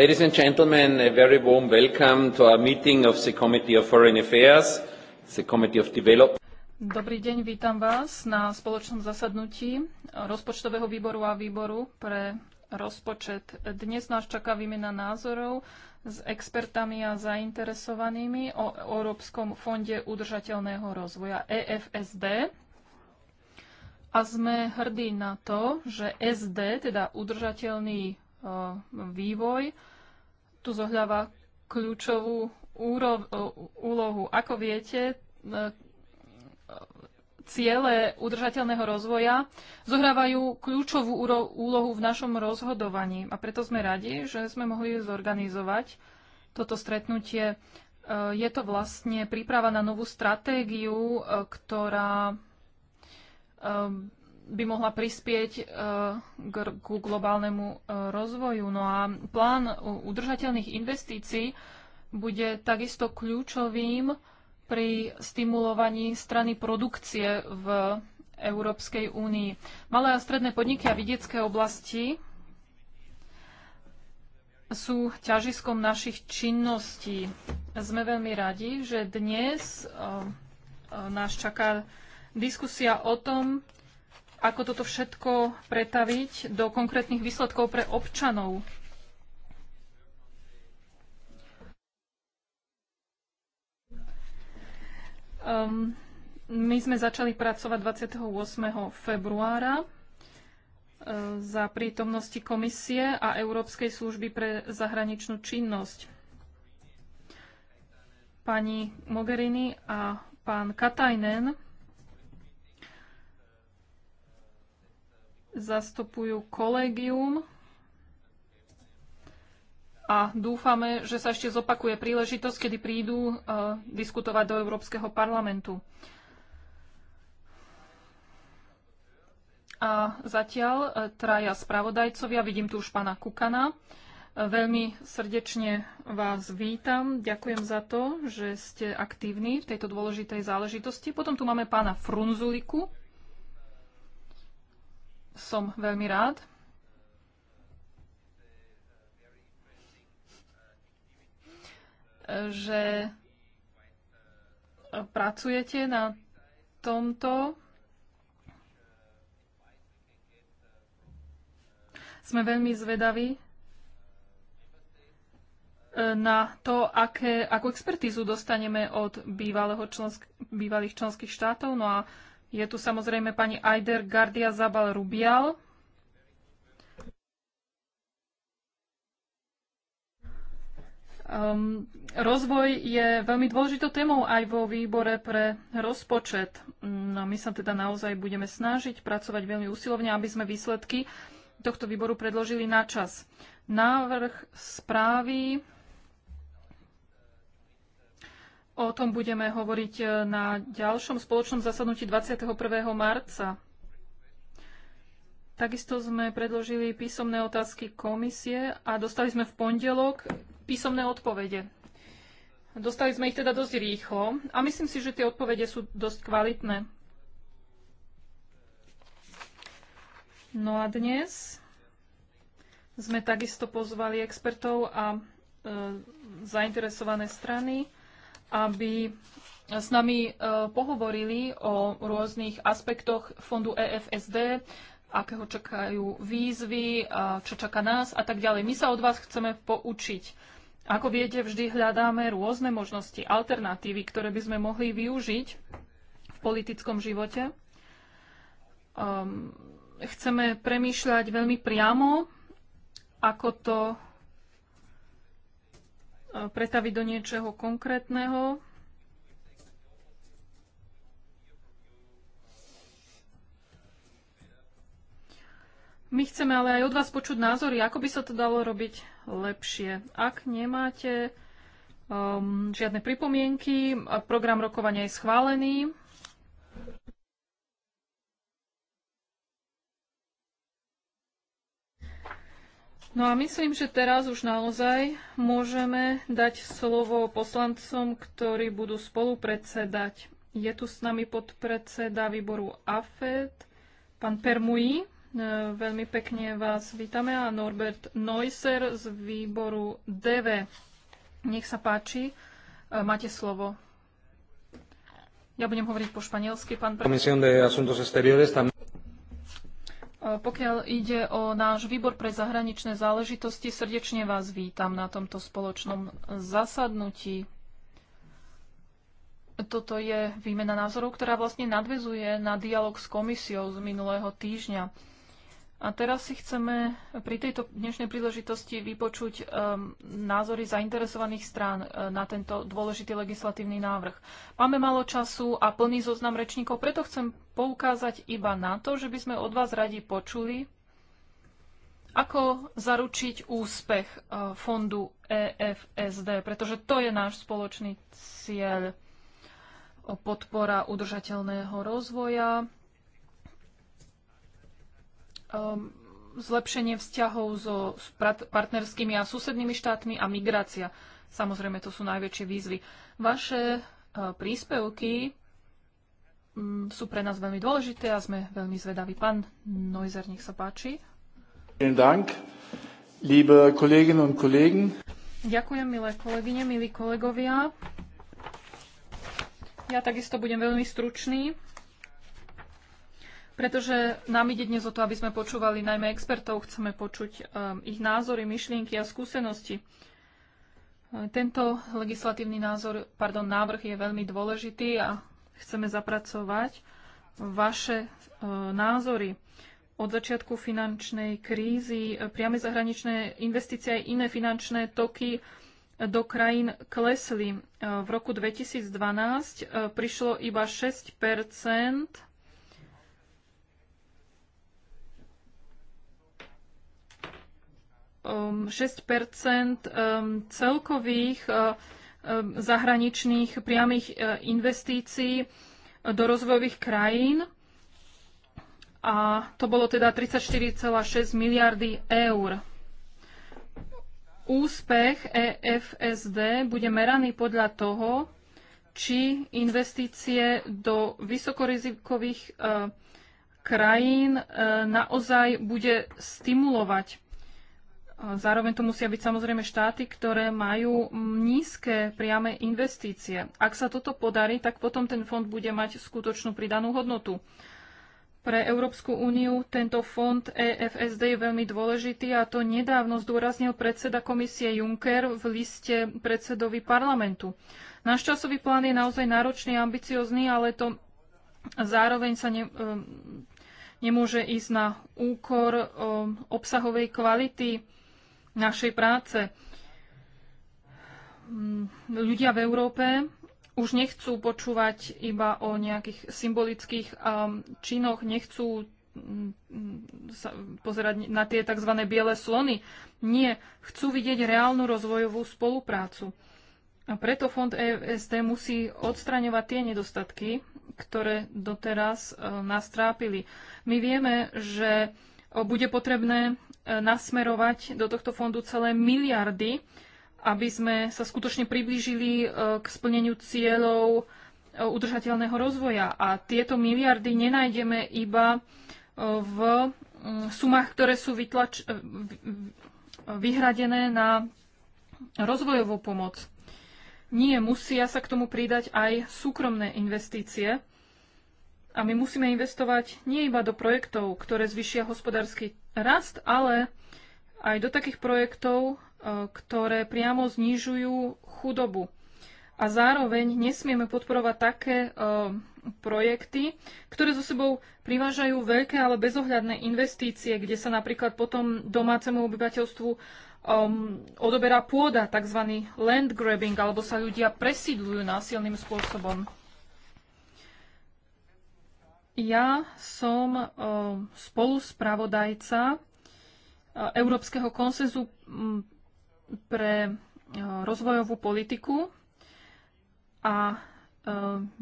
Ladies and gentlemen, a very warm welcome to our meeting of the Committee of Foreign Affairs, the Committee of Development. Dobrý deň, vítam vás na spoločnom zasadnutí rozpočtového výboru a výboru pre rozpočet. Dnes nás čaká výmena názorov s expertami a zainteresovanými o Európskom fonde udržateľného rozvoja EFSD, a sme hrdí na to, že SD, teda udržateľný e, vývoj, tu zohľava kľúčovú e, úlohu. Ako viete, e, ciele udržateľného rozvoja zohrávajú kľúčovú úlohu v našom rozhodovaní. A preto sme radi, že sme mohli zorganizovať toto stretnutie. Je to vlastne príprava na novú stratégiu, ktorá Ehm, by mohla prispieť eh, ku globálnemu eh, rozvoju. No a plán udržateľných investícií bude takisto kľúčovým pri stimulovaní strany produkcie v Európskej únii. Malé a stredné podniky a vidiecké oblasti sú ťažiskom našich činností. Sme veľmi radi, že dnes eh, nás čaká diskusia o tom, ako toto všetko pretaviť do konkrétnych výsledkov pre občanov. Um, my sme začali pracovať 28. februára ehm, za prítomnosti komisie a Európskej služby pre zahraničnú činnosť. Pani Mogherini a pán Katajnen zastupujú kolégium a dúfame, že sa ešte zopakuje príležitosť, kedy prídu e, diskutovať do Európskeho parlamentu. A zatiaľ e, traja spravodajcovia, vidím tu už pána Kukana. E, veľmi srdečne vás vítam, ďakujem za to, že ste aktívni v tejto dôležitej záležitosti. Potom tu máme pána Frunzuliku, som veľmi rád. že pracujete na tomto. Sme veľmi zvedaví e, na to, aké, akú expertízu dostaneme od bývalých členských štátov. No a je tu samozrejme pani Aider Gardia Zabal Rubial. Um, rozvoj je veľmi dôležitou témou aj vo výbore pre rozpočet. No, my sa teda naozaj budeme snažiť pracovať veľmi úsilovne, aby sme výsledky tohto výboru predložili na čas. Návrh správy O tom budeme hovoriť e, na ďalšom spoločnom zasadnutí 21. marca. Takisto sme predložili písomné otázky komisie a dostali sme v pondelok písomné odpovede. Dostali sme ich teda dosť rýchlo a myslím si, že tie odpovede sú dosť kvalitné. No a dnes sme takisto pozvali expertov a e, zainteresované strany aby s nami e, pohovorili o rôznych aspektoch fondu EFSD, akého čakajú výzvy, e, čo čaká nás a tak ďalej. My sa od vás chceme poučiť. Ako viete, vždy hľadáme rôzne možnosti, alternatívy, ktoré by sme mohli využiť v politickom živote. Ehm, chceme premýšľať veľmi priamo, ako to pretaviť do niečoho konkrétneho. My chceme ale aj od vás počuť názory, ako by sa to dalo robiť lepšie. Ak nemáte um, žiadne pripomienky, program rokovania je schválený. No a myslím, že teraz už naozaj môžeme dať slovo poslancom, ktorí budú spolupredsedať. Je tu s nami podpredseda výboru AFED, pán Permuji. E, veľmi pekne vás vítame a Norbert Neusser z výboru DV. Nech sa páči, e, máte slovo. Ja budem hovoriť po španielsky, pán predseda. Pokiaľ ide o náš výbor pre zahraničné záležitosti, srdečne vás vítam na tomto spoločnom zasadnutí. Toto je výmena názorov, ktorá vlastne nadvezuje na dialog s komisiou z minulého týždňa. A teraz si chceme pri tejto dnešnej príležitosti vypočuť um, názory zainteresovaných strán uh, na tento dôležitý legislatívny návrh. Máme málo času a plný zoznam rečníkov, preto chcem poukázať iba na to, že by sme od vás radi počuli, ako zaručiť úspech uh, fondu EFSD, pretože to je náš spoločný cieľ podpora udržateľného rozvoja, um, zlepšenie vzťahov so partnerskými a susednými štátmi a migrácia. Samozrejme, to sú najväčšie výzvy. Vaše uh, príspevky um, sú pre nás veľmi dôležité a sme veľmi zvedaví. Pán Neuser, nech sa páči. Ďakujem, milé kolegyne, milí kolegovia. Ja takisto budem veľmi stručný pretože nám ide dnes o to, aby sme počúvali najmä expertov, chceme počuť um, ich názory, myšlienky a skúsenosti. Uh, tento legislatívny názor, pardon, návrh je veľmi dôležitý a chceme zapracovať vaše uh, názory. Od začiatku finančnej krízy uh, priame zahraničné investície aj iné finančné toky do krajín klesli. V roku 2012 prišlo iba 6 6 um, um, celkových uh, um, zahraničných priamých uh, investícií do rozvojových krajín a to bolo teda 34,6 miliardy eur. Úspech EFSD bude meraný podľa toho, či investície do vysokorizikových uh, krajín naozaj bude stimulovať Zároveň to musia byť samozrejme štáty, ktoré majú nízke priame investície. Ak sa toto podarí, tak potom ten fond bude mať skutočnú pridanú hodnotu. Pre Európsku úniu tento fond EFSD je veľmi dôležitý a to nedávno zdôraznil predseda komisie Juncker v liste predsedovi parlamentu. Náš časový plán je naozaj náročný a ambiciozný, ale to zároveň sa ne, nemôže ísť na úkor obsahovej kvality našej práce. Mm, ľudia v Európe už nechcú počúvať iba o nejakých symbolických um, činoch, nechcú mm, sa pozerať na tie tzv. biele slony. Nie, chcú vidieť reálnu rozvojovú spoluprácu. A preto fond EST musí odstraňovať tie nedostatky, ktoré doteraz um, nás trápili. My vieme, že bude potrebné nasmerovať do tohto fondu celé miliardy, aby sme sa skutočne priblížili e, k splneniu cieľov e, udržateľného rozvoja. A tieto miliardy nenájdeme iba e, v mm, sumách, ktoré sú vytlač- vyhradené na rozvojovú pomoc. Nie, musia sa k tomu pridať aj súkromné investície, a my musíme investovať nie iba do projektov, ktoré zvyšia hospodársky rast, ale aj do takých projektov, e, ktoré priamo znižujú chudobu. A zároveň nesmieme podporovať také e, projekty, ktoré zo sebou privážajú veľké, ale bezohľadné investície, kde sa napríklad potom domácemu obyvateľstvu um, odoberá pôda, tzv. land grabbing, alebo sa ľudia presídľujú násilným spôsobom. Ja som e, spoluspravodajca e, Európskeho konsenzu pre e, rozvojovú politiku a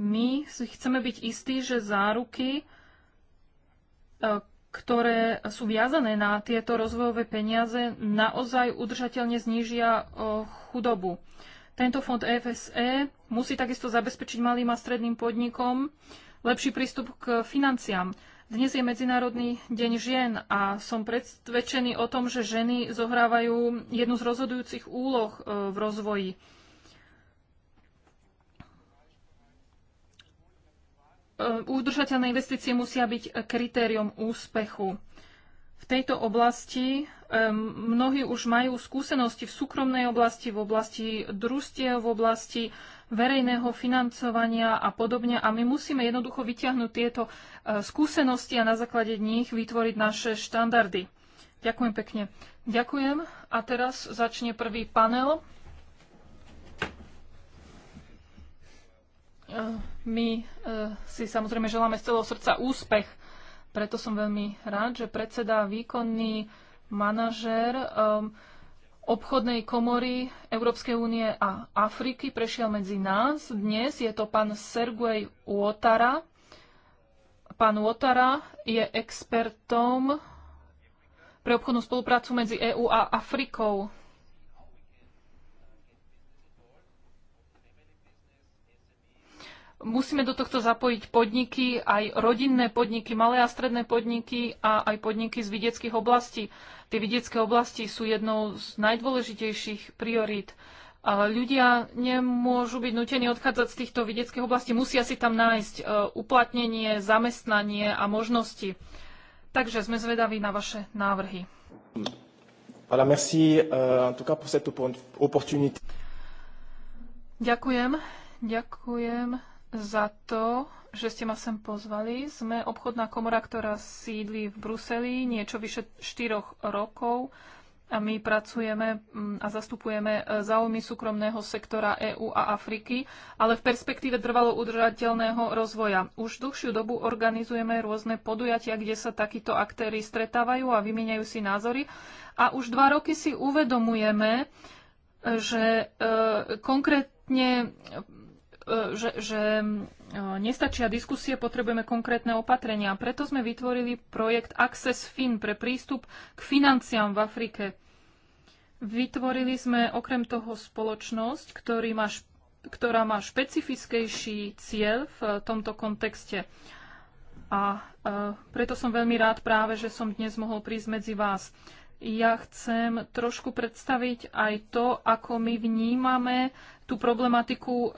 my si chceme byť istí, že záruky, ktoré sú viazané na tieto rozvojové peniaze, naozaj udržateľne znížia chudobu. Tento fond FSE musí takisto zabezpečiť malým a stredným podnikom lepší prístup k financiám. Dnes je Medzinárodný deň žien a som predvedčený o tom, že ženy zohrávajú jednu z rozhodujúcich úloh e, v rozvoji. E, udržateľné investície musia byť kritériom úspechu. V tejto oblasti e, mnohí už majú skúsenosti v súkromnej oblasti, v oblasti družstiev, v oblasti verejného financovania a podobne. A my musíme jednoducho vyťahnuť tieto e, skúsenosti a na základe nich vytvoriť naše štandardy. Ďakujem pekne. Ďakujem. A teraz začne prvý panel. E, my e, si samozrejme želáme z celého srdca úspech, preto som veľmi rád, že predseda, výkonný manažér um, obchodnej komory Európskej únie a Afriky prešiel medzi nás. Dnes je to pán Sergej Uotara. Pán Uotara je expertom pre obchodnú spoluprácu medzi EÚ a Afrikou. musíme do tohto zapojiť podniky, aj rodinné podniky, malé a stredné podniky a aj podniky z vidieckých oblastí. Tie vidiecké oblasti sú jednou z najdôležitejších priorít. ľudia nemôžu byť nutení odchádzať z týchto vidieckých oblastí, musia si tam nájsť e, uplatnenie, zamestnanie a možnosti. Takže sme zvedaví na vaše návrhy. Voilà, merci uh, en tout cas pour cette opportunité. Ďakujem. Ďakujem za to, že ste ma sem pozvali. Sme obchodná komora, ktorá sídli v Bruseli niečo vyše 4 rokov a my pracujeme mm, a zastupujeme e, záujmy súkromného sektora EÚ a Afriky, ale v perspektíve trvalo udržateľného rozvoja. Už dlhšiu dobu organizujeme rôzne podujatia, kde sa takíto aktéry stretávajú a vymieňajú si názory. A už dva roky si uvedomujeme, že e, konkrétne E, že, že e, nestačia diskusie, potrebujeme konkrétne opatrenia. Preto sme vytvorili projekt Access Fin pre prístup k financiám v Afrike. Vytvorili sme okrem toho spoločnosť, ktorý má, ktorá má špecifickejší cieľ v e, tomto kontexte. A preto som veľmi rád práve, že som dnes mohol prísť medzi vás. Ja chcem trošku predstaviť aj to, ako my vnímame tú problematiku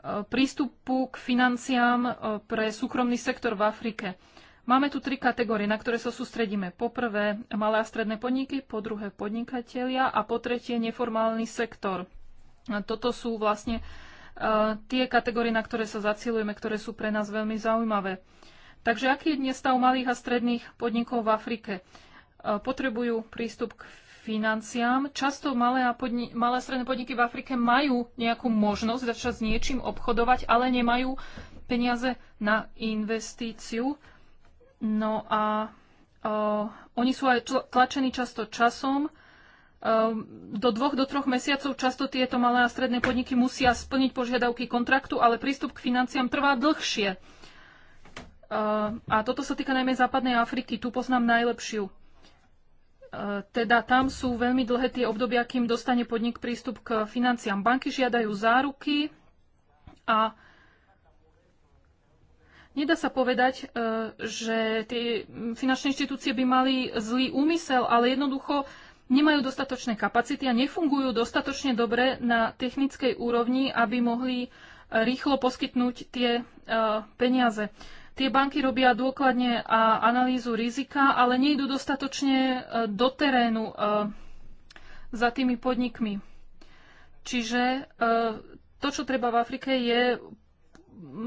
Eh, prístupu k financiám eh, pre súkromný sektor v Afrike. Máme tu tri kategórie, na ktoré sa sústredíme. Po prvé malé a stredné podniky, po druhé podnikatelia a po tretie neformálny sektor. Toto sú vlastne eh, tie kategórie, na ktoré sa zacielujeme, ktoré sú pre nás veľmi zaujímavé. Takže aký je dnes stav malých a stredných podnikov v Afrike? potrebujú prístup k financiám. Často malé a podni- malé a stredné podniky v Afrike majú nejakú možnosť začať s niečím obchodovať, ale nemajú peniaze na investíciu. No a o, oni sú aj tlačení často časom. O, ehm, do dvoch, do troch mesiacov často tieto malé a stredné podniky musia splniť požiadavky kontraktu, ale prístup k financiám trvá dlhšie. Uh, a toto sa týka najmä západnej Afriky, tu poznám najlepšiu teda tam sú veľmi dlhé tie obdobia, kým dostane podnik prístup k financiám. Banky žiadajú záruky a nedá sa povedať, e, že tie finančné inštitúcie by mali zlý úmysel, ale jednoducho nemajú dostatočné kapacity a nefungujú dostatočne dobre na technickej úrovni, aby mohli rýchlo poskytnúť tie e, peniaze. Tie banky robia dôkladne analýzu rizika, ale nejdú dostatočne e, do terénu e, za tými podnikmi. Čiže e, to, čo treba v Afrike, je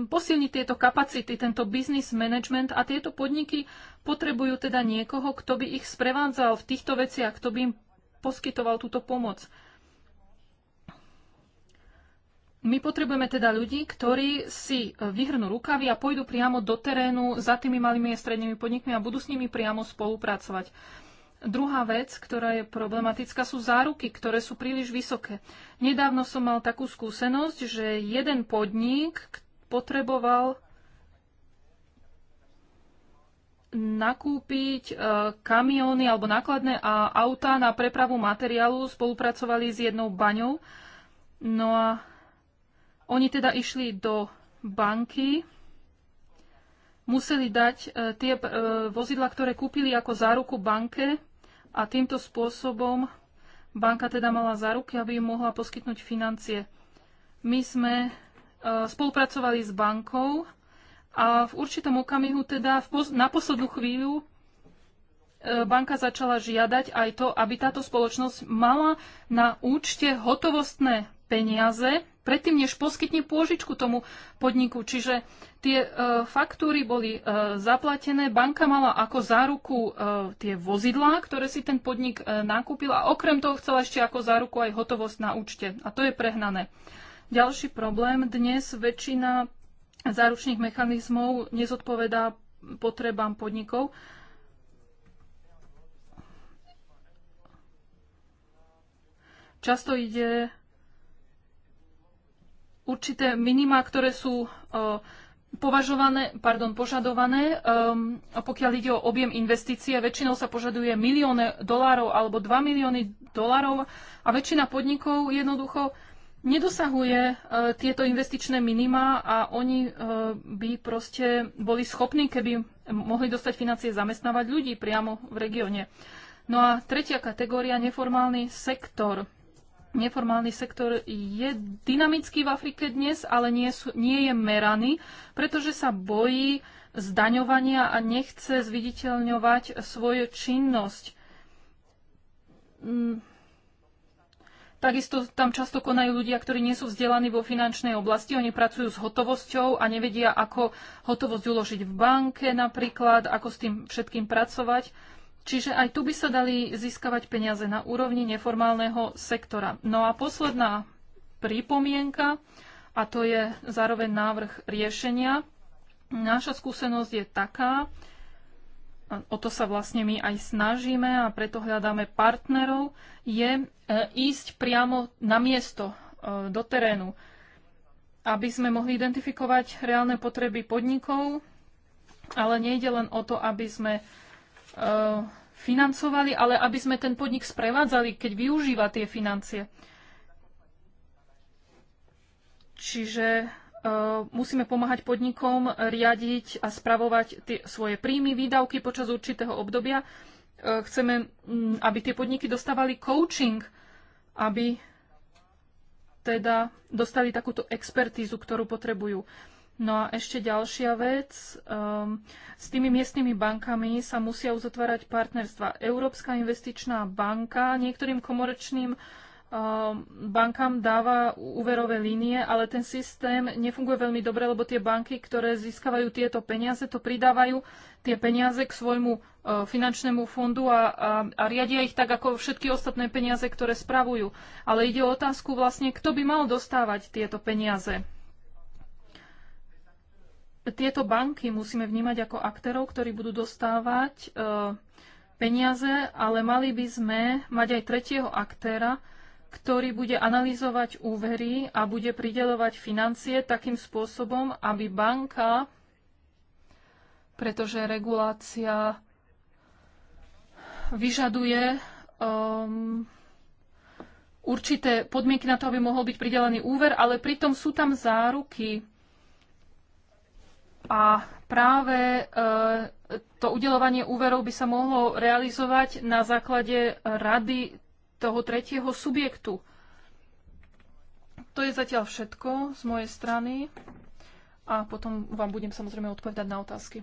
posilniť tieto kapacity, tento business management a tieto podniky potrebujú teda niekoho, kto by ich sprevádzal v týchto veciach, kto by im poskytoval túto pomoc. My potrebujeme teda ľudí, ktorí si e, vyhrnú rukavy a pôjdu priamo do terénu za tými malými a strednými podnikmi a budú s nimi priamo spolupracovať. Druhá vec, ktorá je problematická, sú záruky, ktoré sú príliš vysoké. Nedávno som mal takú skúsenosť, že jeden podnik potreboval nakúpiť e, kamióny alebo nákladné a autá na prepravu materiálu, spolupracovali s jednou baňou. No a oni teda išli do banky, museli dať e, tie e, vozidla, ktoré kúpili ako záruku banke a týmto spôsobom banka teda mala záruky, aby im mohla poskytnúť financie. My sme e, spolupracovali s bankou a v určitom okamihu teda na poslednú chvíľu banka začala žiadať aj to, aby táto spoločnosť mala na účte hotovostné peniaze, predtým, než poskytne pôžičku tomu podniku. Čiže tie e, faktúry boli e, zaplatené, banka mala ako záruku e, tie vozidlá, ktoré si ten podnik e, nakúpil a okrem toho chcela ešte ako záruku aj hotovosť na účte. A to je prehnané. Ďalší problém. Dnes väčšina záručných mechanizmov nezodpovedá potrebám podnikov. Často ide určité minima, ktoré sú e, považované, pardon, požadované, ehm, pokiaľ ide o objem investície, väčšinou sa požaduje milióne dolárov alebo 2 milióny dolárov a väčšina podnikov jednoducho nedosahuje e, tieto investičné minima a oni e, by proste boli schopní, keby mohli dostať financie zamestnávať ľudí priamo v regióne. No a tretia kategória, neformálny sektor. Neformálny sektor je dynamický v Afrike dnes, ale nie, sú, nie je meraný, pretože sa bojí zdaňovania a nechce zviditeľňovať svoju činnosť. Mm. Takisto tam často konajú ľudia, ktorí nie sú vzdelaní vo finančnej oblasti. Oni pracujú s hotovosťou a nevedia, ako hotovosť uložiť v banke napríklad, ako s tým všetkým pracovať. Čiže aj tu by sa dali získavať peniaze na úrovni neformálneho sektora. No a posledná pripomienka, a to je zároveň návrh riešenia. Naša skúsenosť je taká, o to sa vlastne my aj snažíme a preto hľadáme partnerov, je e, ísť priamo na miesto, e, do terénu, aby sme mohli identifikovať reálne potreby podnikov, ale nejde len o to, aby sme Eh, financovali, ale aby sme ten podnik sprevádzali, keď využíva tie financie. Čiže eh, musíme pomáhať podnikom riadiť a spravovať tie svoje príjmy, výdavky počas určitého obdobia. Eh, chceme, mm, aby tie podniky dostávali coaching, aby teda dostali takúto expertízu, ktorú potrebujú. No a ešte ďalšia vec. Um, s tými miestnymi bankami sa musia uzatvárať partnerstva. Európska investičná banka niektorým komorečným um, ehm, bankám dáva úverové línie, ale ten systém nefunguje veľmi dobre, lebo tie banky, ktoré získavajú tieto peniaze, to pridávajú tie peniaze k svojmu uh, finančnému fondu a, a, a riadia ich tak ako všetky ostatné peniaze, ktoré spravujú. Ale ide o otázku vlastne, kto by mal dostávať tieto peniaze tieto banky musíme vnímať ako aktérov, ktorí budú dostávať e, peniaze, ale mali by sme mať aj tretieho aktéra, ktorý bude analyzovať úvery a bude pridelovať financie takým spôsobom, aby banka, pretože regulácia vyžaduje um, určité podmienky na to, aby mohol byť pridelený úver, ale pritom sú tam záruky a práve e, to udelovanie úverov by sa mohlo realizovať na základe rady toho tretieho subjektu. To je zatiaľ všetko z mojej strany a potom vám budem samozrejme odpovedať na otázky.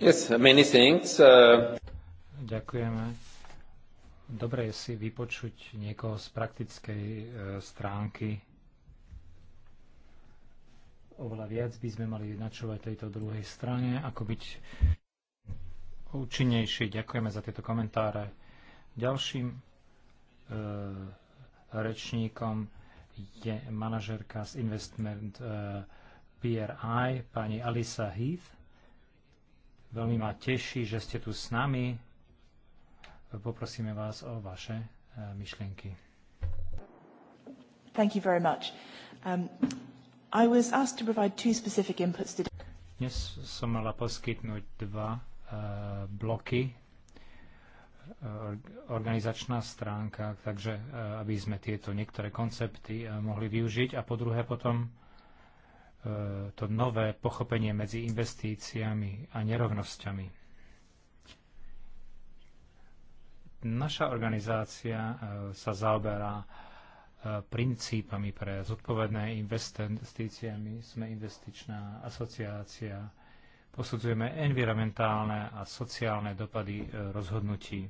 Yes, many thanks. Uh... Ďakujeme dobre je si vypočuť niekoho z praktickej e, stránky. Oveľa viac by sme mali načúvať tejto druhej strane, ako byť účinnejší. Ďakujeme za tieto komentáre. Ďalším e, rečníkom je manažerka z Investment e, PRI, pani Alisa Heath. Veľmi ma teší, že ste tu s nami Poprosíme vás o vaše e, myšlienky. Thank you very much. Um, I was asked to provide two specific inputs today. Dnes som mala poskytnúť dva uh, bloky e, organizačná stránka, takže aby sme tieto niektoré koncepty mohli využiť a po druhé potom to nové pochopenie medzi investíciami a nerovnosťami. Naša organizácia e, sa zaoberá e, princípami pre zodpovedné investíciami. Sme investičná asociácia. Posudzujeme environmentálne a sociálne dopady e, rozhodnutí.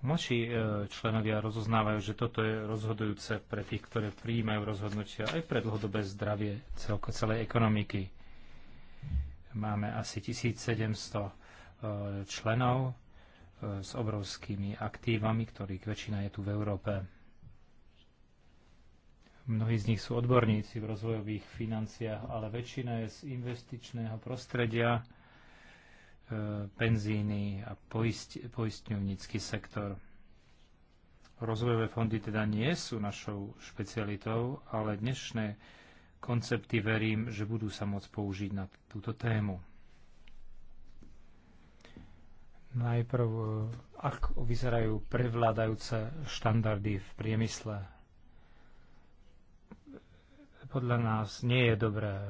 Moši členovia rozoznávajú, že toto je rozhodujúce pre tých, ktoré prijímajú rozhodnutia aj pre dlhodobé zdravie celko celej ekonomiky. Máme asi 1700 členov s obrovskými aktívami, ktorých väčšina je tu v Európe. Mnohí z nich sú odborníci v rozvojových financiách, ale väčšina je z investičného prostredia, e, penzíny a poist, poistňovnícky sektor. Rozvojové fondy teda nie sú našou špecialitou, ale dnešné koncepty verím, že budú sa môcť použiť na túto tému. Najprv, e, ak vyzerajú prevládajúce štandardy v priemysle. Podľa nás nie je dobré e,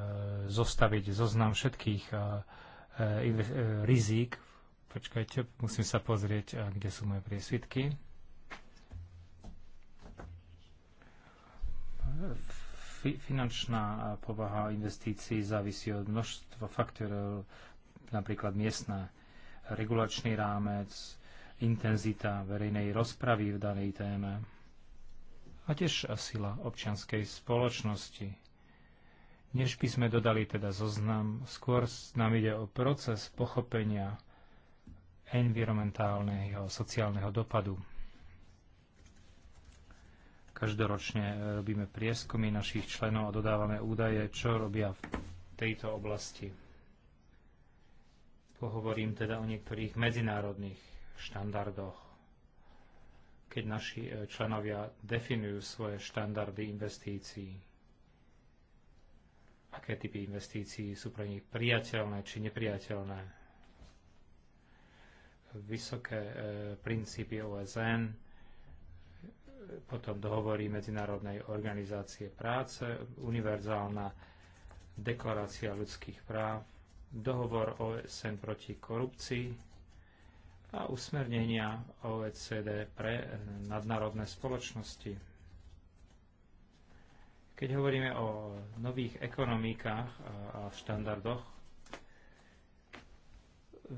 zostaviť zoznam všetkých e, rizík. Počkajte, musím sa pozrieť, kde sú moje priesvitky. Finančná povaha investícií závisí od množstva faktorov, napríklad miestne regulačný rámec, intenzita verejnej rozpravy v danej téme a tiež sila občianskej spoločnosti. Než by sme dodali teda zoznam, skôr nám ide o proces pochopenia environmentálneho sociálneho dopadu. Každoročne e, robíme prieskumy našich členov a dodávame údaje, čo robia v tejto oblasti. Pohovorím teda o niektorých medzinárodných štandardoch. Keď naši e, členovia definujú svoje štandardy investícií, aké typy investícií sú pre nich priateľné či nepriateľné. Vysoké e, princípy OSN, e, potom dohovory Medzinárodnej organizácie práce, univerzálna deklarácia ľudských práv, dohovor OSN proti korupcii a usmernenia OECD pre nadnárodné spoločnosti. Keď hovoríme o nových ekonomikách a štandardoch,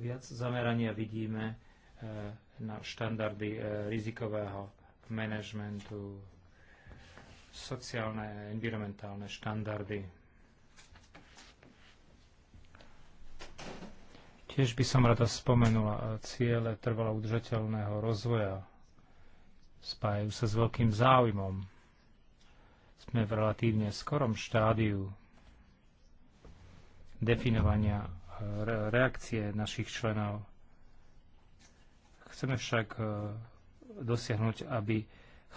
viac zamerania vidíme e, na štandardy e, rizikového manažmentu, sociálne, environmentálne štandardy. Tiež by som rada spomenula eh, ciele trvalo udržateľného rozvoja. Spájajú sa s veľkým záujmom. Sme v relatívne skorom štádiu definovania eh, reakcie našich členov. Chceme však eh, dosiahnuť, aby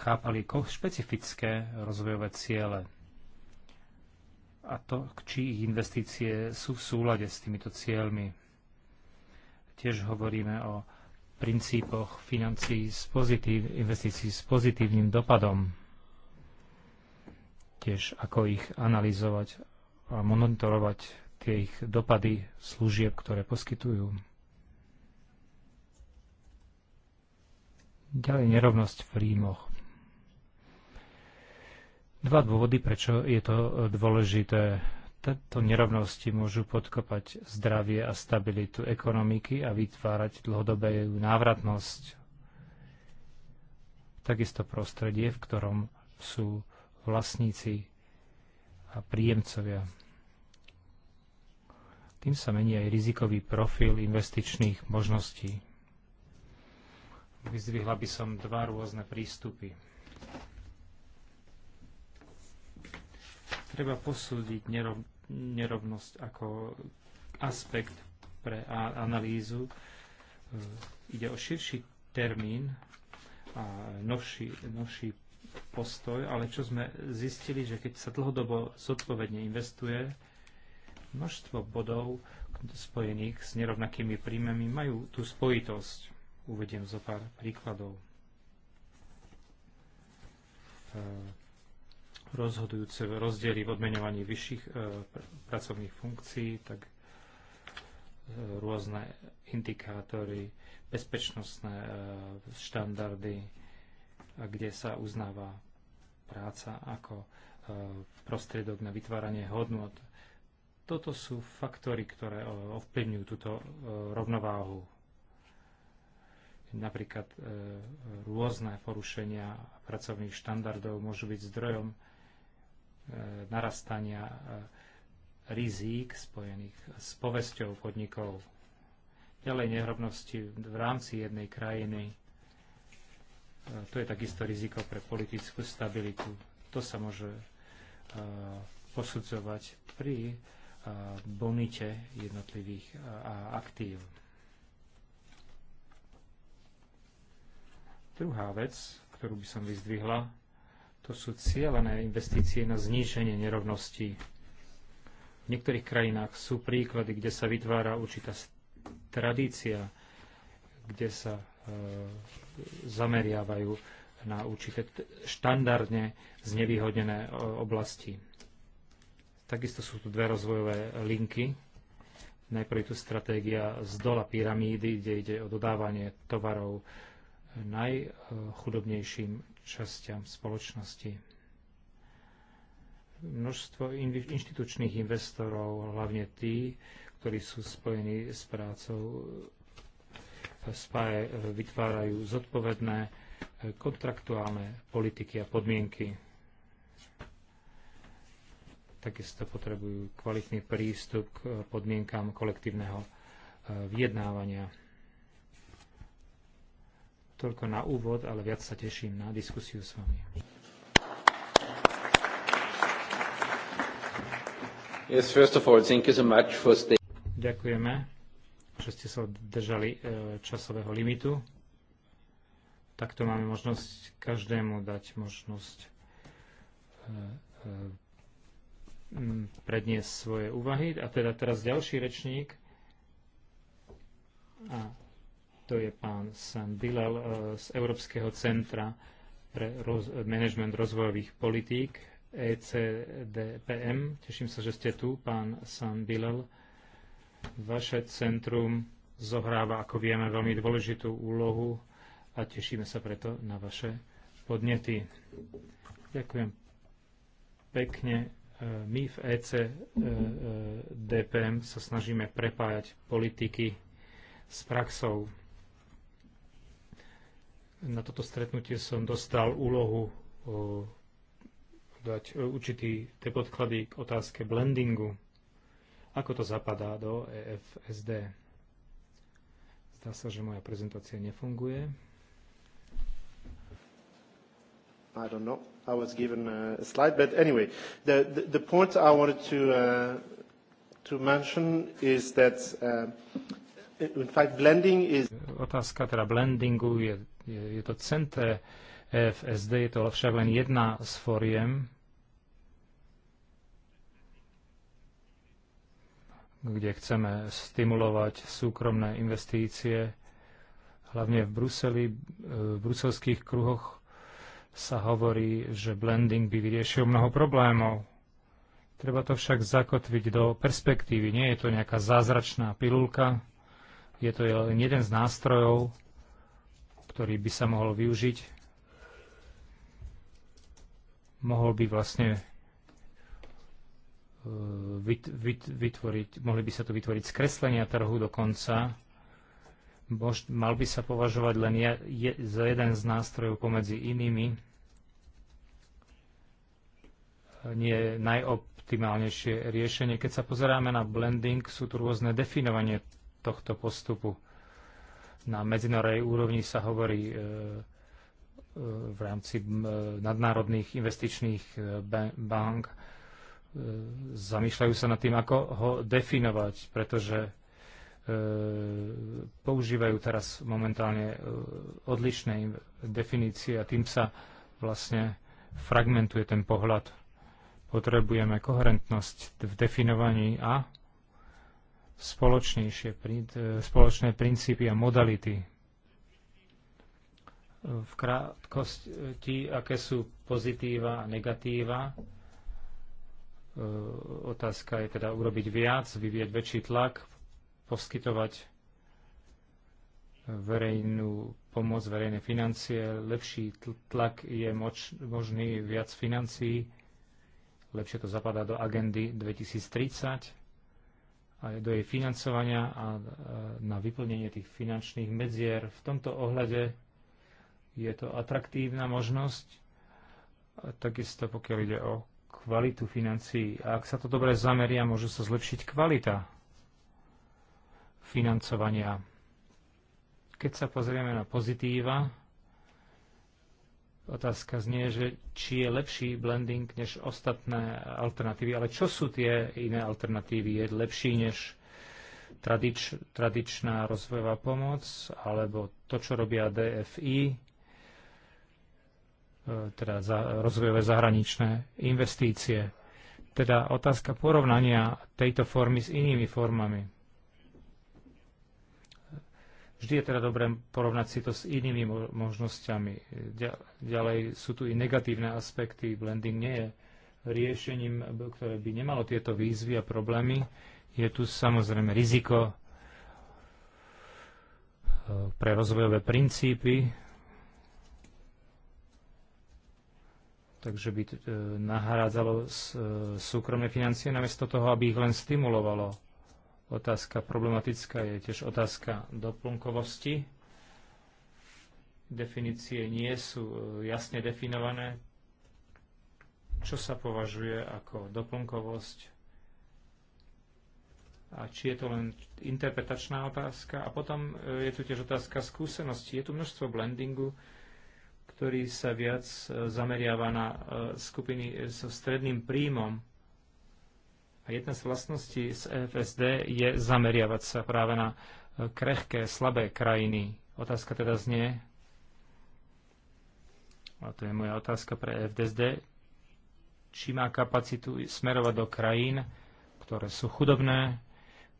chápali špecifické rozvojové ciele a to, či ich investície sú v súlade s týmito cieľmi Tiež hovoríme o princípoch financií s pozitív, investícií s pozitívnym dopadom. Tiež ako ich analyzovať a monitorovať tie ich dopady služieb, ktoré poskytujú. Ďalej nerovnosť v príjmoch. Dva dôvody, prečo je to dôležité tieto nerovnosti môžu podkopať zdravie a stabilitu ekonomiky a vytvárať dlhodobé návratnosť. Takisto prostredie, v ktorom sú vlastníci a príjemcovia. Tým sa mení aj rizikový profil investičných možností. Vyzdvihla by som dva rôzne prístupy. treba posúdiť nerovnosť nerovnosť ako aspekt pre analýzu. E, ide o širší termín a novší, novší postoj, ale čo sme zistili, že keď sa dlhodobo zodpovedne investuje, množstvo bodov spojených s nerovnakými príjmami majú tú spojitosť. Uvediem zo pár príkladov e, rozhodujúce rozdiely v odmeňovaní vyšších e, pracovných funkcií, tak e, rôzne indikátory, bezpečnostné e, štandardy, kde sa uznáva práca ako prostriedok na vytváranie hodnot. Toto sú faktory, ktoré ovplyvňujú túto rovnováhu. Napríklad rôzne porušenia pracovných štandardov môžu byť zdrojom E, narastania e, rizík spojených s povesťou podnikov. Ďalej nerovnosti v rámci jednej krajiny. E, to je takisto riziko pre politickú stabilitu. To sa môže posudzovať pri bonite jednotlivých aktív. Druhá vec, ktorú by som vyzdvihla, to sú cieľané investície na zníženie nerovností. V niektorých krajinách sú príklady, kde sa vytvára určitá tradícia, kde sa e, zameriavajú na určité štandardne znevýhodnené e, oblasti. Takisto sú tu dve rozvojové linky. Najprv je tu stratégia z dola pyramídy, kde ide o dodávanie tovarov najchudobnejším časťam spoločnosti. Množstvo inštitučných investorov, hlavne tí, ktorí sú spojení s prácou, spáje, vytvárajú zodpovedné e, kontraktuálne politiky a podmienky. Takisto potrebujú kvalitný prístup k podmienkám kolektívneho e, vyjednávania. Toľko na úvod, ale viac sa teším na diskusiu s vami. Yes, first of all, thank you so much for stay- Ďakujeme, že ste sa držali e, časového limitu. Takto máme možnosť každému dať možnosť e, e, predniesť svoje úvahy. A teda teraz ďalší rečník. A to je pán Sam Bilal eh, z Európskeho centra pre roz- management rozvojových politík ECDPM. Teším sa, že ste tu, pán Sam Bilal. Vaše centrum zohráva, ako vieme, veľmi dôležitú úlohu a tešíme sa preto na vaše podnety. Ďakujem pekne. Eh, my v ECDPM sa snažíme prepájať politiky s praxou na toto stretnutie som dostal úlohu dať e, určitý tie podklady k otázke blendingu. Ako to zapadá do EFSD? Zdá sa, že moja prezentácia nefunguje. I don't know. I was given uh, a slide, but anyway, the, the, the point I wanted to, uh, to mention is that uh, in fact blending is... Otázka teda blendingu je je to centé EFSD, je to však len jedna z foriem, kde chceme stimulovať súkromné investície, hlavne v Bruseli, e, v bruselských kruhoch sa hovorí, že blending by vyriešil mnoho problémov. Treba to však zakotviť do perspektívy. Nie je to nejaká zázračná pilulka, je to len jeden z nástrojov, ktorý by sa mohol využiť, mohol by vlastne e, vytvoriť, mohli by sa tu vytvoriť skreslenia trhu dokonca. Bož, mal by sa považovať len je, je, za jeden z nástrojov pomedzi inými. Nie najoptimálnejšie riešenie. Keď sa pozeráme na blending, sú tu rôzne definovanie tohto postupu. Na medzinárodnej úrovni sa hovorí e, e, v rámci e, nadnárodných investičných bank. Zamýšľajú sa nad tým, ako ho definovať, pretože používajú teraz momentálne odlišné definície a tým sa vlastne fragmentuje ten pohľad. Potrebujeme koherentnosť v definovaní a spoločnejšie, e, spoločné princípy a modality. V krátkosti, aké sú pozitíva a negatíva. E, otázka je teda urobiť viac, vyvieť väčší tlak, poskytovať verejnú pomoc, verejné financie, lepší tlak je moč, možný viac financií, lepšie to zapadá do agendy 2030 aj do jej financovania a e, na vyplnenie tých finančných medzier. V tomto ohľade je to atraktívna možnosť, takisto pokiaľ ide o kvalitu financií. A ak sa to dobre zameria, môže sa zlepšiť kvalita financovania. Keď sa pozrieme na pozitíva, Otázka znie, že či je lepší blending než ostatné alternatívy, ale čo sú tie iné alternatívy? Je lepší než tradič, tradičná rozvojová pomoc alebo to, čo robia DFI, e, teda za, rozvojové zahraničné investície. Teda otázka porovnania tejto formy s inými formami. Vždy je teda dobré porovnať si to s inými možnosťami. Ďalej sú tu i negatívne aspekty. Blending nie je riešením, ktoré by nemalo tieto výzvy a problémy. Je tu samozrejme riziko e, pre rozvojové princípy, takže by e, nahrádzalo e, súkromné financie namiesto toho, aby ich len stimulovalo Otázka problematická je tiež otázka doplnkovosti. Definície nie sú e, jasne definované. Čo sa považuje ako doplnkovosť? A či je to len interpretačná otázka? A potom e, je tu tiež otázka skúsenosti. Je tu množstvo blendingu, ktorý sa viac e, zameriava na skupiny so stredným príjmom a jedna z vlastností z e FSD je zameriavať sa práve na e, krehké, slabé krajiny. Otázka teda znie, a to je moja otázka pre e FSD, či má kapacitu smerovať do krajín, ktoré sú chudobné,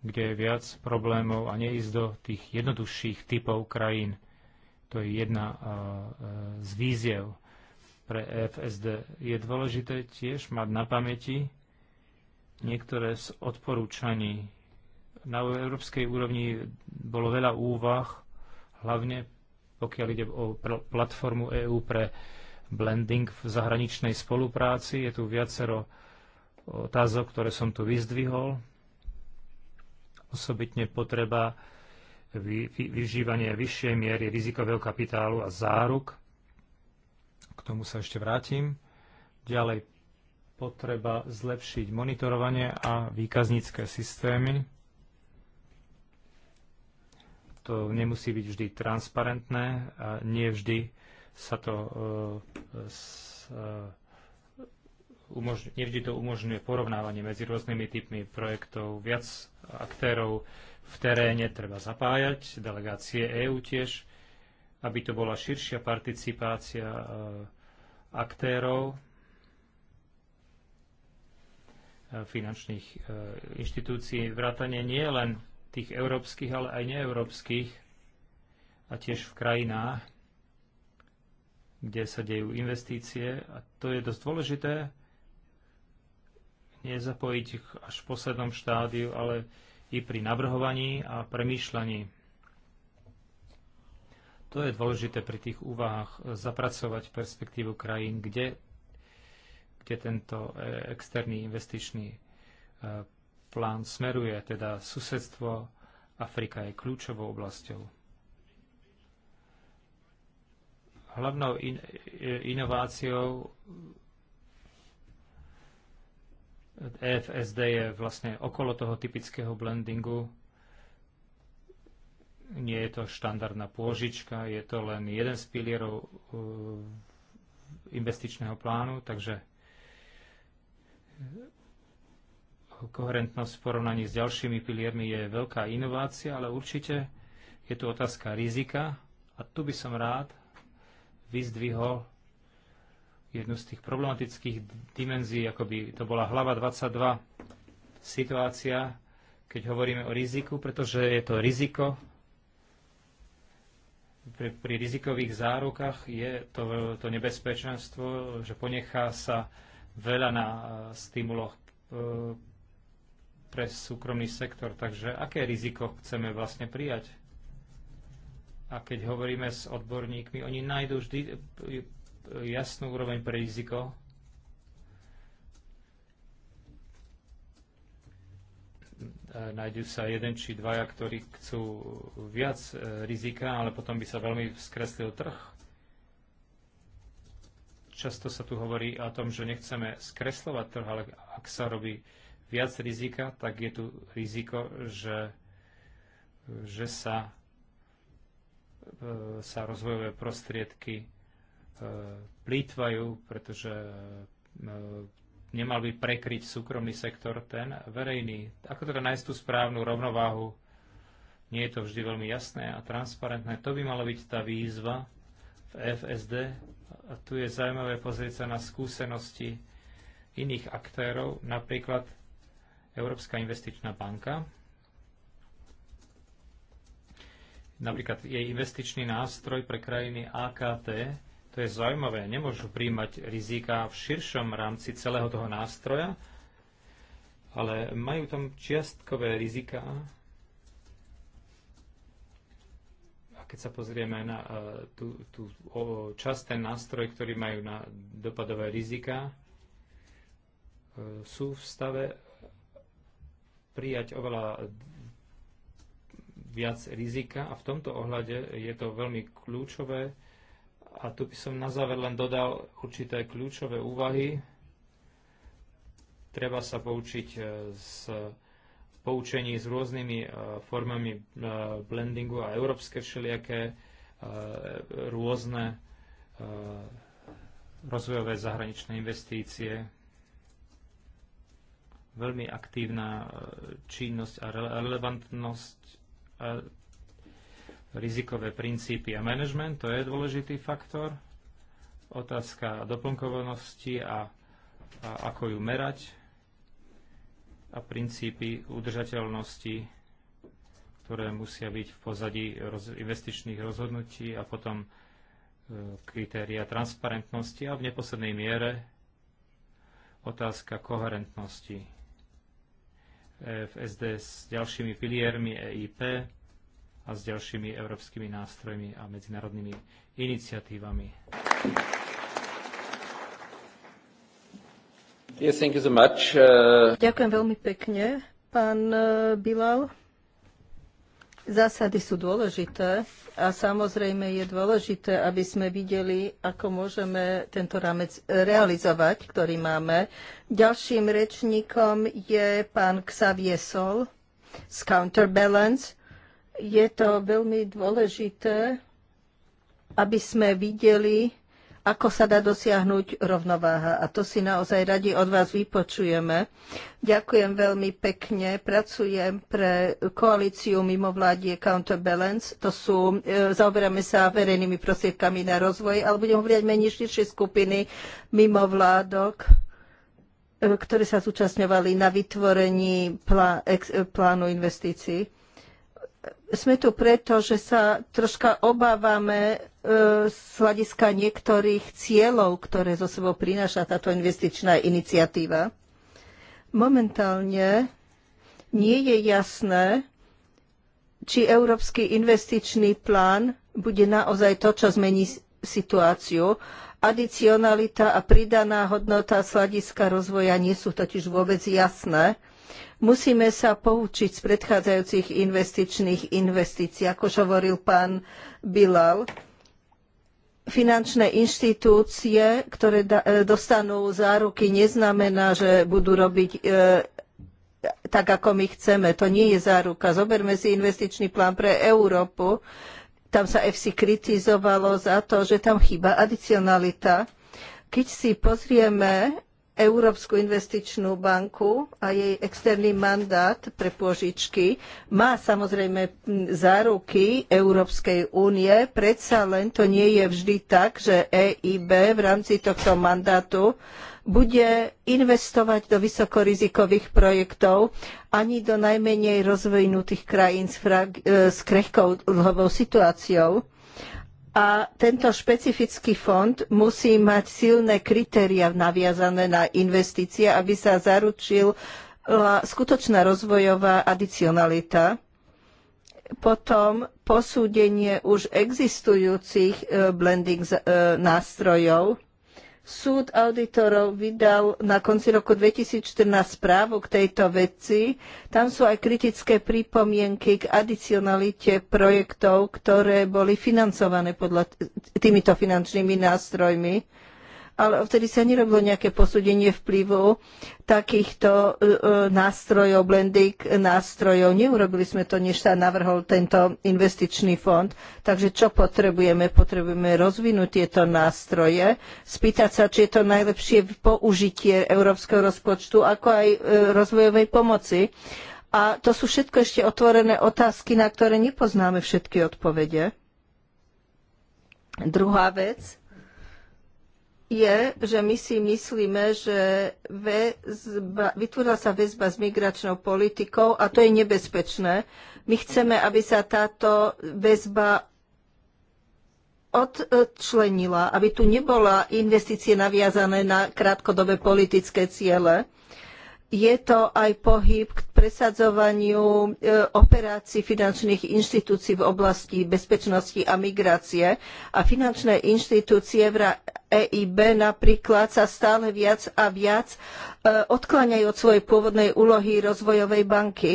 kde je viac problémov a neísť do tých jednoduchších typov krajín. To je jedna z víziev pre FSD. Je dôležité tiež mať na pamäti, niektoré z odporúčaní. Na európskej úrovni bolo veľa úvah, hlavne pokiaľ ide o platformu EÚ pre blending v zahraničnej spolupráci. Je tu viacero otázok, ktoré som tu vyzdvihol. Osobitne potreba vy, vy, vyššej miery rizikového kapitálu a záruk. K tomu sa ešte vrátim. Ďalej potreba zlepšiť monitorovanie a výkaznícke systémy. To nemusí byť vždy transparentné a nie vždy sa to e, e, nevždy to umožňuje porovnávanie medzi rôznymi typmi projektov. Viac aktérov v teréne treba zapájať, delegácie EÚ tiež, aby to bola širšia participácia e, aktérov finančných e, inštitúcií, vrátane nie len tých európskych, ale aj neeurópskych a tiež v krajinách, kde sa dejú investície. A to je dosť dôležité, nezapojiť ich až v poslednom štádiu, ale i pri navrhovaní a premýšľaní. To je dôležité pri tých úvahách e, zapracovať perspektívu krajín, kde kde tento e, externý investičný e, plán smeruje, teda susedstvo Afrika je kľúčovou oblasťou. Hlavnou in, e, inováciou EFSD je vlastne okolo toho typického blendingu. Nie je to štandardná pôžička, je to len jeden z pilierov investičného plánu, takže koherentnosť v porovnaní s ďalšími piliermi je veľká inovácia, ale určite je tu otázka rizika a tu by som rád vyzdvihol jednu z tých problematických dimenzií, ako by to bola hlava 22 situácia, keď hovoríme o riziku, pretože je to riziko. Pri, pri rizikových zárukách je to, to nebezpečenstvo, že ponechá sa veľa na e, stimuloch e, pre súkromný sektor. Takže aké riziko chceme vlastne prijať? A keď hovoríme s odborníkmi, oni nájdú vždy e, jasnú úroveň pre riziko. Nájdú sa jeden či dvaja, ktorí chcú viac rizika, ale potom by sa veľmi skreslil trh Často sa tu hovorí o tom, že nechceme skreslovať trh, ale ak sa robí viac rizika, tak je tu riziko, že, že sa, e, sa rozvojové prostriedky e, plýtvajú, pretože e, nemal by prekryť súkromný sektor ten verejný. Ako teda nájsť tú správnu rovnováhu? Nie je to vždy veľmi jasné a transparentné. To by mala byť tá výzva, FSD. A tu je zaujímavé pozrieť sa na skúsenosti iných aktérov, napríklad Európska investičná banka. Napríklad jej investičný nástroj pre krajiny AKT, to je zaujímavé, nemôžu príjmať rizika v širšom rámci celého toho nástroja, ale majú tam čiastkové rizika Keď sa pozrieme na e, tú, tú časť, ten nástroj, ktorý majú na dopadové rizika, e, sú v stave prijať oveľa viac rizika a v tomto ohľade je to veľmi kľúčové. A tu by som na záver len dodal určité kľúčové úvahy. Treba sa poučiť e, z poučení s rôznymi e, formami e, blendingu a európske všelijaké e, rôzne rozvojové zahraničné investície, veľmi aktívna činnosť a relevantnosť a rizikové princípy a management, to je dôležitý faktor. Otázka doplnkovanosti a, a ako ju merať a princípy udržateľnosti, ktoré musia byť v pozadí investičných rozhodnutí a potom e, kritéria transparentnosti a v neposlednej miere otázka koherentnosti v e SD s ďalšími piliermi EIP a s ďalšími európskymi nástrojmi a medzinárodnými iniciatívami. Yes, thank you so much. Uh... Ďakujem veľmi pekne, pán uh, Bilal. Zásady sú dôležité a samozrejme je dôležité, aby sme videli, ako môžeme tento rámec realizovať, ktorý máme. Ďalším rečníkom je pán Xavier Sol z Counterbalance. Je to veľmi dôležité, aby sme videli, ako sa dá dosiahnuť rovnováha. A to si naozaj radi od vás vypočujeme. Ďakujem veľmi pekne. Pracujem pre koalíciu mimovládie Counterbalance. To sú, e, zaoberáme sa verejnými prostriedkami na rozvoj, ale budem hovoriť menej širšie skupiny mimovládok e, ktoré sa zúčastňovali na vytvorení plá, ex, e, plánu investícií sme tu preto, že sa troška obávame e, z hľadiska niektorých cieľov, ktoré zo sebou prináša táto investičná iniciatíva. Momentálne nie je jasné, či Európsky investičný plán bude naozaj to, čo zmení situáciu. Adicionalita a pridaná hodnota z hľadiska rozvoja nie sú totiž vôbec jasné. Musíme sa poučiť z predchádzajúcich investičných investícií, ako hovoril pán Bilal finančné inštitúcie, ktoré e, dostanú záruky, neznamená, že budú robiť e, tak, ako my chceme. To nie je záruka. Zoberme si investičný plán pre Európu. Tam sa EFSI kritizovalo za to, že tam chýba adicionalita. Keď si pozrieme Európsku investičnú banku a jej externý mandát pre pôžičky má samozrejme záruky Európskej únie, predsa len to nie je vždy tak, že EIB v rámci tohto mandátu bude investovať do vysokorizikových projektov ani do najmenej rozvinutých krajín s, frag- e, s krehkou dlhovou situáciou a tento špecifický fond musí mať silné kritéria naviazané na investície, aby sa zaručil skutočná rozvojová adicionalita. Potom posúdenie už existujúcich eh, blending eh, nástrojov Súd auditorov vydal na konci roku 2014 správu k tejto veci. Tam sú aj kritické pripomienky k adicionalite projektov, ktoré boli financované podľa týmito finančnými nástrojmi ale vtedy sa nerobilo nejaké posúdenie vplyvu takýchto e, e, nástrojov, blending nástrojov. Neurobili sme to, než sa navrhol tento investičný fond. Takže čo potrebujeme? Potrebujeme rozvinúť tieto nástroje, spýtať sa, či je to najlepšie použitie európskeho rozpočtu, ako aj e, rozvojovej pomoci. A to sú všetko ešte otvorené otázky, na ktoré nepoznáme všetky odpovede. Druhá vec, je, že my si myslíme, že väzba, vytvorila sa väzba s migračnou politikou a to je nebezpečné. My chceme, aby sa táto väzba odčlenila, aby tu nebola investície naviazané na krátkodobé politické ciele je to aj pohyb k presadzovaniu e, operácií finančných inštitúcií v oblasti bezpečnosti a migrácie. A finančné inštitúcie v EIB napríklad sa stále viac a viac e, odkláňajú od svojej pôvodnej úlohy rozvojovej banky.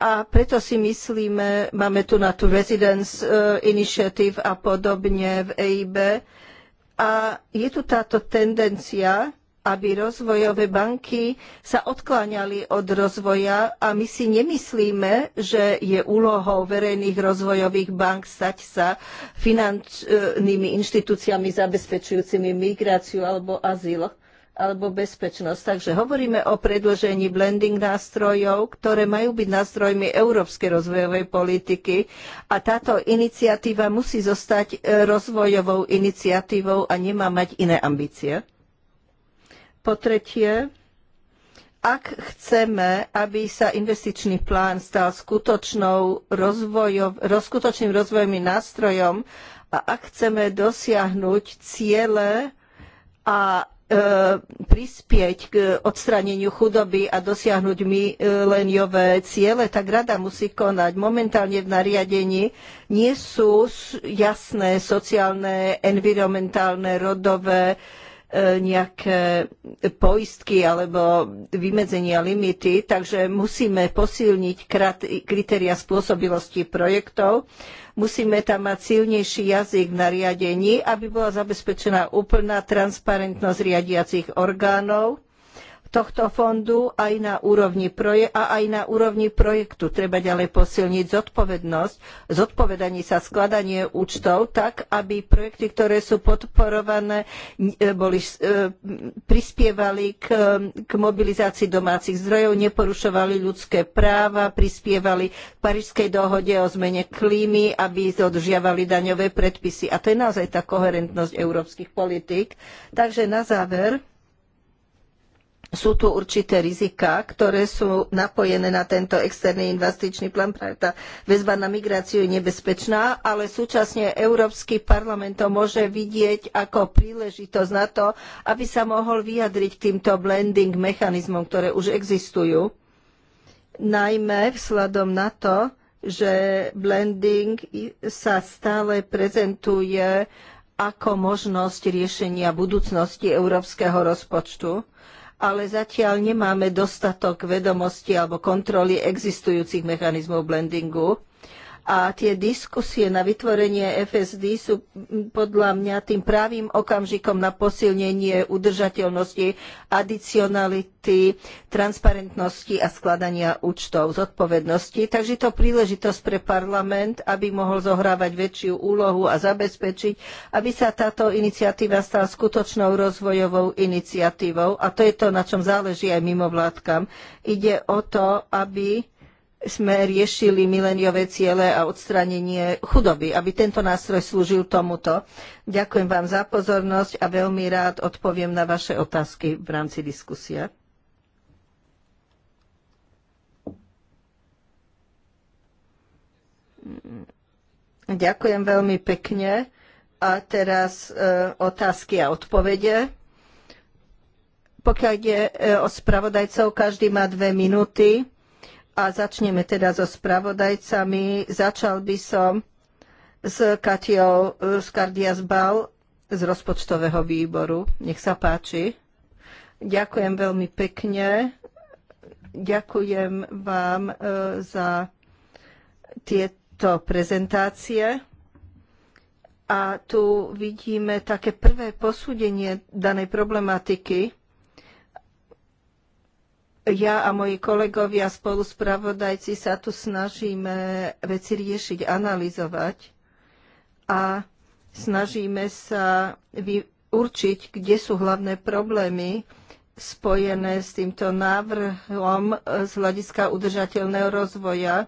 A preto si myslíme, máme tu na tú Residence e, Initiative a podobne v EIB. A je tu táto tendencia, aby rozvojové banky sa odkláňali od rozvoja a my si nemyslíme, že je úlohou verejných rozvojových bank stať sa finančnými inštitúciami zabezpečujúcimi migráciu alebo azyl alebo bezpečnosť. Takže hovoríme o predĺžení blending nástrojov, ktoré majú byť nástrojmi európskej rozvojovej politiky a táto iniciatíva musí zostať rozvojovou iniciatívou a nemá mať iné ambície. Po tretie, ak chceme, aby sa investičný plán stal skutočnou rozvojov, rozvojovým nástrojom a ak chceme dosiahnuť ciele a e, prispieť k odstráneniu chudoby a dosiahnuť mileniové e, ciele, tak rada musí konať. Momentálne v nariadení nie sú jasné sociálne, environmentálne, rodové, E, nejaké poistky alebo vymedzenia limity, takže musíme posilniť kritéria spôsobilosti projektov. Musíme tam mať silnejší jazyk v nariadení, aby bola zabezpečená úplná transparentnosť riadiacich orgánov tohto fondu aj na úrovni proje- a aj na úrovni projektu. Treba ďalej posilniť zodpovednosť, zodpovedanie sa, skladanie účtov tak, aby projekty, ktoré sú podporované, boli, e, prispievali k, k mobilizácii domácich zdrojov, neporušovali ľudské práva, prispievali k Parížskej dohode o zmene klímy, aby dodržiavali daňové predpisy. A to je naozaj tá koherentnosť európskych politík. Takže na záver, sú tu určité riziká, ktoré sú napojené na tento externý investičný plán. Tá väzba na migráciu je nebezpečná, ale súčasne Európsky parlament to môže vidieť ako príležitosť na to, aby sa mohol vyjadriť k týmto blending mechanizmom, ktoré už existujú. Najmä vzhľadom na to, že blending sa stále prezentuje ako možnosť riešenia budúcnosti európskeho rozpočtu ale zatiaľ nemáme dostatok vedomostí alebo kontroly existujúcich mechanizmov blendingu a tie diskusie na vytvorenie FSD sú podľa mňa tým pravým okamžikom na posilnenie udržateľnosti, adicionality, transparentnosti a skladania účtov, zodpovednosti. Takže to príležitosť pre parlament, aby mohol zohrávať väčšiu úlohu a zabezpečiť, aby sa táto iniciatíva stala skutočnou rozvojovou iniciatívou. A to je to, na čom záleží aj mimovládkam. Ide o to, aby sme riešili mileniové ciele a odstránenie chudoby, aby tento nástroj slúžil tomuto. Ďakujem vám za pozornosť a veľmi rád odpoviem na vaše otázky v rámci diskusie. Ďakujem veľmi pekne. A teraz e, otázky a odpovede. Pokiaľ ide e, o spravodajcov, každý má dve minúty a začneme teda so spravodajcami. Začal by som s Katiou Skardias-Bal eh, z rozpočtového výboru. Nech sa páči. Ďakujem veľmi pekne. Ďakujem vám eh, za tieto prezentácie. A tu vidíme také prvé posúdenie danej problematiky ja a moji kolegovia, spoluspravodajci sa tu snažíme veci riešiť, analyzovať a snažíme sa určiť, kde sú hlavné problémy spojené s týmto návrhom e, z hľadiska udržateľného rozvoja.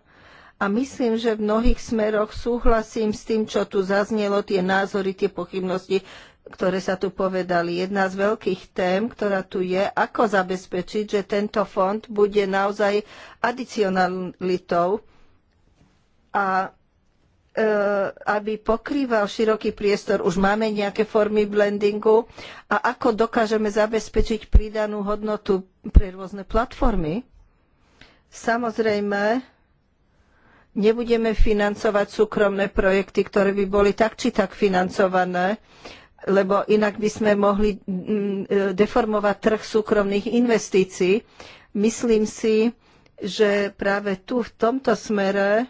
A myslím, že v mnohých smeroch súhlasím s tým, čo tu zaznelo, tie názory, tie pochybnosti, ktoré sa tu povedali. Jedna z veľkých tém, ktorá tu je, ako zabezpečiť, že tento fond bude naozaj adicionalitou a e, aby pokrýval široký priestor. Už máme nejaké formy blendingu a ako dokážeme zabezpečiť pridanú hodnotu pre rôzne platformy. Samozrejme, nebudeme financovať súkromné projekty, ktoré by boli tak či tak financované lebo inak by sme mohli mm, e, deformovať trh súkromných investícií. Myslím si, že práve tu v tomto smere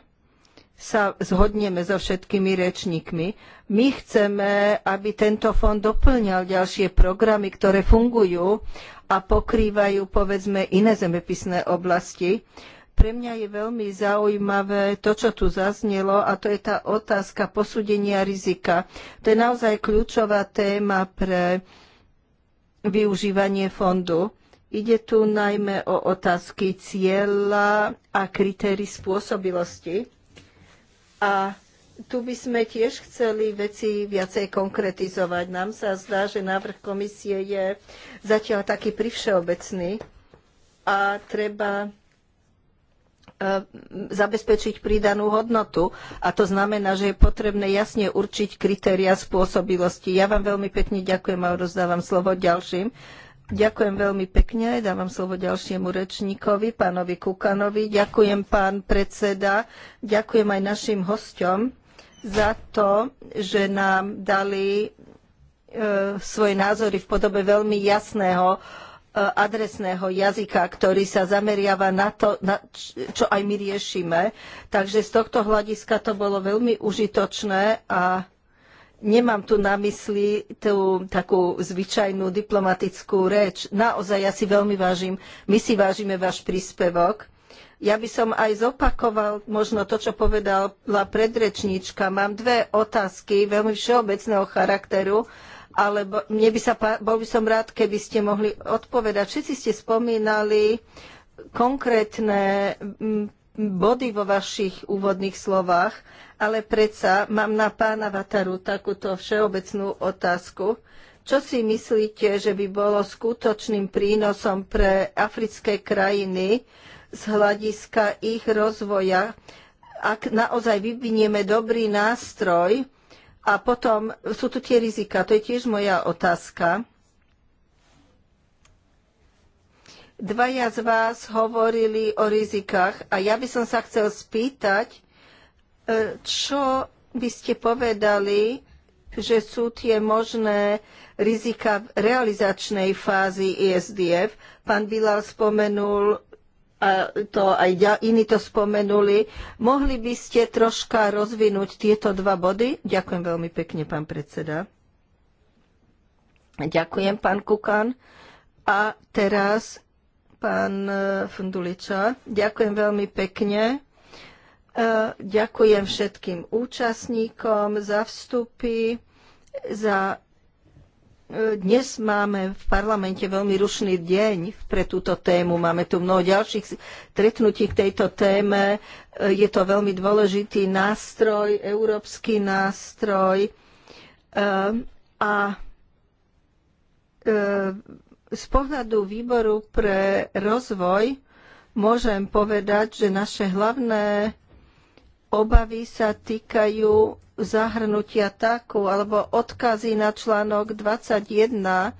sa zhodneme so všetkými rečníkmi. My chceme, aby tento fond doplňal ďalšie programy, ktoré fungujú a pokrývajú povedzme iné zemepisné oblasti. Pre mňa je veľmi zaujímavé to, čo tu zaznelo, a to je tá otázka posúdenia rizika. To je naozaj kľúčová téma pre využívanie fondu. Ide tu najmä o otázky cieľa a kritérií spôsobilosti. A tu by sme tiež chceli veci viacej konkretizovať. Nám sa zdá, že návrh komisie je zatiaľ taký privšeobecný a treba Eh, zabezpečiť pridanú hodnotu. A to znamená, že je potrebné jasne určiť kritéria spôsobilosti. Ja vám veľmi pekne ďakujem a rozdávam slovo ďalším. Ďakujem veľmi pekne, dávam slovo ďalšiemu rečníkovi, pánovi Kukanovi. Ďakujem, pán predseda, ďakujem aj našim hosťom za to, že nám dali e, svoje názory v podobe veľmi jasného adresného jazyka, ktorý sa zameriava na to, na čo aj my riešime. Takže z tohto hľadiska to bolo veľmi užitočné a nemám tu na mysli tú takú zvyčajnú diplomatickú reč. Naozaj ja si veľmi vážim, my si vážime váš príspevok. Ja by som aj zopakoval možno to, čo povedala predrečníčka. Mám dve otázky veľmi všeobecného charakteru ale mne by sa, bol by som rád, keby ste mohli odpovedať. Všetci ste spomínali konkrétne body vo vašich úvodných slovách, ale predsa mám na pána Vataru takúto všeobecnú otázku. Čo si myslíte, že by bolo skutočným prínosom pre africké krajiny z hľadiska ich rozvoja, ak naozaj vyvinieme dobrý nástroj, a potom sú tu tie rizika, to je tiež moja otázka. Dvaja z vás hovorili o rizikách a ja by som sa chcel spýtať, e, čo by ste povedali, že sú tie možné rizika v realizačnej fázi ISDF. E Pán Bilal spomenul a to aj iní to spomenuli. Mohli by ste troška rozvinúť tieto dva body? Ďakujem veľmi pekne, pán predseda. Ďakujem, pán Kukan. A teraz pán e, Funduliča. Ďakujem veľmi pekne. E, ďakujem všetkým účastníkom za vstupy, za dnes máme v parlamente veľmi rušný deň pre túto tému. Máme tu mnoho ďalších stretnutí k tejto téme. Je to veľmi dôležitý nástroj, európsky nástroj. E, a e, z pohľadu výboru pre rozvoj môžem povedať, že naše hlavné obavy sa týkajú zahrnutia takú alebo odkazy na článok 21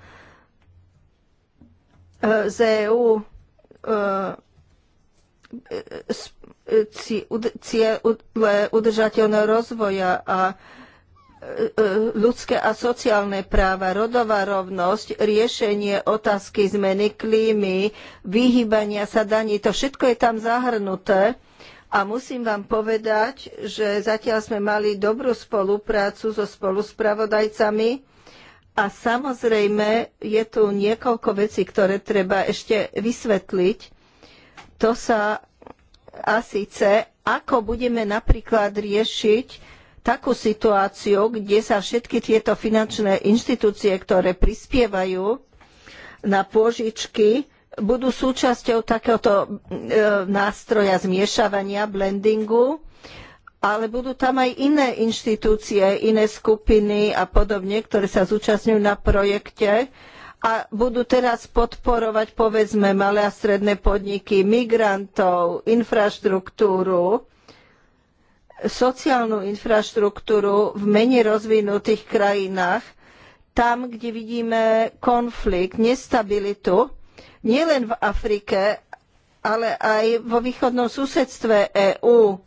eh, z EU eh, eh, cieľe udržateľného rozvoja a ľudské a sociálne práva, rodová rovnosť, riešenie otázky zmeny klímy, vyhýbania sa daní, to všetko je tam zahrnuté a musím vám povedať, že zatiaľ sme mali dobrú spoluprácu so spoluspravodajcami a samozrejme je tu niekoľko vecí, ktoré treba ešte vysvetliť. To sa a síce, ako budeme napríklad riešiť takú situáciu, kde sa všetky tieto finančné inštitúcie, ktoré prispievajú na pôžičky, budú súčasťou takéhoto e, nástroja zmiešavania, blendingu, ale budú tam aj iné inštitúcie, iné skupiny a podobne, ktoré sa zúčastňujú na projekte a budú teraz podporovať povedzme malé a stredné podniky, migrantov, infraštruktúru, sociálnu infraštruktúru v menej rozvinutých krajinách, tam, kde vidíme konflikt, nestabilitu nielen v Afrike, ale aj vo východnom susedstve EÚ.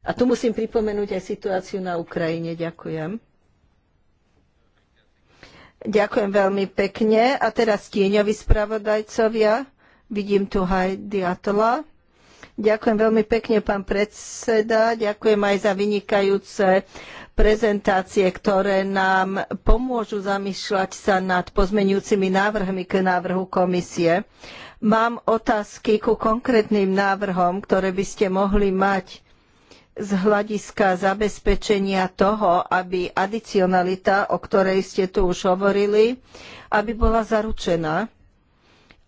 A tu musím pripomenúť aj situáciu na Ukrajine. Ďakujem. Ďakujem veľmi pekne. A teraz tieňovi spravodajcovia. Vidím tu hajdiatola. Ďakujem veľmi pekne, pán predseda. Ďakujem aj za vynikajúce prezentácie, ktoré nám pomôžu zamýšľať sa nad pozmenujúcimi návrhmi k návrhu komisie. Mám otázky ku konkrétnym návrhom, ktoré by ste mohli mať z hľadiska zabezpečenia toho, aby adicionalita, o ktorej ste tu už hovorili, aby bola zaručená.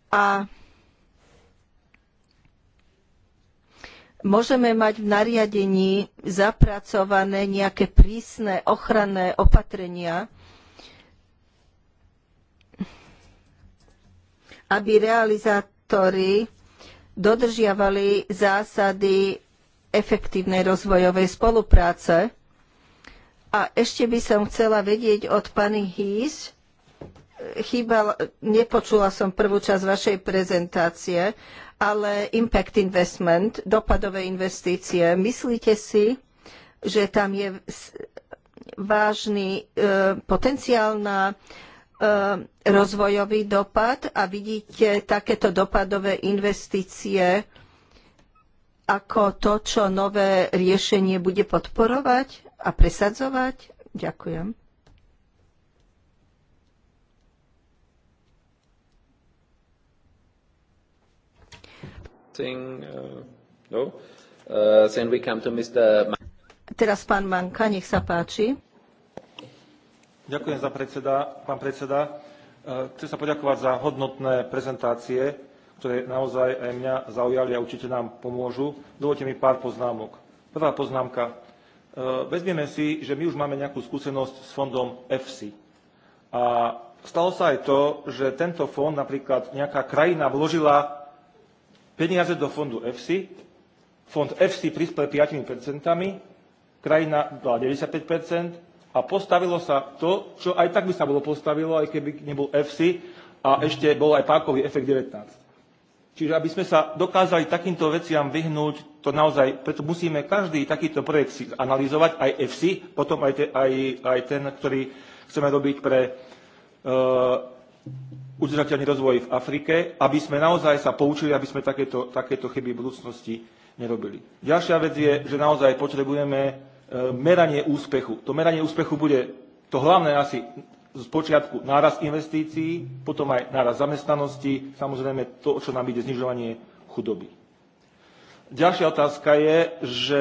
A Môžeme mať v nariadení zapracované nejaké prísne ochranné opatrenia, aby realizátori dodržiavali zásady efektívnej rozvojovej spolupráce. A ešte by som chcela vedieť od pani Hýs, chýbal, nepočula som prvú časť vašej prezentácie ale impact investment, dopadové investície. Myslíte si, že tam je vážny e, potenciál na e, rozvojový dopad a vidíte takéto dopadové investície ako to, čo nové riešenie bude podporovať a presadzovať? Ďakujem. thing? Uh, no? Uh, then we come to Mr. Teraz pán Manka, nech sa páči. Ďakujem za predseda, pán predseda. Uh, chcem sa poďakovať za hodnotné prezentácie, ktoré naozaj aj mňa zaujali a určite nám pomôžu. Dovolte mi pár poznámok. Prvá poznámka. Uh, Vezmeme si, že my už máme nejakú skúsenosť s fondom EFSI. A stalo sa aj to, že tento fond, napríklad nejaká krajina vložila peniaze do fondu EFSI, fond EFSI prispel 5%, krajina dala 95% a postavilo sa to, čo aj tak by sa bolo postavilo, aj keby nebol EFSI a ešte bol aj pákový efekt 19. Čiže aby sme sa dokázali takýmto veciam vyhnúť, to naozaj, preto musíme každý takýto projekt si analyzovať, aj EFSI, potom aj, te, aj, aj ten, ktorý chceme robiť pre eh, udržateľný rozvoj v Afrike, aby sme naozaj sa poučili, aby sme takéto, takéto chyby v budúcnosti nerobili. Ďalšia vec je, že naozaj potrebujeme e, meranie úspechu. To meranie úspechu bude to hlavné asi z počiatku náraz investícií, potom aj náraz zamestnanosti, samozrejme to, čo nám ide znižovanie chudoby. Ďalšia otázka je, že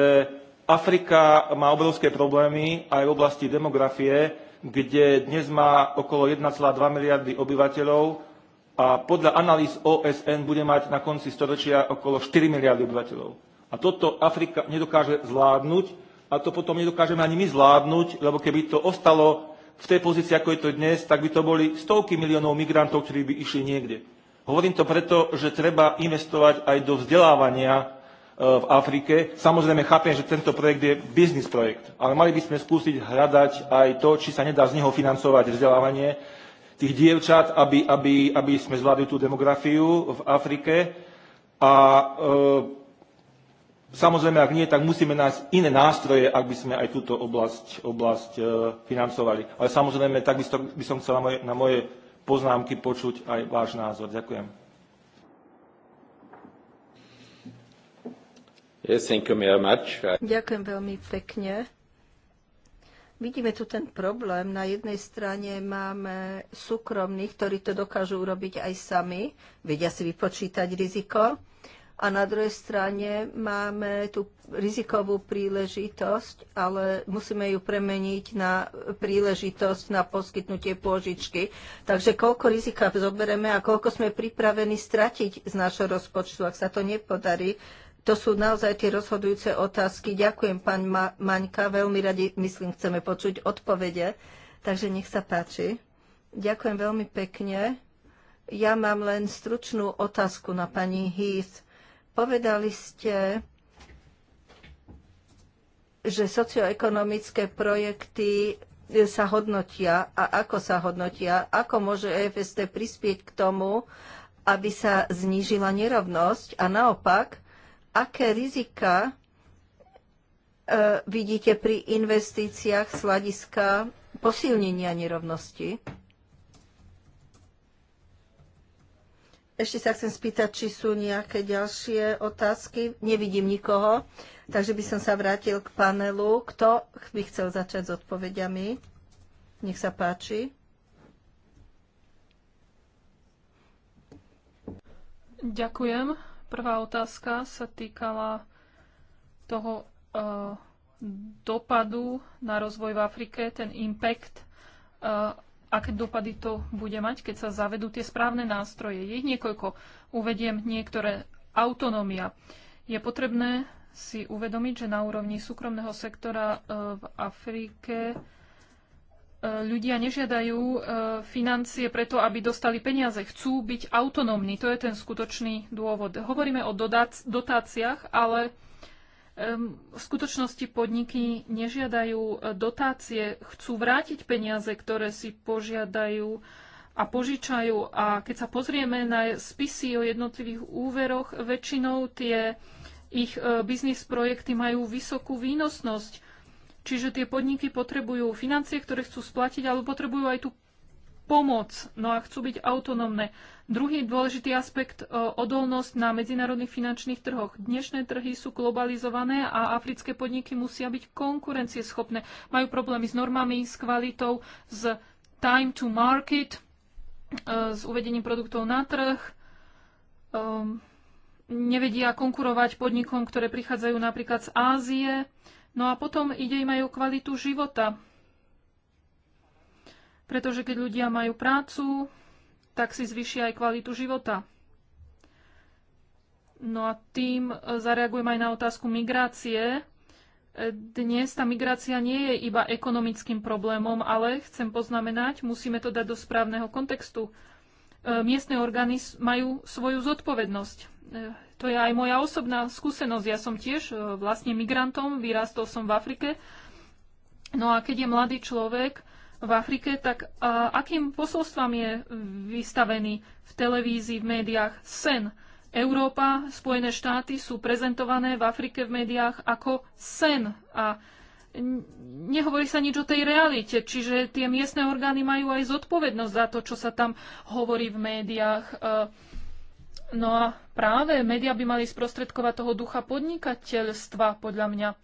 Afrika má obrovské problémy aj v oblasti demografie kde dnes má okolo 1,2 miliardy obyvateľov a podľa analýz OSN bude mať na konci storočia okolo 4 miliardy obyvateľov. A toto Afrika nedokáže zvládnuť a to potom nedokážeme ani my zvládnuť, lebo keby to ostalo v tej pozícii, ako je to dnes, tak by to boli stovky miliónov migrantov, ktorí by išli niekde. Hovorím to preto, že treba investovať aj do vzdelávania E, v Afrike. Samozrejme, chápem, že tento projekt je biznis projekt, ale mali by sme skúsiť hľadať aj to, či sa nedá z neho financovať vzdelávanie tých dievčat, aby, aby, aby sme zvládli tú demografiu v Afrike. A e, samozrejme, ak nie, tak musíme nájsť iné nástroje, ak by sme aj túto oblasť, oblasť e, financovali. Ale samozrejme, tak by som, chcel na moje, na moje poznámky počuť aj váš názor. Ďakujem. Yes, Ďakujem veľmi pekne. Vidíme tu ten problém. Na jednej strane máme súkromných, ktorí to dokážu urobiť aj sami, vedia si vypočítať riziko. A na druhej strane máme tú rizikovú príležitosť, ale musíme ju premeniť na príležitosť na poskytnutie pôžičky. Takže koľko rizika zobereme a koľko sme pripravení stratiť z nášho rozpočtu, ak sa to nepodarí, to sú naozaj tie rozhodujúce otázky. Ďakujem, pán Ma- Maňka. Veľmi radi, myslím, chceme počuť odpovede. Takže nech sa páči. Ďakujem veľmi pekne. Ja mám len stručnú otázku na pani Heath. Povedali ste, že socioekonomické projekty sa hodnotia a ako sa hodnotia, ako môže EFST prispieť k tomu, aby sa znížila nerovnosť a naopak, aké rizika e, vidíte pri investíciách z hľadiska posilnenia nerovnosti? Ešte sa chcem spýtať, či sú nejaké ďalšie otázky. Nevidím nikoho, takže by som sa vrátil k panelu. Kto by chcel začať s odpovediami? Nech sa páči. Ďakujem. Prvá otázka sa týkala toho uh, dopadu na rozvoj v Afrike, ten impact, uh, aké dopady to bude mať, keď sa zavedú tie správne nástroje. Je ich niekoľko. Uvediem niektoré. Autonómia. Je potrebné si uvedomiť, že na úrovni súkromného sektora eh, v Afrike ľudia nežiadajú e, financie preto, aby dostali peniaze. Chcú byť autonómni. To je ten skutočný dôvod. Hovoríme o dotáciách, ale v skutočnosti podniky nežiadajú e, dotácie. Chcú vrátiť peniaze, ktoré si požiadajú a požičajú. A keď sa pozrieme na spisy o jednotlivých úveroch, väčšinou tie ich e, biznis projekty majú vysokú výnosnosť Čiže tie podniky potrebujú financie, ktoré chcú splatiť, ale potrebujú aj tú pomoc, no a chcú byť autonómne. Druhý dôležitý aspekt, e, odolnosť na medzinárodných finančných trhoch. Dnešné trhy sú globalizované a africké podniky musia byť konkurencieschopné. Majú problémy s normami, s kvalitou, s time to market, e, s uvedením produktov na trh. Ehm, nevedia konkurovať podnikom, ktoré prichádzajú napríklad z Ázie. No a potom ide im aj o kvalitu života. Pretože keď ľudia majú prácu, tak si zvyšia aj kvalitu života. No a tým e, zareagujem aj na otázku migrácie. E, dnes tá migrácia nie je iba ekonomickým problémom, ale chcem poznamenať, musíme to dať do správneho kontextu. E, miestne orgány majú svoju zodpovednosť. E, to je aj moja osobná skúsenosť. Ja som tiež e, vlastne migrantom, vyrastol som v Afrike. No a keď je mladý človek v Afrike, tak a, akým posolstvom je vystavený v televízii, v médiách sen? Európa, Spojené štáty sú prezentované v Afrike v médiách ako sen a nehovorí sa nič o tej realite, čiže tie miestne orgány majú aj zodpovednosť za to, čo sa tam hovorí v médiách. E, No a práve médiá by mali sprostredkovať toho ducha podnikateľstva, podľa mňa. E,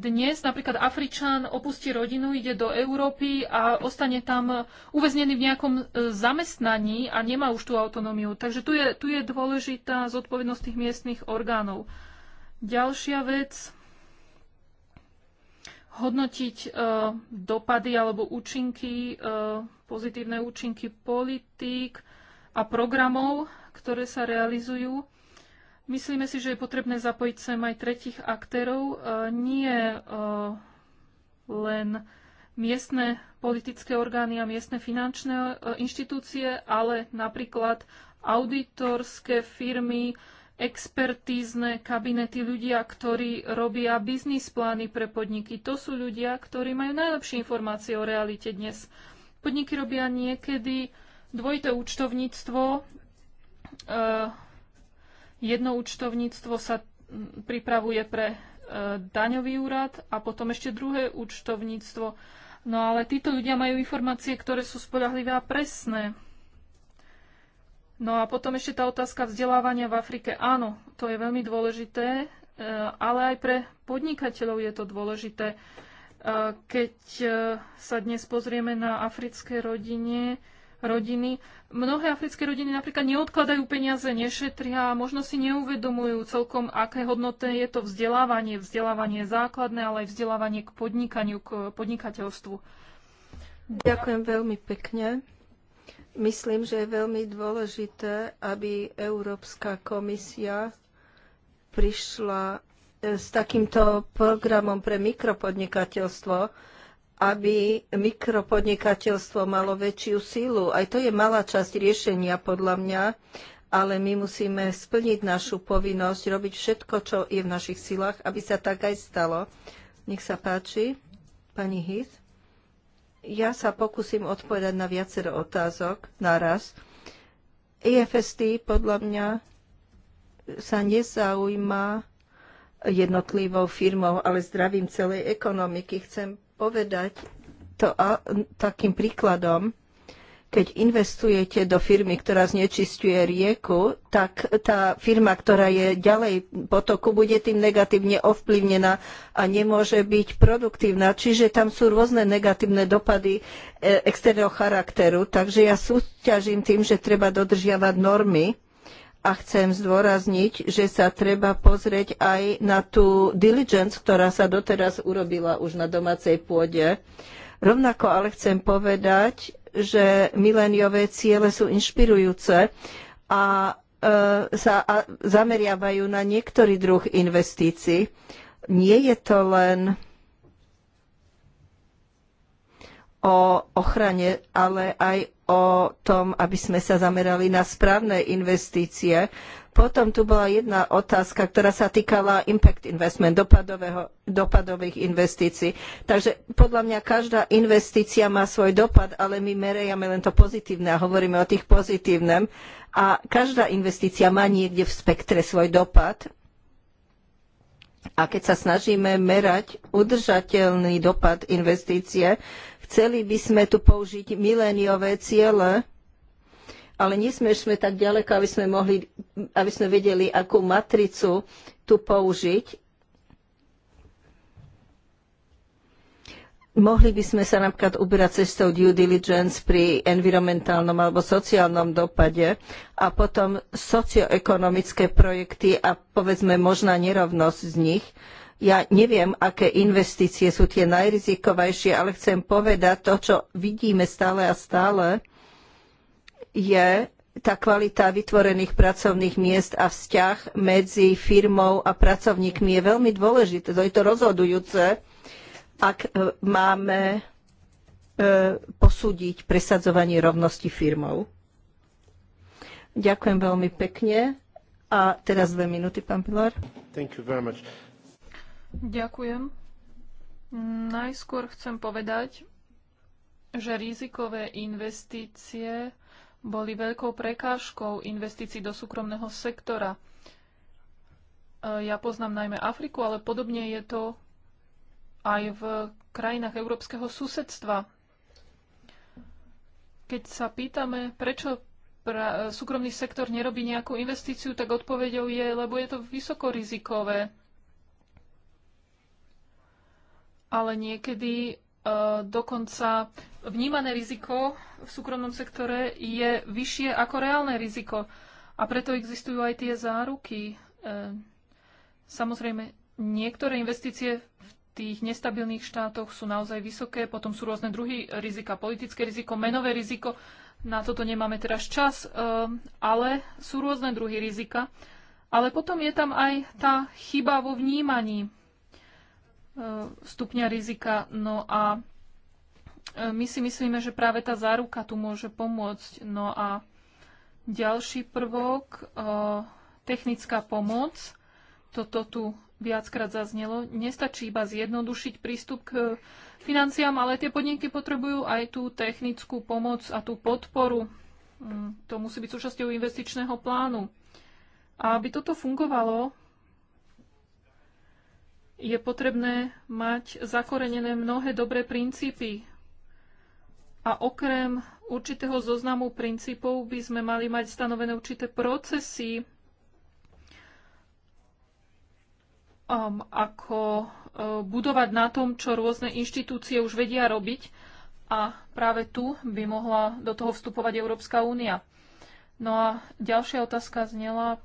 dnes napríklad Afričan opustí rodinu, ide do Európy a ostane tam uväznený v nejakom e, zamestnaní a nemá už tú autonómiu. Takže tu je, tu je dôležitá zodpovednosť tých miestnych orgánov. Ďalšia vec, hodnotiť e, dopady alebo účinky, e, pozitívne účinky politík a programov, ktoré sa realizujú. Myslíme si, že je potrebné zapojiť sem aj tretich aktérov, e, nie e, len miestne politické orgány a miestne finančné e, inštitúcie, ale napríklad auditorské firmy, expertízne kabinety, ľudia, ktorí robia biznis plány pre podniky. To sú ľudia, ktorí majú najlepšie informácie o realite dnes. Podniky robia niekedy dvojité účtovníctvo Eh, jedno účtovníctvo sa mm, pripravuje pre eh, daňový úrad a potom ešte druhé účtovníctvo. No ale títo ľudia majú informácie, ktoré sú spolahlivé a presné. No a potom ešte tá otázka vzdelávania v Afrike. Áno, to je veľmi dôležité, eh, ale aj pre podnikateľov je to dôležité. Keď sa dnes pozrieme na africké rodine, rodiny. Mnohé africké rodiny napríklad neodkladajú peniaze, nešetria a možno si neuvedomujú celkom, aké hodnoté je to vzdelávanie. Vzdelávanie základné, ale aj vzdelávanie k podnikaniu, k podnikateľstvu. Ďakujem veľmi pekne. Myslím, že je veľmi dôležité, aby Európska komisia prišla eh, s takýmto programom pre mikropodnikateľstvo, aby mikropodnikateľstvo malo väčšiu sílu. Aj to je malá časť riešenia podľa mňa, ale my musíme splniť našu povinnosť, robiť všetko, čo je v našich silách, aby sa tak aj stalo. Nech sa páči, pani Heath. Ja sa pokúsim odpovedať na viacero otázok naraz. EFST podľa mňa sa nezaujíma jednotlivou firmou, ale zdravím celej ekonomiky. Chcem povedať to a, takým príkladom. Keď investujete do firmy, ktorá znečistuje rieku, tak tá firma, ktorá je ďalej potoku, bude tým negatívne ovplyvnená a nemôže byť produktívna. Čiže tam sú rôzne negatívne dopady e, externého charakteru. Takže ja súťažím tým, že treba dodržiavať normy a chcem zdôrazniť, že sa treba pozrieť aj na tú diligence, ktorá sa doteraz urobila už na domácej pôde. Rovnako ale chcem povedať, že mileniové ciele sú inšpirujúce a e, sa a zameriavajú na niektorý druh investícií. Nie je to len o ochrane, ale aj o tom, aby sme sa zamerali na správne investície. Potom tu bola jedna otázka, ktorá sa týkala impact investment, dopadových investícií. Takže podľa mňa každá investícia má svoj dopad, ale my merejame len to pozitívne a hovoríme o tých pozitívnem. A každá investícia má niekde v spektre svoj dopad a keď sa snažíme merať udržateľný dopad investície, chceli by sme tu použiť miléniové ciele, ale sme tak ďaleko, aby sme, mohli, aby sme vedeli, akú matricu tu použiť Mohli by sme sa napríklad uberať cestou due diligence pri environmentálnom alebo sociálnom dopade a potom socioekonomické projekty a povedzme možná nerovnosť z nich. Ja neviem, aké investície sú tie najrizikovejšie, ale chcem povedať to, čo vidíme stále a stále, je tá kvalita vytvorených pracovných miest a vzťah medzi firmou a pracovníkmi je veľmi dôležité. To je to rozhodujúce ak e, máme e, posúdiť presadzovanie rovnosti firmov. Ďakujem veľmi pekne. A teraz dve minúty, pán Pilar. Ďakujem. Najskôr chcem povedať, že rizikové investície boli veľkou prekážkou investícií do súkromného sektora. E, ja poznám najmä Afriku, ale podobne je to aj v krajinách európskeho susedstva. Keď sa pýtame, prečo súkromný sektor nerobí nejakú investíciu, tak odpoveďou je, lebo je to vysokorizikové. Ale niekedy e, dokonca vnímané riziko v súkromnom sektore je vyššie ako reálne riziko. A preto existujú aj tie záruky. E, samozrejme, niektoré investície v tých nestabilných štátoch sú naozaj vysoké. Potom sú rôzne druhy rizika, politické riziko, menové riziko. Na toto nemáme teraz čas, ehm, ale sú rôzne druhy rizika. Ale potom je tam aj tá chyba vo vnímaní ehm, stupňa rizika. No a ehm, my si myslíme, že práve tá záruka tu môže pomôcť. No a ďalší prvok, technická pomoc. Toto tu viackrát zaznelo, nestačí iba zjednodušiť prístup k financiám, ale tie podniky potrebujú aj tú technickú pomoc a tú podporu. Mm, to musí byť súčasťou investičného plánu. A aby toto fungovalo, je potrebné mať zakorenené mnohé dobré princípy. A okrem určitého zoznamu princípov by sme mali mať stanovené určité procesy, um, ako uh, budovať na tom, čo rôzne inštitúcie už vedia robiť a práve tu by mohla do toho vstupovať Európska únia. No a ďalšia otázka znela,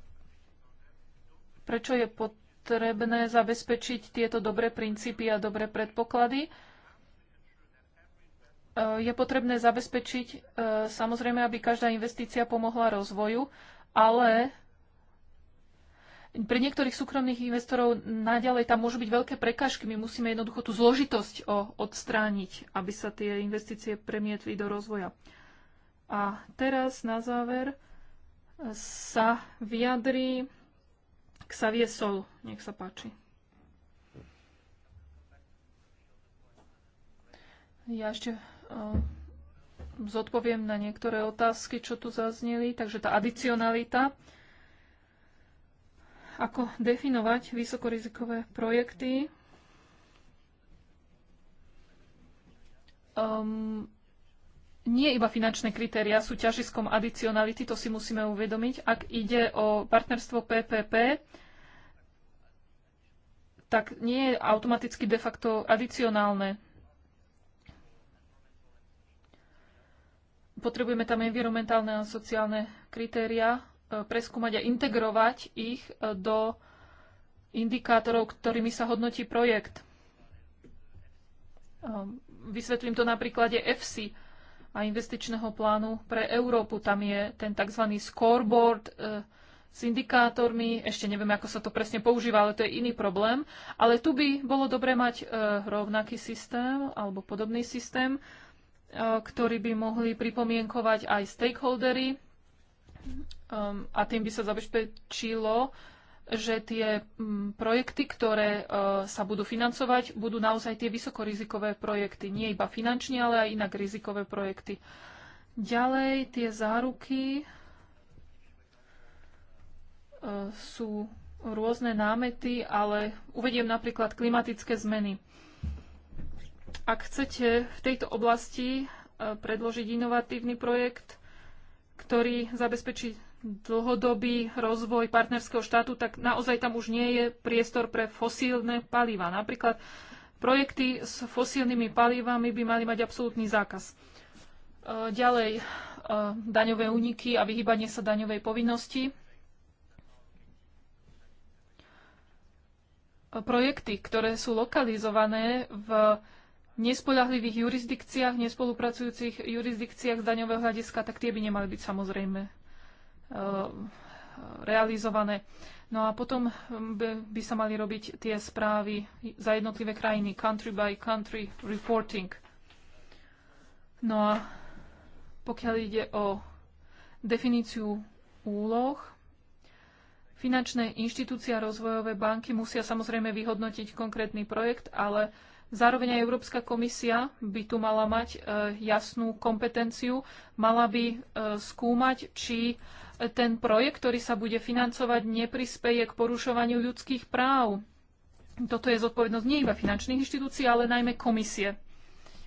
prečo je potrebné zabezpečiť tieto dobré princípy a dobré predpoklady. Uh, je potrebné zabezpečiť uh, samozrejme, aby každá investícia pomohla rozvoju, ale pre niektorých súkromných investorov naďalej tam môžu byť veľké prekažky. My musíme jednoducho tú zložitosť odstrániť, aby sa tie investície premietli do rozvoja. A teraz na záver sa vyjadrí Xavier Sol. Nech sa páči. Ja ešte eh, zodpoviem na niektoré otázky, čo tu zazneli. Takže tá adicionalita ako definovať vysokorizikové projekty. Um, nie iba finančné kritéria sú ťažiskom adicionality, to si musíme uvedomiť. Ak ide o partnerstvo PPP, tak nie je automaticky de facto adicionálne. Potrebujeme tam environmentálne a sociálne kritéria, E, preskúmať a integrovať ich e, do indikátorov, ktorými sa hodnotí projekt. E, vysvetlím to na príklade EFSI a investičného plánu pre Európu. Tam je ten tzv. scoreboard s indikátormi. Ešte neviem, ako sa to presne používa, ale to je iný problém. Ale tu by bolo dobré mať rovnaký systém alebo podobný systém, ktorý by mohli pripomienkovať aj stakeholdery um, a tým by sa zabezpečilo, že tie um, projekty, ktoré uh, sa budú financovať, budú naozaj tie vysokorizikové projekty. Nie iba finančne, ale aj inak rizikové projekty. Ďalej tie záruky uh, sú rôzne námety, ale uvediem napríklad klimatické zmeny. Ak chcete v tejto oblasti uh, predložiť inovatívny projekt, ktorý zabezpečí dlhodobý rozvoj partnerského štátu, tak naozaj tam už nie je priestor pre fosílne paliva. Napríklad projekty s fosílnymi palivami by mali mať absolútny zákaz. E, ďalej, e, daňové úniky a vyhýbanie sa daňovej povinnosti. E, projekty, ktoré sú lokalizované v nespoľahlivých jurisdikciách, nespolupracujúcich jurisdikciách z daňového hľadiska, tak tie by nemali byť samozrejme eh, realizované. No a potom hm, by, by sa mali robiť tie správy za jednotlivé krajiny, country by country reporting. No a pokiaľ ide o definíciu úloh, finančné inštitúcie a rozvojové banky musia samozrejme vyhodnotiť konkrétny projekt, ale Zároveň aj Európska komisia by tu mala mať e, jasnú kompetenciu, mala by e, skúmať, či ten projekt, ktorý sa bude financovať, neprispeje k porušovaniu ľudských práv. Toto je zodpovednosť nie iba finančných inštitúcií, ale najmä komisie,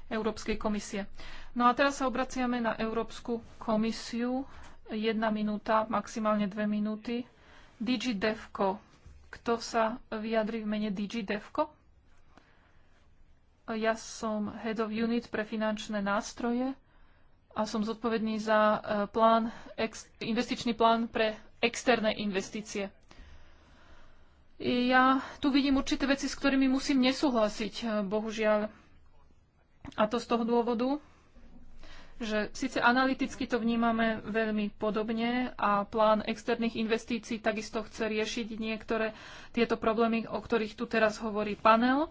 Európskej komisie. No a teraz sa obraciame na Európsku komisiu. Jedna minúta, maximálne dve minúty. DigiDevco. Kto sa vyjadri v mene DigiDevco? Ja som Head of Unit pre finančné nástroje a som zodpovedný za e, plán, ex, investičný plán pre externé investície. Ja tu vidím určité veci, s ktorými musím nesúhlasiť, e, bohužiaľ. A to z toho dôvodu, že síce analyticky to vnímame veľmi podobne a plán externých investícií takisto chce riešiť niektoré tieto problémy, o ktorých tu teraz hovorí panel.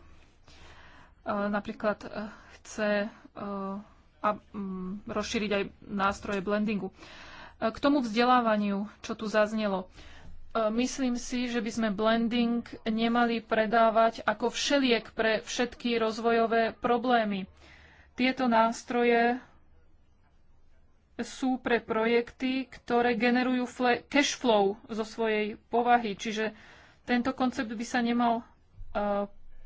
E, napríklad e, chce e, a mm, rozšíriť aj nástroje blendingu. K tomu vzdelávaniu, čo tu zaznelo. Myslím si, že by sme blending nemali predávať ako všeliek pre všetky rozvojové problémy. Tieto nástroje sú pre projekty, ktoré generujú cash flow zo svojej povahy, čiže tento koncept by sa nemal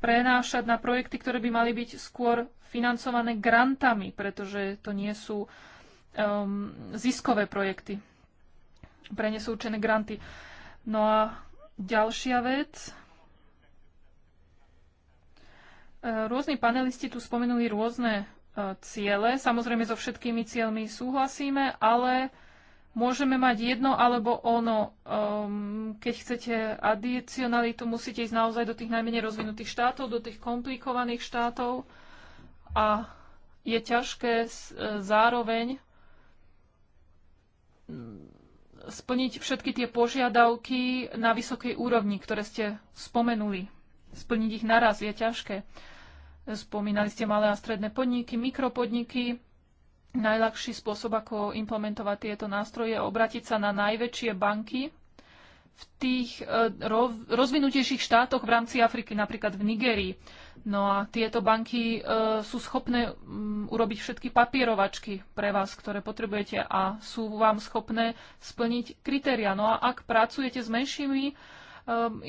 prenášať na projekty, ktoré by mali byť skôr financované grantami, pretože to nie sú um, ziskové projekty. Pre ne sú určené granty. No a ďalšia vec. E, rôzni panelisti tu spomenuli rôzne e, ciele. Samozrejme, so všetkými cieľmi súhlasíme, ale Môžeme mať jedno alebo ono. Um, keď chcete adicionalitu, musíte ísť naozaj do tých najmenej rozvinutých štátov, do tých komplikovaných štátov a je ťažké e, zároveň mm, splniť všetky tie požiadavky na vysokej úrovni, ktoré ste spomenuli. Splniť ich naraz je ťažké. Spomínali ste malé a stredné podniky, mikropodniky, najľahší spôsob, ako implementovať tieto nástroje, obratiť sa na najväčšie banky v tých e, rozvinutejších štátoch v rámci Afriky, napríklad v Nigerii. No a tieto banky e, sú schopné mm, urobiť všetky papierovačky pre vás, ktoré potrebujete a sú vám schopné splniť kritéria. No a ak pracujete s menšími e,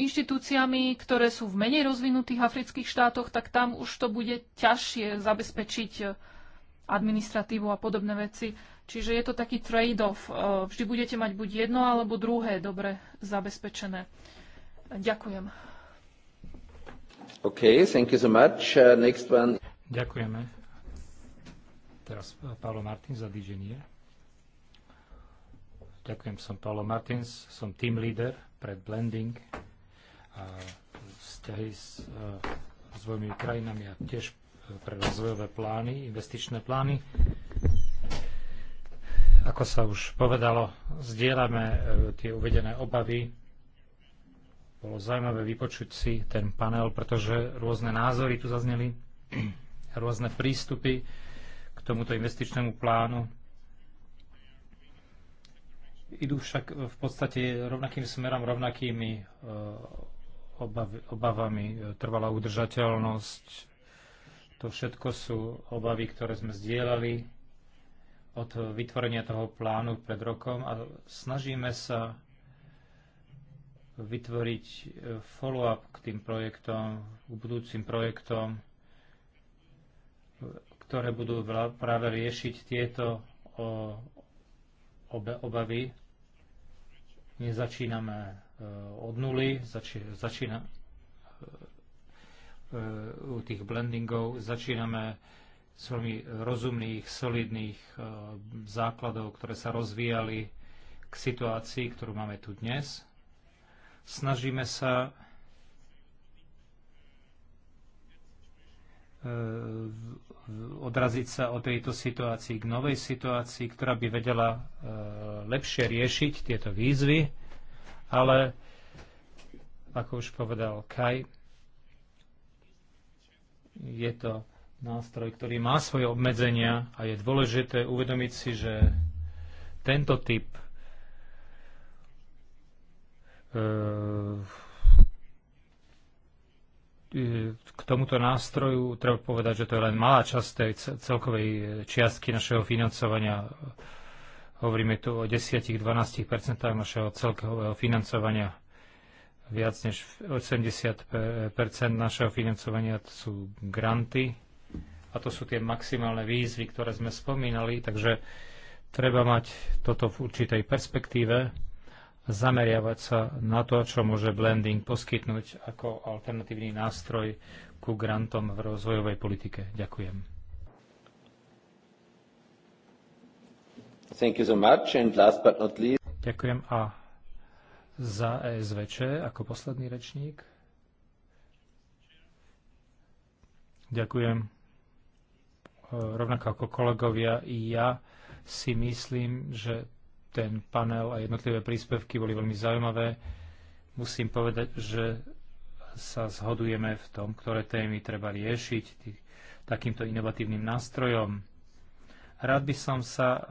inštitúciami, ktoré sú v menej rozvinutých afrických štátoch, tak tam už to bude ťažšie zabezpečiť administratívu a podobné veci. Čiže je to taký trade-off. E, vždy budete mať buď jedno alebo druhé dobre zabezpečené. Ďakujem. OK, thank you so much. Uh, next one. Ďakujeme. Teraz e, Paolo Martins za Digenier. Ďakujem, som Paolo Martins, som team leader pre blending a vzťahy s, e, s svojimi krajinami a tiež pre rozvojové plány, investičné plány. Ako sa už povedalo, zdieľame e, tie uvedené obavy. Bolo zaujímavé vypočuť si ten panel, pretože rôzne názory tu zazneli, rôzne prístupy k tomuto investičnému plánu. Idú však v podstate rovnakým smerom, rovnakými e, obavami. E, trvalá udržateľnosť, to všetko sú obavy, ktoré sme zdieľali od vytvorenia toho plánu pred rokom a snažíme sa vytvoriť e, follow-up k tým projektom, k budúcim projektom, e, ktoré budú práve riešiť tieto obavy. Nezačíname e, od nuly, začína, E, u tých blendingov začíname s veľmi rozumných, solidných e, základov, ktoré sa rozvíjali k situácii, ktorú máme tu dnes. Snažíme sa e, odraziť sa od tejto situácii k novej situácii, ktorá by vedela lepšie riešiť tieto výzvy, ale ako už povedal Kaj, je to nástroj, ktorý má svoje obmedzenia a je dôležité uvedomiť si, že tento typ eh, k tomuto nástroju treba povedať, že to je len malá časť tej celkovej eh, čiastky našeho financovania. Hovoríme tu o 10-12% našeho celkového financovania. Viac než 80 našeho financovania sú granty a to sú tie maximálne výzvy, ktoré sme spomínali, takže treba mať toto v určitej perspektíve zameriavať sa na to, čo môže blending poskytnúť ako alternatívny nástroj ku grantom v rozvojovej politike. Ďakujem. Thank you so much and last but not least. Ďakujem a za ESVČ ako posledný rečník. Ďakujem. E, rovnako ako kolegovia i ja si myslím, že ten panel a jednotlivé príspevky boli veľmi zaujímavé. Musím povedať, že sa zhodujeme v tom, ktoré témy treba riešiť takýmto inovatívnym nástrojom. Rád by som sa uh,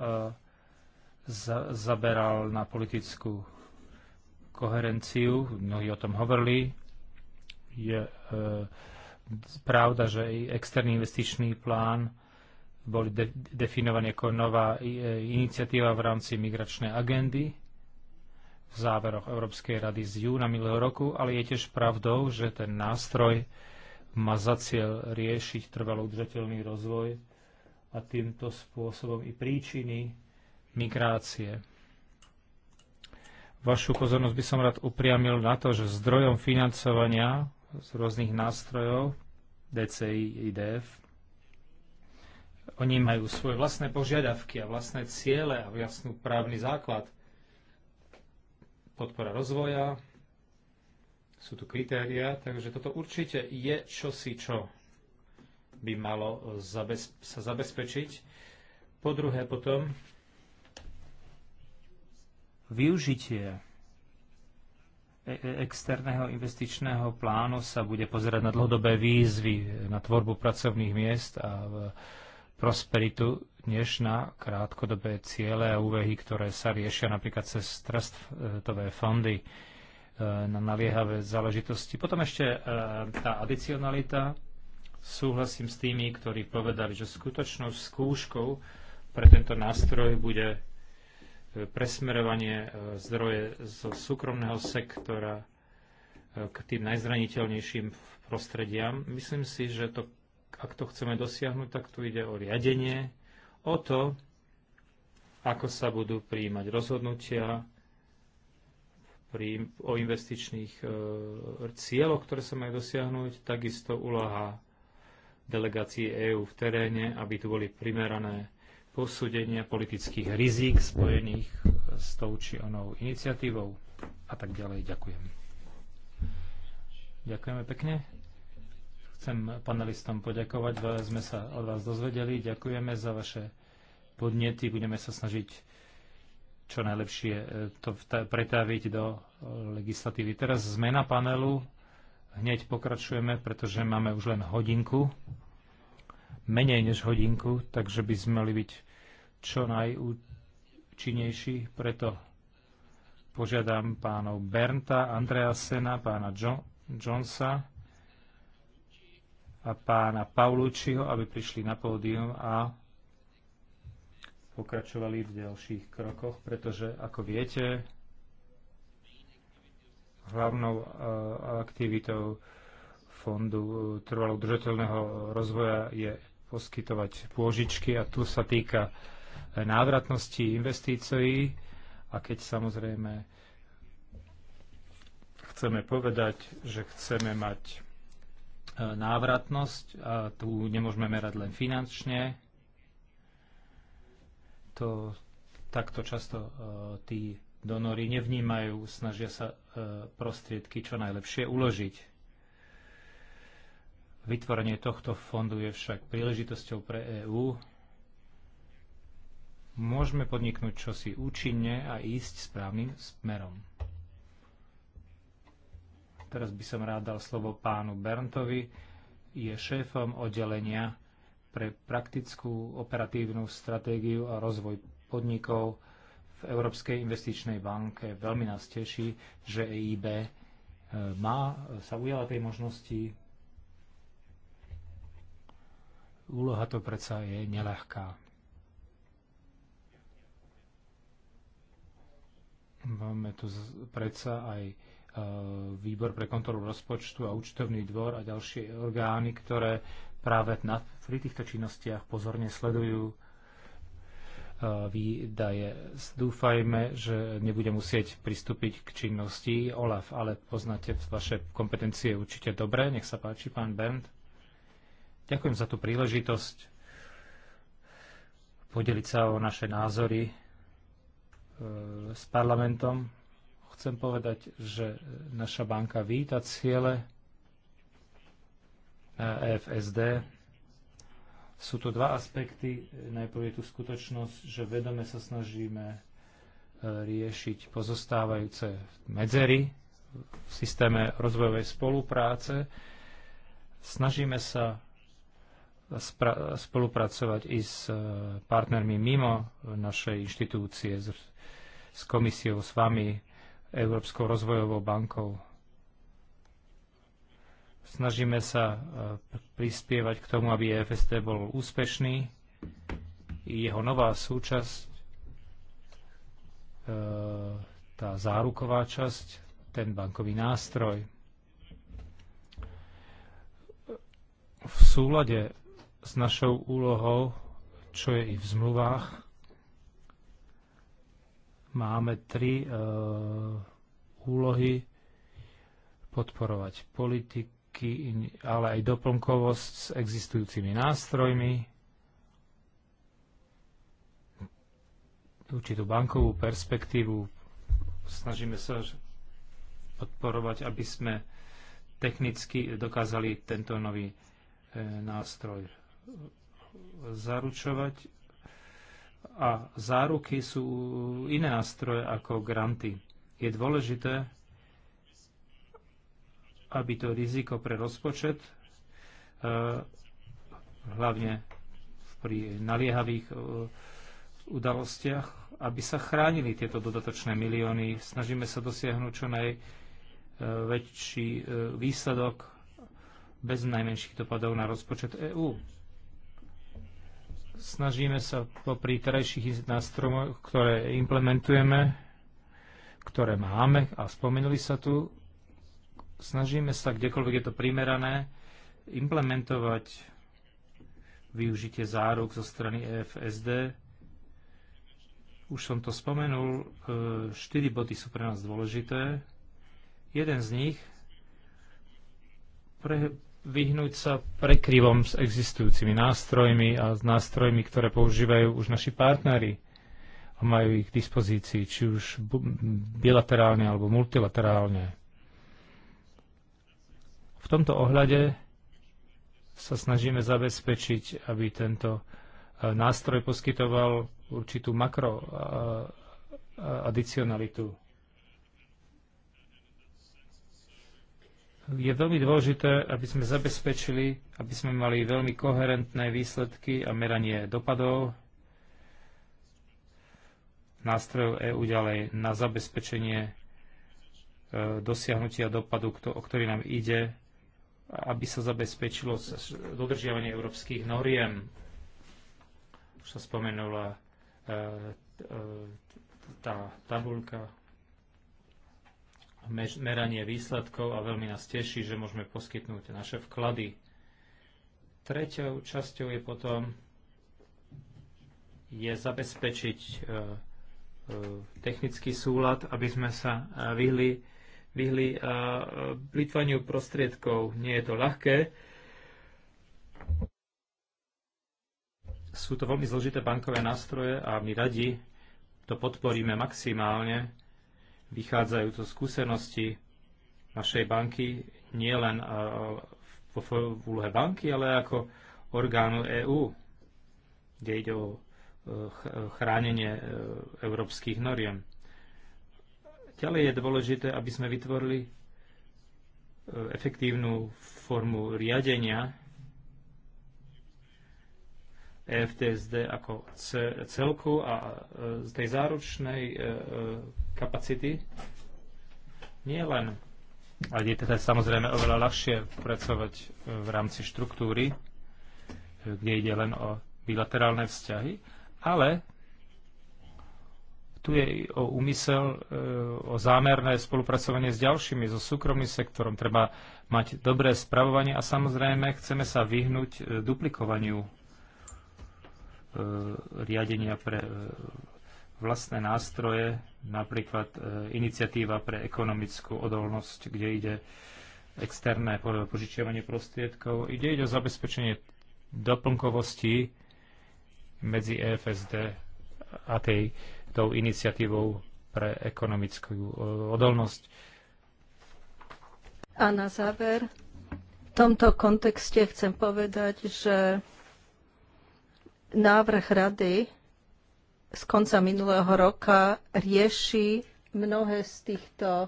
za, zaberal na politickú koherenciu, mnohí o tom hovorili. Je e, pravda, že i externý investičný plán boli de, definovaný ako nová e, iniciatíva v rámci migračnej agendy v záveroch Európskej rady z júna minulého roku, ale je tiež pravdou, že ten nástroj má za cieľ riešiť trvalo udržateľný rozvoj a týmto spôsobom i príčiny migrácie Vašu pozornosť by som rád upriamil na to, že zdrojom financovania z rôznych nástrojov DCI, IDF, oni majú svoje vlastné požiadavky a vlastné ciele a jasnú právny základ. Podpora rozvoja, sú tu kritéria, takže toto určite je čosi, čo by malo zabez, sa zabezpečiť. Po druhé potom, Využitie e, e, externého investičného plánu sa bude pozerať na dlhodobé výzvy, na tvorbu pracovných miest a prosperitu, než na krátkodobé ciele a úvehy, ktoré sa riešia napríklad cez trustové e, fondy na naliehavé záležitosti. Potom ešte tá adicionalita. Súhlasím s tými, ktorí povedali, že skutočnou skúškou pre tento nástroj bude presmerovanie e, zdroje zo súkromného sektora e, k tým najzraniteľnejším prostrediam. Myslím si, že to, ak to chceme dosiahnuť, tak tu ide o riadenie, o to, ako sa budú prijímať rozhodnutia pri, o investičných e, cieľoch, ktoré sa majú dosiahnuť, takisto úloha delegácií EÚ v teréne, aby tu boli primerané posúdenia politických rizík spojených s tou či onou iniciatívou a tak ďalej. Ďakujem. Ďakujeme pekne. Chcem panelistom poďakovať, sme sa od vás dozvedeli. Ďakujeme za vaše podnety. Budeme sa snažiť čo najlepšie e, to pretaviť do e, legislatívy. Teraz zmena panelu. Hneď pokračujeme, pretože máme už len hodinku menej než hodinku, takže by sme mali byť čo najúčinnejší. Preto požiadam pánov Bernta, Sena, pána jo- Jonesa a pána Paulučiho, aby prišli na pódium a pokračovali v ďalších krokoch, pretože, ako viete, hlavnou eh, aktivitou Fondu eh, trvalo udržateľného rozvoja je poskytovať pôžičky a tu sa týka e, návratnosti investícií a keď samozrejme chceme povedať, že chceme mať e, návratnosť a tu nemôžeme merať len finančne, to takto často e, tí donory nevnímajú, snažia sa prostriedky čo najlepšie uložiť Vytvorenie tohto fondu je však príležitosťou pre EÚ. Môžeme podniknúť čosi účinne a ísť správnym smerom. Teraz by som rád dal slovo pánu Berntovi. Je šéfom oddelenia pre praktickú operatívnu stratégiu a rozvoj podnikov v Európskej investičnej banke. Veľmi nás teší, že EIB e, má, sa ujala tej možnosti úloha to predsa je nelehká. Máme tu predsa aj e, výbor pre kontrolu rozpočtu a účtovný dvor a ďalšie orgány, ktoré práve na, pri týchto činnostiach pozorne sledujú e, výdaje. Dúfajme, že nebude musieť pristúpiť k činnosti OLAF, ale poznáte vaše kompetencie určite dobre. Nech sa páči, pán Bernd. Ďakujem za tú príležitosť podeliť sa o naše názory e, s parlamentom. Chcem povedať, že naša banka víta ciele EFSD. E Sú tu dva aspekty. Najprv je tu skutočnosť, že vedome sa snažíme e, riešiť pozostávajúce medzery v systéme rozvojovej spolupráce. Snažíme sa spolupracovať i s e, partnermi mimo našej inštitúcie, s, s komisiou, s vami, Európskou rozvojovou bankou. Snažíme sa e, prispievať k tomu, aby EFST bol úspešný. Jeho nová súčasť, e, tá záruková časť, ten bankový nástroj, v súlade s našou úlohou, čo je i v zmluvách. Máme tri e, úlohy podporovať politiky, ale aj doplnkovosť s existujúcimi nástrojmi, určitú bankovú perspektívu. Snažíme sa podporovať, aby sme technicky dokázali tento nový eh, nástroj zaručovať a záruky sú iné nástroje ako granty. Je dôležité, aby to riziko pre rozpočet, eh, hlavne pri naliehavých eh, udalostiach, aby sa chránili tieto dodatočné milióny. Snažíme sa dosiahnuť čo najväčší eh, výsledok bez najmenších dopadov na rozpočet EÚ snažíme sa popri terajších nástrojoch, ktoré implementujeme, ktoré máme a spomenuli sa tu, snažíme sa, kdekoľvek je to primerané, implementovať využitie záruk zo strany EFSD. Už som to spomenul, e, štyri body sú pre nás dôležité. Jeden z nich pre, vyhnúť sa prekryvom s existujúcimi nástrojmi a s nástrojmi, ktoré používajú už naši partnery a majú ich k dispozícii, či už bilaterálne alebo multilaterálne. V tomto ohľade sa snažíme zabezpečiť, aby tento e, nástroj poskytoval určitú makroadicionalitu. je veľmi dôležité, aby sme zabezpečili, aby sme mali veľmi koherentné výsledky a meranie dopadov nástrojov EÚ ďalej na zabezpečenie e, dosiahnutia dopadu, o ktorý nám ide, aby sa zabezpečilo dodržiavanie európskych noriem. Už sa spomenula e, e, tá tabulka meranie výsledkov a veľmi nás teší, že môžeme poskytnúť naše vklady. Treťou časťou je potom je zabezpečiť e, e, technický súlad, aby sme sa e, vyhli, vyhli plitvaniu prostriedkov. Nie je to ľahké. Sú to veľmi zložité bankové nástroje a my radi to podporíme maximálne Vychádzajú to skúsenosti našej banky nie len vo úlohe banky, ale ako orgánu EÚ, kde ide o e, chránenie e, európskych noriem. Ďalej je dôležité, aby sme vytvorili e, efektívnu formu riadenia EFTSD ako celku a z tej záručnej kapacity. Nie len, ale je teda samozrejme oveľa ľahšie pracovať e, v rámci štruktúry, e, kde ide len o bilaterálne vzťahy, ale tu je o úmysel, e, o zámerné spolupracovanie s ďalšími, so súkromným sektorom. Treba mať dobré spravovanie a samozrejme chceme sa vyhnúť duplikovaniu riadenia pre vlastné nástroje, napríklad e, iniciatíva pre ekonomickú odolnosť, kde ide externé požičiavanie prostriedkov. Ide, ide o zabezpečenie doplnkovosti medzi EFSD a tej, tou iniciatívou pre ekonomickú e, odolnosť. A na záver, v tomto kontexte chcem povedať, že návrh rady z konca minulého roka rieši mnohé z týchto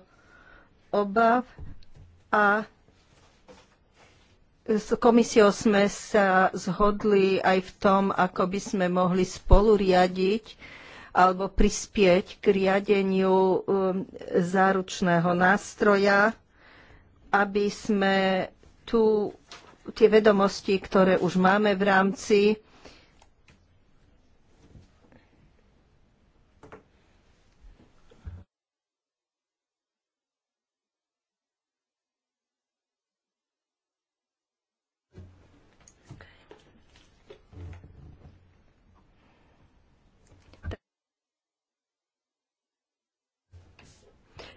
obav a s komisiou sme sa zhodli aj v tom, ako by sme mohli spolu riadiť alebo prispieť k riadeniu um, záručného nástroja, aby sme tu tie vedomosti, ktoré už máme v rámci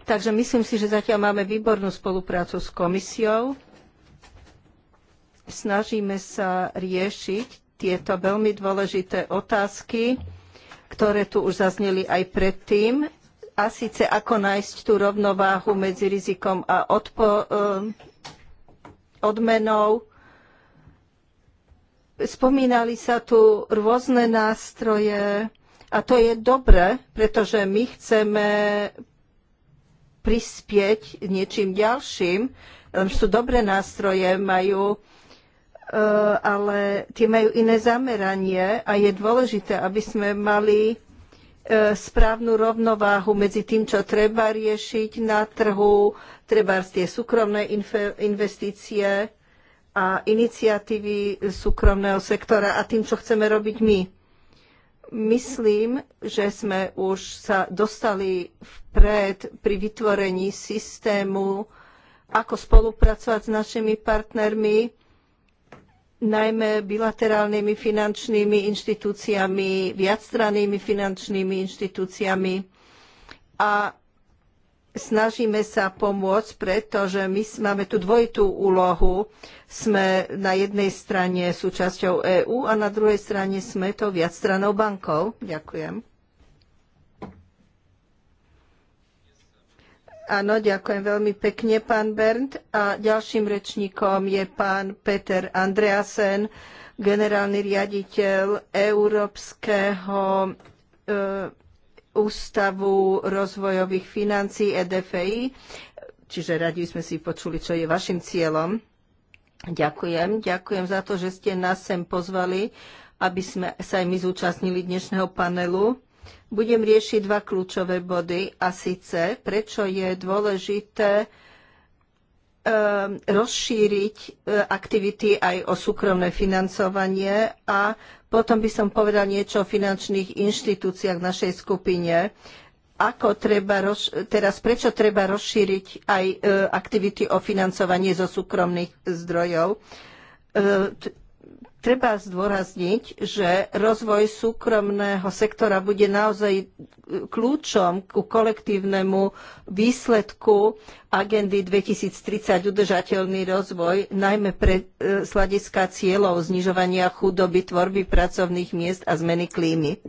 Takže myslím si, že zatiaľ máme výbornú spoluprácu s komisiou. Snažíme sa riešiť tieto veľmi dôležité otázky, ktoré tu už zazneli aj predtým. A síce ako nájsť tú rovnováhu medzi rizikom a odpo, ehm, odmenou. Spomínali sa tu rôzne nástroje a to je dobre, pretože my chceme prispieť niečím ďalším. Sú dobré nástroje, majú e, ale tie majú iné zameranie a je dôležité, aby sme mali e, správnu rovnováhu medzi tým, čo treba riešiť na trhu, treba tie súkromné investície a iniciatívy súkromného sektora a tým, čo chceme robiť my. Myslím, že sme už sa dostali vpred pri vytvorení systému, ako spolupracovať s našimi partnermi, najmä bilaterálnymi finančnými inštitúciami, viacstrannými finančnými inštitúciami. A snažíme sa pomôcť, pretože my máme tú dvojitú úlohu. Sme na jednej strane súčasťou EÚ a na druhej strane sme to viacstranou bankou. Ďakujem. Áno, ďakujem veľmi pekne, pán Bernd. A ďalším rečníkom je pán Peter Andreasen, generálny riaditeľ Európskeho e, Ústavu rozvojových financí EDFI, čiže radi sme si počuli, čo je vašim cieľom. Ďakujem. Ďakujem za to, že ste nás sem pozvali, aby sme sa aj my zúčastnili dnešného panelu. Budem riešiť dva kľúčové body a síce, prečo je dôležité Ehm, rozšíriť eh, aktivity aj o súkromné financovanie a potom by som povedal niečo o finančných inštitúciách v našej skupine. Ako treba roz... teraz prečo treba rozšíriť aj eh, aktivity o financovanie zo súkromných zdrojov? Eh, Treba zdôrazniť, že rozvoj súkromného sektora bude naozaj kľúčom ku kolektívnemu výsledku agendy 2030 udržateľný rozvoj, najmä pre sladiska e, cieľov znižovania chudoby, tvorby pracovných miest a zmeny klímy.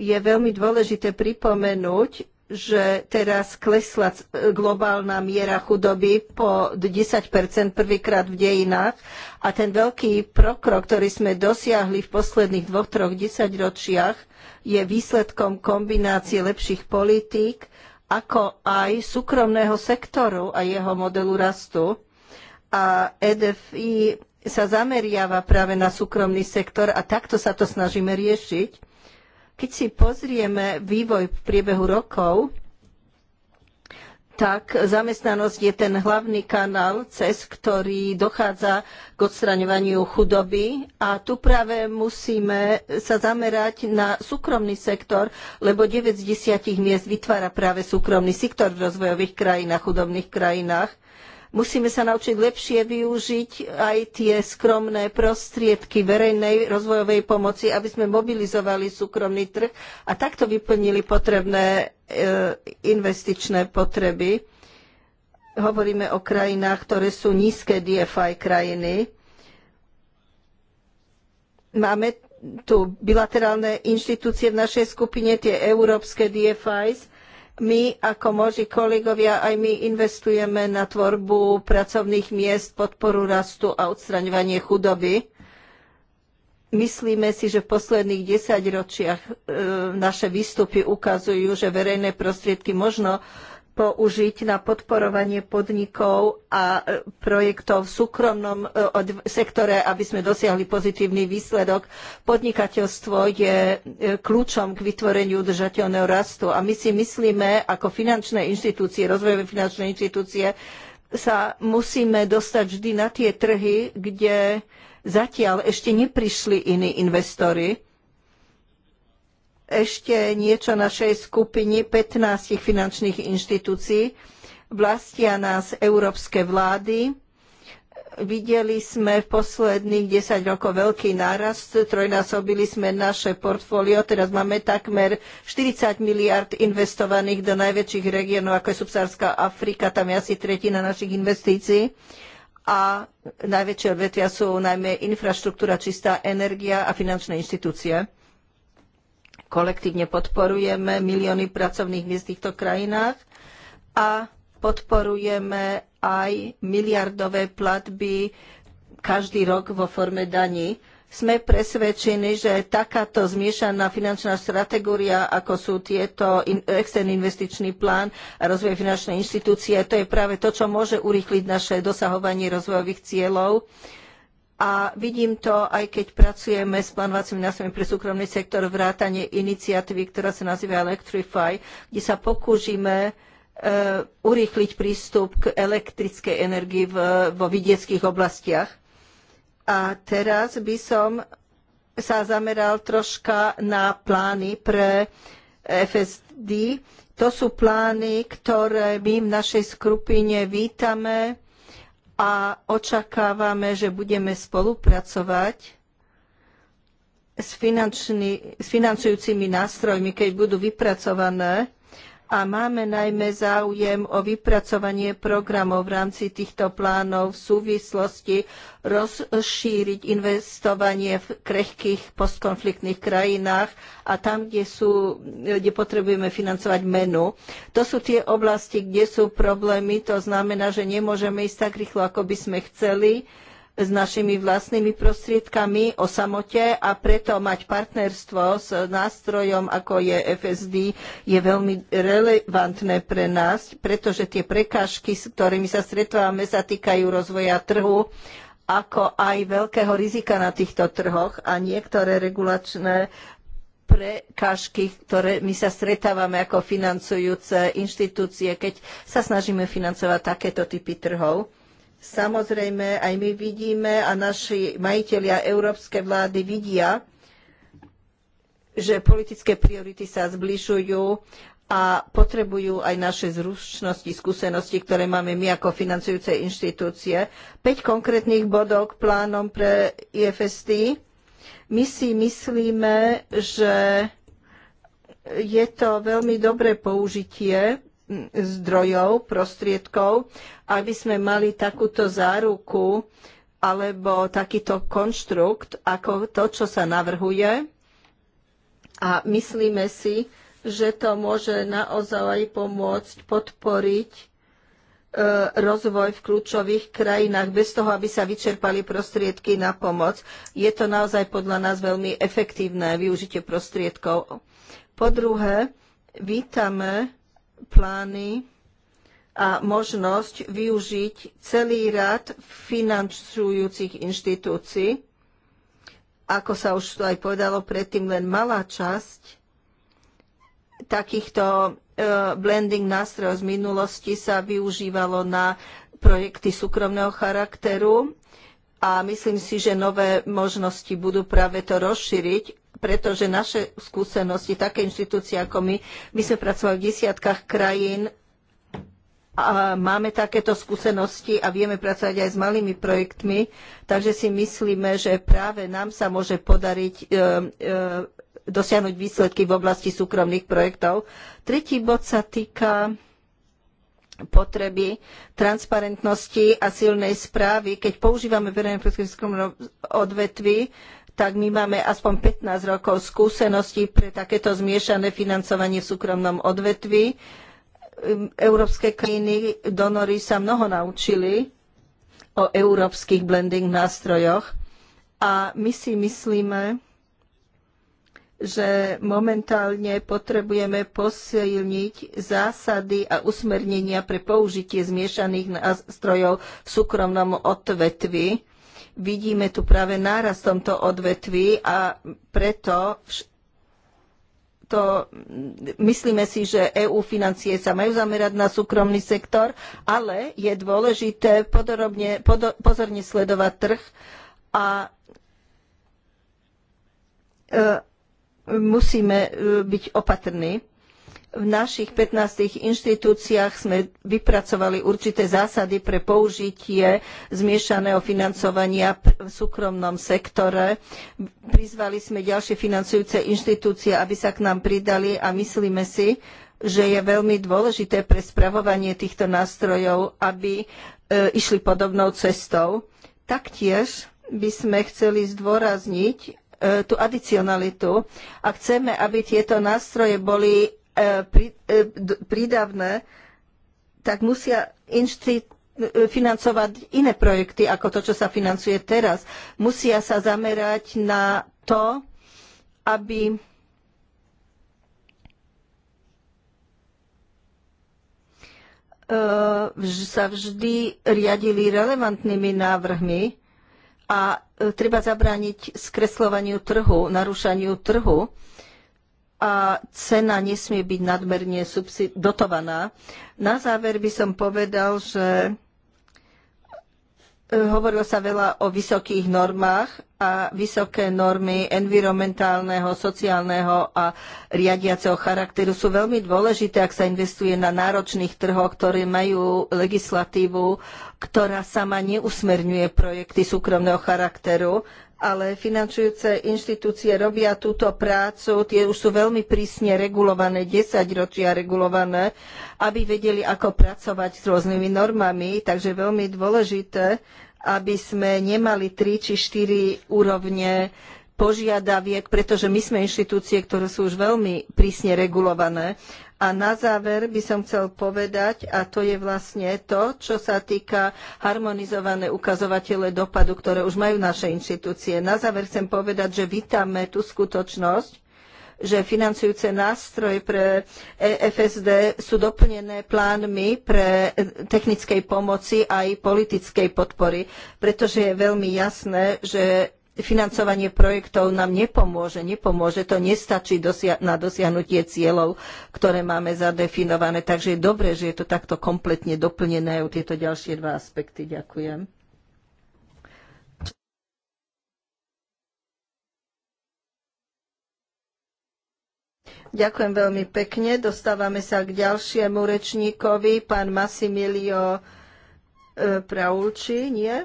Je veľmi dôležité pripomenúť, že teraz klesla globálna miera chudoby po 10 prvýkrát v dejinách a ten veľký prokrok, ktorý sme dosiahli v posledných dvoch, troch desaťročiach, je výsledkom kombinácie lepších politík, ako aj súkromného sektoru a jeho modelu rastu. A EDFI sa zameriava práve na súkromný sektor a takto sa to snažíme riešiť. Keď si pozrieme vývoj v priebehu rokov, tak zamestnanosť je ten hlavný kanál, cez ktorý dochádza k odstraňovaniu chudoby a tu práve musíme sa zamerať na súkromný sektor, lebo 9 z 10 miest vytvára práve súkromný sektor v rozvojových krajinách, chudobných krajinách. Musíme sa naučiť lepšie využiť aj tie skromné prostriedky verejnej rozvojovej pomoci, aby sme mobilizovali súkromný trh a takto vyplnili potrebné e, investičné potreby. Hovoríme o krajinách, ktoré sú nízke DFI krajiny. Máme tu bilaterálne inštitúcie v našej skupine, tie európske DFIs, my ako moži kolegovia aj my investujeme na tvorbu pracovných miest, podporu rastu a odstraňovanie chudoby. Myslíme si, že v posledných desaťročiach e, naše výstupy ukazujú, že verejné prostriedky možno použiť na podporovanie podnikov a e, projektov v súkromnom e, sektore, aby sme dosiahli pozitívny výsledok. Podnikateľstvo je e, kľúčom k vytvoreniu udržateľného rastu a my si myslíme, ako finančné inštitúcie, rozvojové finančné inštitúcie, sa musíme dostať vždy na tie trhy, kde zatiaľ ešte neprišli iní investori ešte niečo našej skupine 15 finančných inštitúcií. Vlastia nás európske vlády. Videli sme v posledných 10 rokov veľký nárast, trojnásobili sme naše portfólio, teraz máme takmer 40 miliard investovaných do najväčších regiónov, ako je Subsárska Afrika, tam je asi tretina našich investícií a najväčšie odvetvia sú najmä infraštruktúra, čistá energia a finančné inštitúcie kolektívne podporujeme milióny pracovných miest v týchto krajinách a podporujeme aj miliardové platby každý rok vo forme daní. Sme presvedčení, že takáto zmiešaná finančná strategória, ako sú tieto in, externý investičný plán a rozvoj finančnej inštitúcie, to je práve to, čo môže urýchliť naše dosahovanie rozvojových cieľov. Uh, a vidím to, aj keď pracujeme s plánovacím nástrojmi pre súkromný sektor vrátanie iniciatívy, ktorá sa nazýva Electrify, kde sa pokúžime e, urýchliť prístup k elektrickej energii vo vidieckých oblastiach. A teraz by som sa zameral troška na plány pre FSD. To sú plány, ktoré my v našej skupine vítame a očakávame, že budeme spolupracovať s, s financujúcimi nástrojmi, keď budú vypracované a máme najmä záujem o vypracovanie programov v rámci týchto plánov v súvislosti rozšíriť investovanie v krehkých postkonfliktných krajinách a tam, kde, sú, kde potrebujeme financovať menu. To sú tie oblasti, kde sú problémy, to znamená, že nemôžeme ísť tak rýchlo, ako by sme chceli s našimi vlastnými prostriedkami o samote a preto mať partnerstvo s nástrojom, ako je FSD, je veľmi relevantné pre nás, pretože tie prekážky, s ktorými sa stretávame, sa týkajú rozvoja trhu ako aj veľkého rizika na týchto trhoch a niektoré regulačné prekážky, ktoré my sa stretávame ako financujúce inštitúcie, keď sa snažíme financovať takéto typy trhov. Samozrejme, aj my vidíme a naši majiteľia európske vlády vidia, že politické priority sa zbližujú a potrebujú aj naše zručnosti, skúsenosti, ktoré máme my ako financujúce inštitúcie. 5 konkrétnych bodov k plánom pre IFSD. My si myslíme, že je to veľmi dobré použitie zdrojov, prostriedkov, aby sme mali takúto záruku alebo takýto konštrukt ako to, čo sa navrhuje. A myslíme si, že to môže naozaj pomôcť podporiť e, rozvoj v kľúčových krajinách bez toho, aby sa vyčerpali prostriedky na pomoc. Je to naozaj podľa nás veľmi efektívne využitie prostriedkov. Po druhé, vítame plány a možnosť využiť celý rad finančujúcich inštitúcií. Ako sa už tu aj povedalo predtým, len malá časť takýchto e, blending nástrojov z minulosti sa využívalo na projekty súkromného charakteru a myslím si, že nové možnosti budú práve to rozšíriť pretože naše skúsenosti, také inštitúcie ako my, my sme pracovali v desiatkách krajín a máme takéto skúsenosti a vieme pracovať aj s malými projektmi, takže si myslíme, že práve nám sa môže podariť e, e, dosiahnuť výsledky v oblasti súkromných projektov. Tretí bod sa týka potreby transparentnosti a silnej správy. Keď používame verejné prostriedky v odvetví, tak my máme aspoň 15 rokov skúseností pre takéto zmiešané financovanie v súkromnom odvetvi. Ehm, európske krajiny, donory sa mnoho naučili o európskych blending nástrojoch a my si myslíme, že momentálne potrebujeme posilniť zásady a usmernenia pre použitie zmiešaných nástrojov v súkromnom odvetvi Vidíme tu práve nárast tomto odvetví a preto to, myslíme si, že EÚ financie sa majú zamerať na súkromný sektor, ale je dôležité podorobne, podo, pozorne sledovať trh a e, musíme e, byť opatrní v našich 15 inštitúciách sme vypracovali určité zásady pre použitie zmiešaného financovania v súkromnom sektore. Prizvali sme ďalšie financujúce inštitúcie, aby sa k nám pridali a myslíme si, že je veľmi dôležité pre spravovanie týchto nástrojov, aby e, išli podobnou cestou. Taktiež by sme chceli zdôrazniť e, tú adicionalitu a chceme, aby tieto nástroje boli E, e, prídavné, tak musia inštitúcie financovať iné projekty ako to, čo sa financuje teraz. Musia sa zamerať na to, aby e, sa vždy riadili relevantnými návrhmi a treba zabrániť skreslovaniu trhu, narúšaniu trhu a cena nesmie byť nadmerne dotovaná. Na záver by som povedal, že e, hovorilo sa veľa o vysokých normách a vysoké normy environmentálneho, sociálneho a riadiaceho charakteru sú veľmi dôležité, ak sa investuje na náročných trhoch, ktoré majú legislatívu, ktorá sama neusmerňuje projekty súkromného charakteru ale finančujúce inštitúcie robia túto prácu, tie už sú veľmi prísne regulované, desaťročia regulované, aby vedeli, ako pracovať s rôznymi normami, takže veľmi dôležité, aby sme nemali tri či štyri úrovne požiadaviek, pretože my sme inštitúcie, ktoré sú už veľmi prísne regulované a na záver by som chcel povedať, a to je vlastne to, čo sa týka harmonizované ukazovatele dopadu, ktoré už majú naše inštitúcie. Na záver chcem povedať, že vítame tú skutočnosť, že financujúce nástroje pre EFSD sú doplnené plánmi pre technickej pomoci aj politickej podpory, pretože je veľmi jasné, že financovanie projektov nám nepomôže. Nepomôže, to nestačí na dosiahnutie cieľov, ktoré máme zadefinované. Takže je dobré, že je to takto kompletne doplnené o tieto ďalšie dva aspekty. Ďakujem. Ďakujem veľmi pekne. Dostávame sa k ďalšiemu rečníkovi, pán Massimilio eh, Praulči, nie?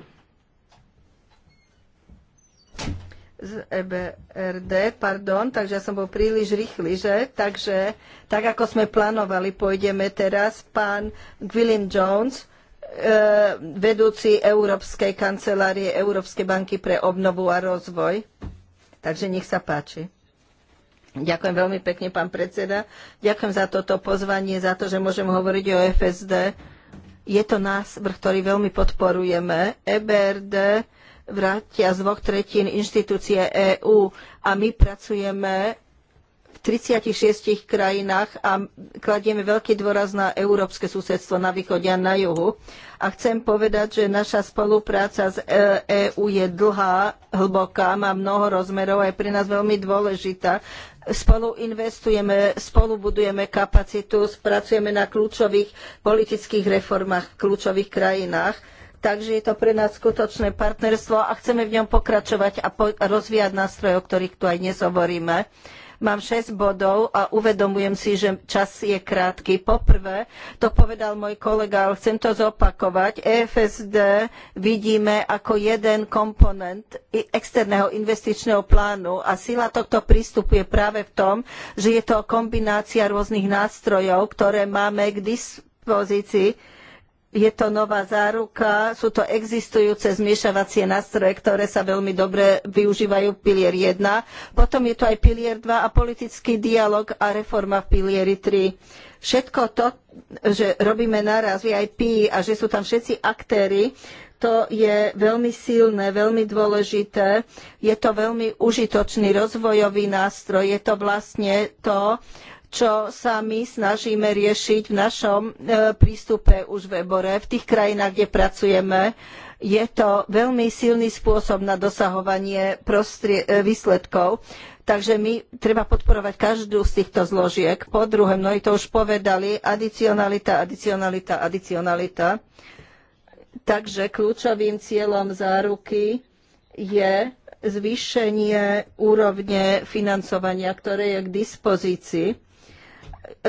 z EBRD, pardon, takže ja som bol príliš rýchly, že? Takže tak, ako sme plánovali, pôjdeme teraz pán Gwilym Jones, e, vedúci Európskej kancelárie Európskej banky pre obnovu a rozvoj. Takže nech sa páči. Ďakujem veľmi pekne, pán predseda. Ďakujem za toto pozvanie, za to, že môžem hovoriť o FSD. Je to nás, ktorý veľmi podporujeme. EBRD vrátia z dvoch tretín inštitúcie EÚ a my pracujeme v 36 krajinách a kladieme veľký dôraz na európske susedstvo na východe a na juhu. A chcem povedať, že naša spolupráca s EÚ e je dlhá, hlboká, má mnoho rozmerov a je pre nás veľmi dôležitá. Spolu investujeme, spolu budujeme kapacitu, spracujeme na kľúčových politických reformách v kľúčových krajinách Takže je to pre nás skutočné partnerstvo a chceme v ňom pokračovať a, po- a rozvíjať nástroje, o ktorých tu aj dnes hovoríme. Mám 6 bodov a uvedomujem si, že čas je krátky. Poprvé, to povedal môj kolega, ale chcem to zopakovať. EFSD vidíme ako jeden komponent externého investičného plánu a sila tohto prístupu je práve v tom, že je to kombinácia rôznych nástrojov, ktoré máme k dispozícii je to nová záruka, sú to existujúce zmiešavacie nástroje, ktoré sa veľmi dobre využívajú pilier 1. Potom je to aj pilier 2 a politický dialog a reforma v pilieri 3. Všetko to, že robíme naraz VIP a že sú tam všetci aktéry, to je veľmi silné, veľmi dôležité. Je to veľmi užitočný rozvojový nástroj. Je to vlastne to, čo sa my snažíme riešiť v našom e, prístupe už v EBORE, v tých krajinách, kde pracujeme. Je to veľmi silný spôsob na dosahovanie e, výsledkov. Takže my treba podporovať každú z týchto zložiek. Po druhé, mnohí to už povedali, adicionalita, adicionalita, adicionalita. Takže kľúčovým cieľom záruky je zvýšenie úrovne financovania, ktoré je k dispozícii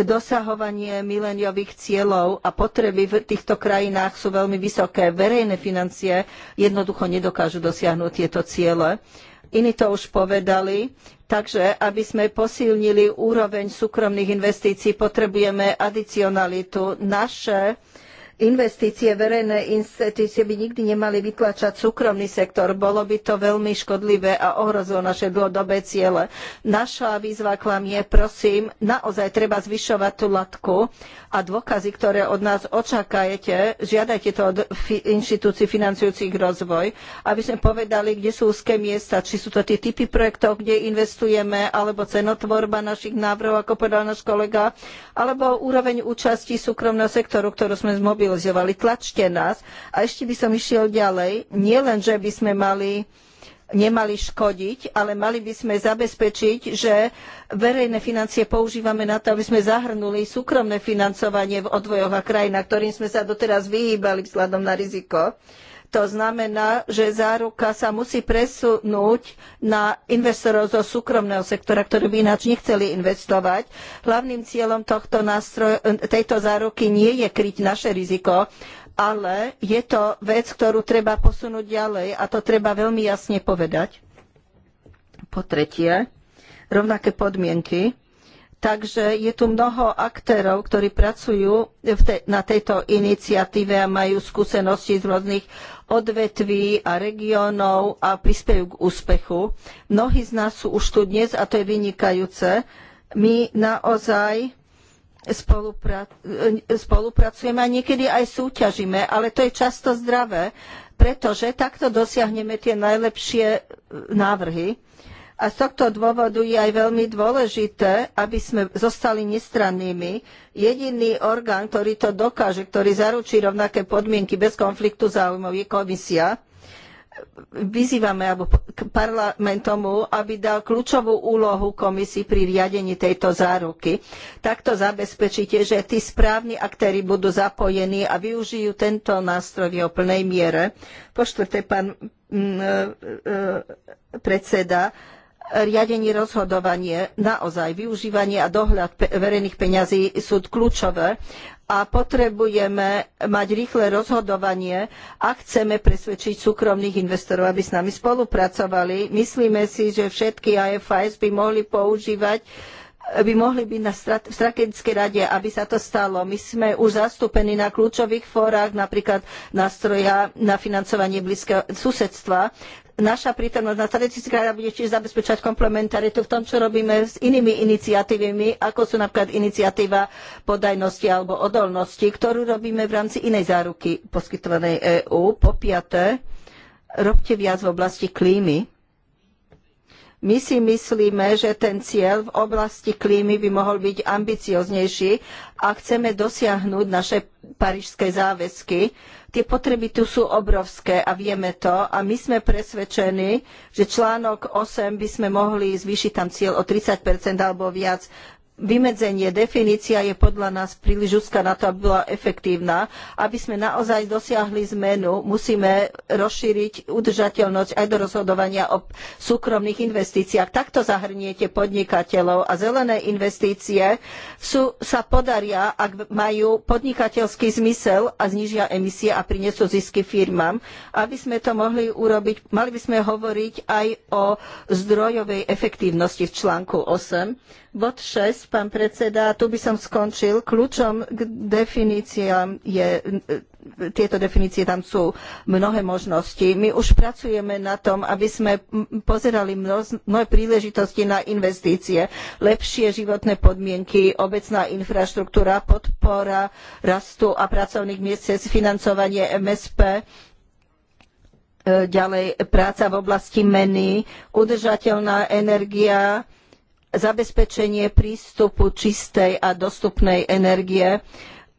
dosahovanie mileniových cieľov a potreby v týchto krajinách sú veľmi vysoké. Verejné financie jednoducho nedokážu dosiahnuť tieto ciele. Iní to už povedali. Takže, aby sme posilnili úroveň súkromných investícií, potrebujeme adicionalitu. Naše uh, investície, verejné institúcie by nikdy nemali vytlačať súkromný sektor. Bolo by to veľmi škodlivé a ohrozilo naše dlhodobé ciele. Naša výzva k vám je, prosím, naozaj treba zvyšovať tú latku a dôkazy, ktoré od nás očakajete, žiadajte to od inštitúcií financujúcich rozvoj, aby sme povedali, kde sú úzke miesta, či sú to tie typy projektov, kde investujeme, alebo cenotvorba našich návrhov, ako povedal náš kolega, alebo úroveň účasti súkromného sektoru, ktorú sme zmobilizovali zrealizovali. Tlačte nás. A ešte by som išiel ďalej. Nie len, že by sme mali nemali škodiť, ale mali by sme zabezpečiť, že verejné financie používame na to, aby sme zahrnuli súkromné financovanie v odvojoch a krajinách, ktorým sme sa doteraz vyhýbali vzhľadom na riziko. Uh, to znamená, že záruka sa musí presunúť na investorov zo súkromného sektora, ktorí by ináč nechceli investovať. Hlavným cieľom tohto nástroj, tejto záruky nie je kryť naše riziko, ale je to vec, ktorú treba posunúť ďalej a to treba veľmi jasne povedať. Po tretie, rovnaké podmienky Takže je tu mnoho aktérov, ktorí pracujú te, na tejto iniciatíve a majú skúsenosti z rôznych odvetví a regiónov a prispejú k úspechu. Mnohí z nás sú už tu dnes a to je vynikajúce. My naozaj spolupra spolupracujeme a niekedy aj súťažíme, ale to je často zdravé, pretože takto dosiahneme tie najlepšie návrhy a z tohto dôvodu je aj veľmi dôležité, aby sme zostali nestrannými. Jediný orgán, ktorý to dokáže, ktorý zaručí rovnaké podmienky bez konfliktu záujmov, je komisia. Vyzývame alebo k tomu, aby dal kľúčovú úlohu komisii pri riadení tejto záruky. Takto zabezpečíte, že tí správni aktéri budú zapojení a využijú tento nástroj v jeho plnej miere. Po štvrté, pán mm, e, e, predseda, riadení rozhodovanie, naozaj využívanie a dohľad verejných peňazí sú kľúčové a potrebujeme mať rýchle rozhodovanie a chceme presvedčiť súkromných investorov, aby s nami spolupracovali. Myslíme si, že všetky ifis by mohli používať by mohli byť na strategickej rade, aby sa to stalo. My sme už zastúpení na kľúčových fórach, napríklad nástroja na financovanie blízkeho susedstva. Naša prítomnosť na strategickej rade bude tiež zabezpečať komplementaritu v tom, čo robíme s inými iniciatívami, ako sú napríklad iniciatíva podajnosti alebo odolnosti, ktorú robíme v rámci inej záruky poskytovanej EÚ. Po piaté, robte viac v oblasti klímy my si myslíme, že ten cieľ v oblasti klímy by mohol byť ambicioznejší a chceme dosiahnuť naše parížske záväzky. Tie potreby tu sú obrovské a vieme to a my sme presvedčení, že článok 8 by sme mohli zvýšiť tam cieľ o 30% alebo viac vymedzenie, definícia je podľa nás príliš úzka na to, aby bola efektívna. Aby sme naozaj dosiahli zmenu, musíme rozšíriť udržateľnosť aj do rozhodovania o súkromných investíciách. Takto zahrniete podnikateľov a zelené investície sú, sa podaria, ak majú podnikateľský zmysel a znížia emisie a prinesú zisky firmám. Aby sme to mohli urobiť, mali by sme hovoriť aj o zdrojovej efektívnosti v článku 8. Bod 6 pán predseda, tu by som skončil. Kľúčom k definíciám je tieto definície tam sú mnohé možnosti. My už pracujeme na tom, aby sme pozerali mnohé príležitosti na investície, lepšie životné podmienky, obecná infraštruktúra, podpora rastu a pracovných miest cez financovanie MSP, e, ďalej práca v oblasti meny, udržateľná energia, zabezpečenie prístupu čistej a dostupnej energie.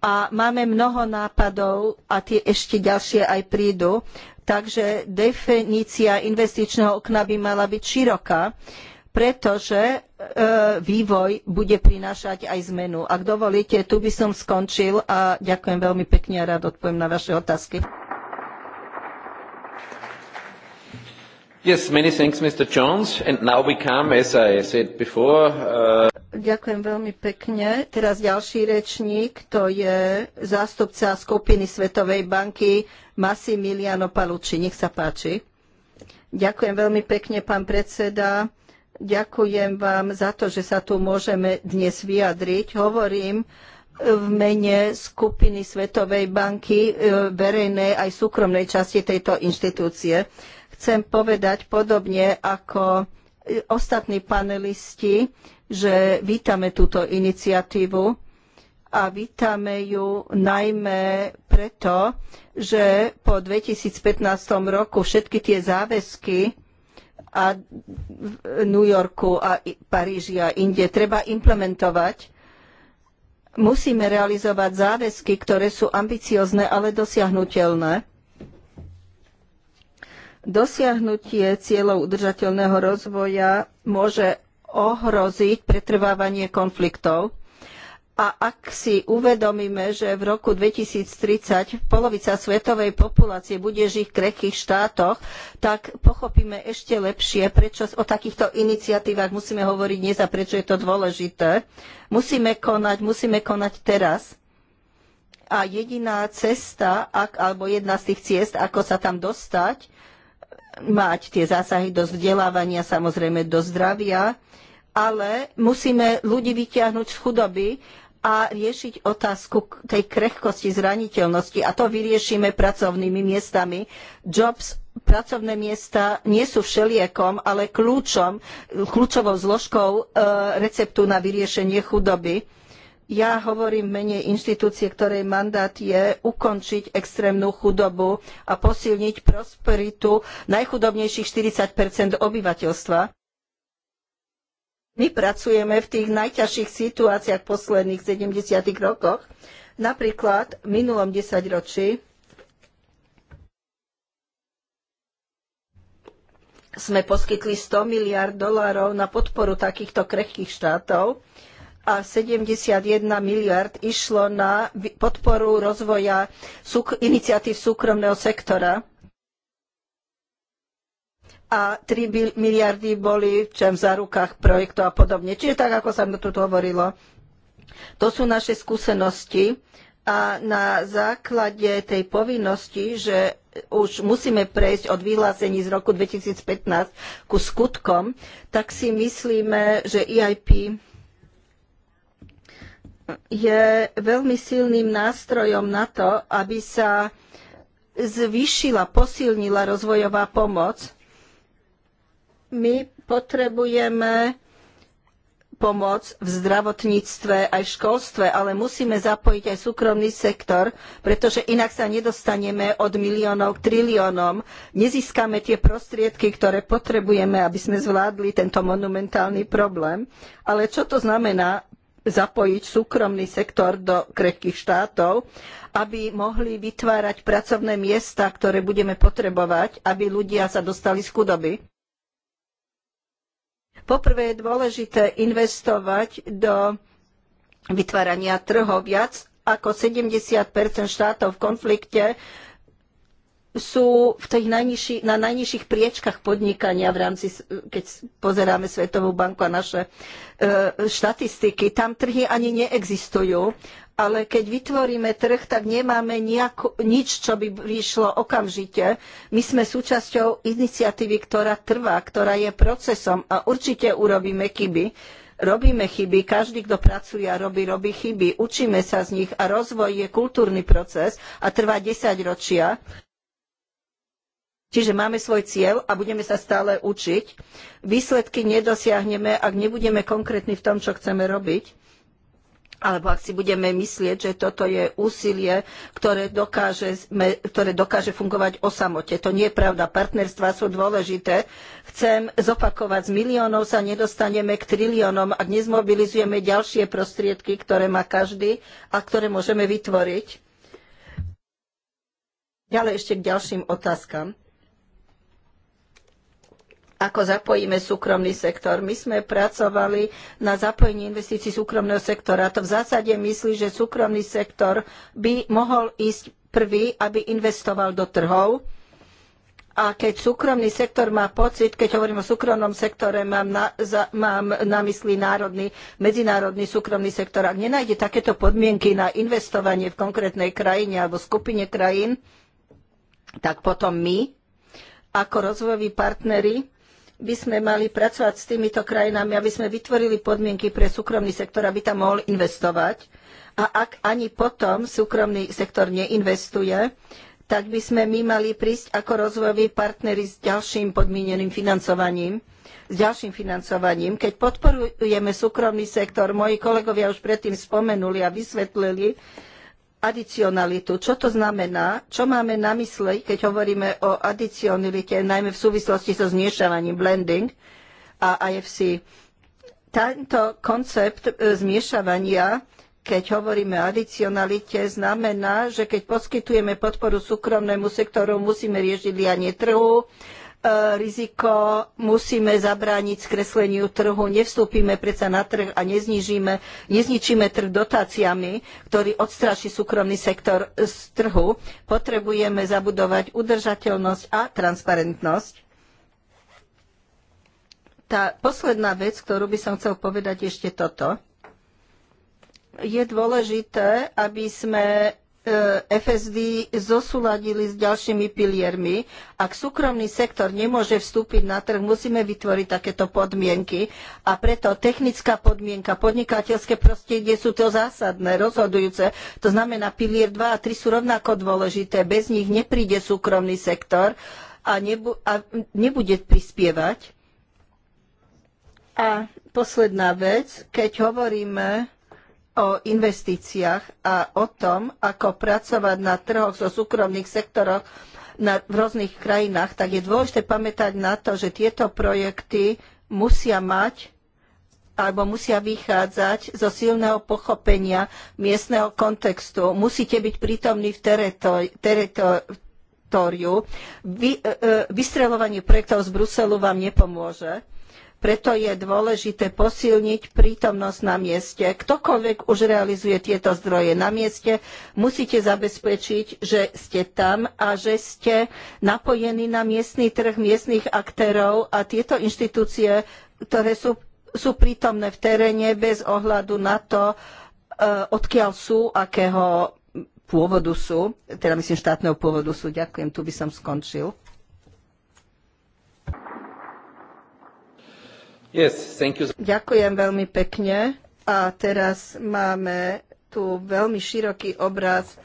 A máme mnoho nápadov a tie ešte ďalšie aj prídu. Takže definícia investičného okna by mala byť široká, pretože e, vývoj bude prinášať aj zmenu. Ak dovolíte, tu by som skončil a ďakujem veľmi pekne a rád odpoviem na vaše otázky. Yes, many thanks, Mr. Jones. And now we come, as I said before. Uh... Ďakujem veľmi pekne. Teraz ďalší rečník, to je zástupca skupiny Svetovej banky Massimiliano Palucci. Nech sa páči. Ďakujem veľmi pekne, pán predseda. Ďakujem vám za to, že sa tu môžeme dnes vyjadriť. Hovorím v mene skupiny Svetovej banky e, verejnej aj súkromnej časti tejto inštitúcie chcem povedať podobne ako e, ostatní panelisti, že vítame túto iniciatívu a vítame ju najmä preto, že po 2015 roku všetky tie záväzky a v New Yorku a Paríži a inde treba implementovať. Musíme realizovať záväzky, ktoré sú ambiciozne, ale dosiahnuteľné. Dosiahnutie cieľov udržateľného rozvoja môže ohroziť pretrvávanie konfliktov. A ak si uvedomíme, že v roku 2030 polovica svetovej populácie bude žiť v krehkých štátoch, tak pochopíme ešte lepšie, prečo o takýchto iniciatívach musíme hovoriť dnes a prečo je to dôležité. Musíme konať, musíme konať teraz. A jediná cesta, ak, alebo jedna z tých ciest, ako sa tam dostať, mať tie zásahy do vzdelávania, samozrejme do zdravia, ale musíme ľudí vyťahnuť z chudoby a riešiť otázku tej krehkosti, zraniteľnosti a to vyriešime pracovnými miestami. Jobs, pracovné miesta nie sú všeliekom, ale kľúčom, kľúčovou zložkou e, receptu na vyriešenie chudoby ja hovorím menej inštitúcie, ktorej mandát je ukončiť extrémnu chudobu a posilniť prosperitu najchudobnejších 40 obyvateľstva. My pracujeme v tých najťažších situáciách v posledných 70 rokoch. Napríklad v minulom desaťročí sme poskytli 100 miliard dolárov na podporu takýchto krehkých štátov a 71 miliard išlo na podporu rozvoja iniciatív súkromného sektora a 3 miliardy boli v zárukách projektov a podobne. Čiže tak, ako sa mi tu hovorilo, to sú naše skúsenosti a na základe tej povinnosti, že už musíme prejsť od vyhlásení z roku 2015 ku skutkom, tak si myslíme, že EIP je veľmi silným nástrojom na to, aby sa zvýšila, posilnila rozvojová pomoc. My potrebujeme pomoc v zdravotníctve aj v školstve, ale musíme zapojiť aj súkromný sektor, pretože inak sa nedostaneme od miliónov k triliónom, nezískame tie prostriedky, ktoré potrebujeme, aby sme zvládli tento monumentálny problém. Ale čo to znamená zapojiť súkromný sektor do krehkých štátov, aby mohli vytvárať pracovné miesta, ktoré budeme potrebovať, aby ľudia sa dostali z chudoby. Poprvé je dôležité investovať do vytvárania trhov viac ako 70 štátov v konflikte sú v tých najnižší, na najnižších priečkach podnikania v rámci, keď pozeráme Svetovú banku a naše e, štatistiky. Tam trhy ani neexistujú, ale keď vytvoríme trh, tak nemáme nejako, nič, čo by vyšlo okamžite. My sme súčasťou iniciatívy, ktorá trvá, ktorá je procesom a určite urobíme chyby robíme chyby, každý, kto pracuje a robí, robí chyby, učíme sa z nich a rozvoj je kultúrny proces a trvá desaťročia. Čiže máme svoj cieľ a budeme sa stále učiť. Výsledky nedosiahneme, ak nebudeme konkrétni v tom, čo chceme robiť alebo ak si budeme myslieť, že toto je úsilie, ktoré dokáže, ktoré dokáže fungovať o samote. To nie je pravda. Partnerstvá sú dôležité. Chcem zopakovať, z miliónov sa nedostaneme k triliónom, ak nezmobilizujeme ďalšie prostriedky, ktoré má každý a ktoré môžeme vytvoriť. Ďalej ešte k ďalším otázkam ako zapojíme súkromný sektor. My sme pracovali na zapojení investícií súkromného sektora. To v zásade myslí, že súkromný sektor by mohol ísť prvý, aby investoval do trhov. A keď súkromný sektor má pocit, keď hovorím o súkromnom sektore, mám na, za, mám na mysli národný, medzinárodný súkromný sektor, ak nenájde takéto podmienky na investovanie v konkrétnej krajine alebo skupine krajín, tak potom my, ako rozvojoví partneri, by sme mali pracovať s týmito krajinami, aby sme vytvorili podmienky pre súkromný sektor, aby tam mohol investovať. A ak ani potom súkromný sektor neinvestuje, tak by sme my mali prísť ako rozvojoví partneri s ďalším podmieneným financovaním s ďalším financovaním. Keď podporujeme súkromný sektor, moji kolegovia už predtým spomenuli a vysvetlili, adicionalitu. Čo to znamená? Čo máme na mysli, keď hovoríme o adicionalite, najmä v súvislosti so zmiešavaním blending a IFC? Tento koncept e, zmiešavania keď hovoríme o adicionalite, znamená, že keď poskytujeme podporu súkromnému sektoru, musíme riešiť lianie trhu, E, riziko, musíme zabrániť skresleniu trhu, nevstúpime predsa na trh a neznižíme, nezničíme trh dotáciami, ktorý odstraší súkromný sektor z trhu. Potrebujeme zabudovať udržateľnosť a transparentnosť. Tá posledná vec, ktorú by som chcel povedať, ešte toto. Je dôležité, aby sme E, FSV zosúladili s ďalšími piliermi. Ak súkromný sektor nemôže vstúpiť na trh, musíme vytvoriť takéto podmienky a preto technická podmienka, podnikateľské prostredie sú to zásadné, rozhodujúce. To znamená, pilier 2 a 3 sú rovnako dôležité. Bez nich nepríde súkromný sektor a, nebu a nebude prispievať. A posledná vec, keď hovoríme o investíciách a o tom, ako pracovať na trhoch zo súkromných sektoroch na, v rôznych krajinách, tak je dôležité pamätať na to, že tieto projekty musia mať alebo musia vychádzať zo silného pochopenia miestneho kontextu. Musíte byť prítomní v teritóriu. Vy, e, e vystreľovanie projektov z Bruselu vám nepomôže preto je dôležité posilniť prítomnosť na mieste. Ktokoľvek už realizuje tieto zdroje na mieste, musíte zabezpečiť, že ste tam a že ste napojení na miestny trh miestnych aktérov a tieto inštitúcie, ktoré sú, sú prítomné v teréne bez ohľadu na to, e, odkiaľ sú, akého pôvodu sú, teda myslím štátneho pôvodu sú. Ďakujem, tu by som skončil. Yes, thank you. Ďakujem veľmi pekne. A teraz máme tu veľmi široký obraz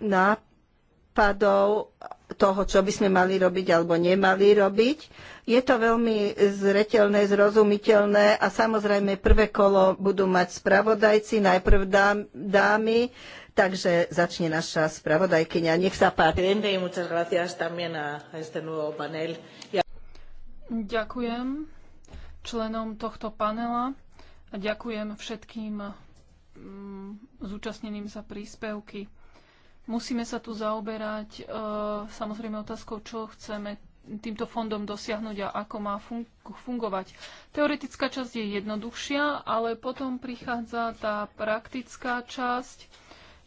nápadov toho, čo by sme mali robiť alebo nemali robiť. Je to veľmi zreteľné, zrozumiteľné a samozrejme prvé kolo budú mať spravodajci, najprv dám, dámy, takže začne naša spravodajkyňa. Nech sa páči. Ďakujem členom tohto panela a ďakujem všetkým mm, zúčastneným za príspevky. Musíme sa tu zaoberať e, samozrejme otázkou, čo chceme týmto fondom dosiahnuť a ako má fun- fungovať. Teoretická časť je jednoduchšia, ale potom prichádza tá praktická časť.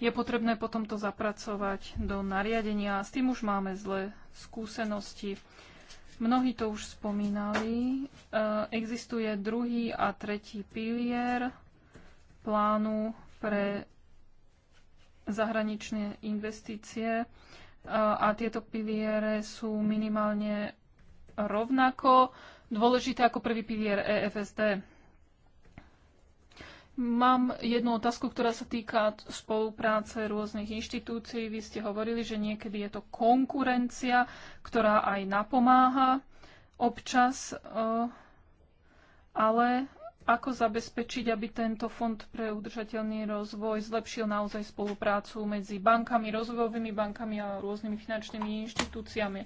Je potrebné potom to zapracovať do nariadenia. S tým už máme zlé skúsenosti. Mnohí to už spomínali. E, existuje druhý a tretí pilier plánu pre zahraničné investície e, a tieto piliere sú minimálne rovnako dôležité ako prvý pilier EFSD. Mám jednu otázku, ktorá sa týka spolupráce rôznych inštitúcií. Vy ste hovorili, že niekedy je to konkurencia, ktorá aj napomáha občas, e, ale ako zabezpečiť, aby tento fond pre udržateľný rozvoj zlepšil naozaj spoluprácu medzi bankami, rozvojovými bankami a rôznymi finančnými inštitúciami?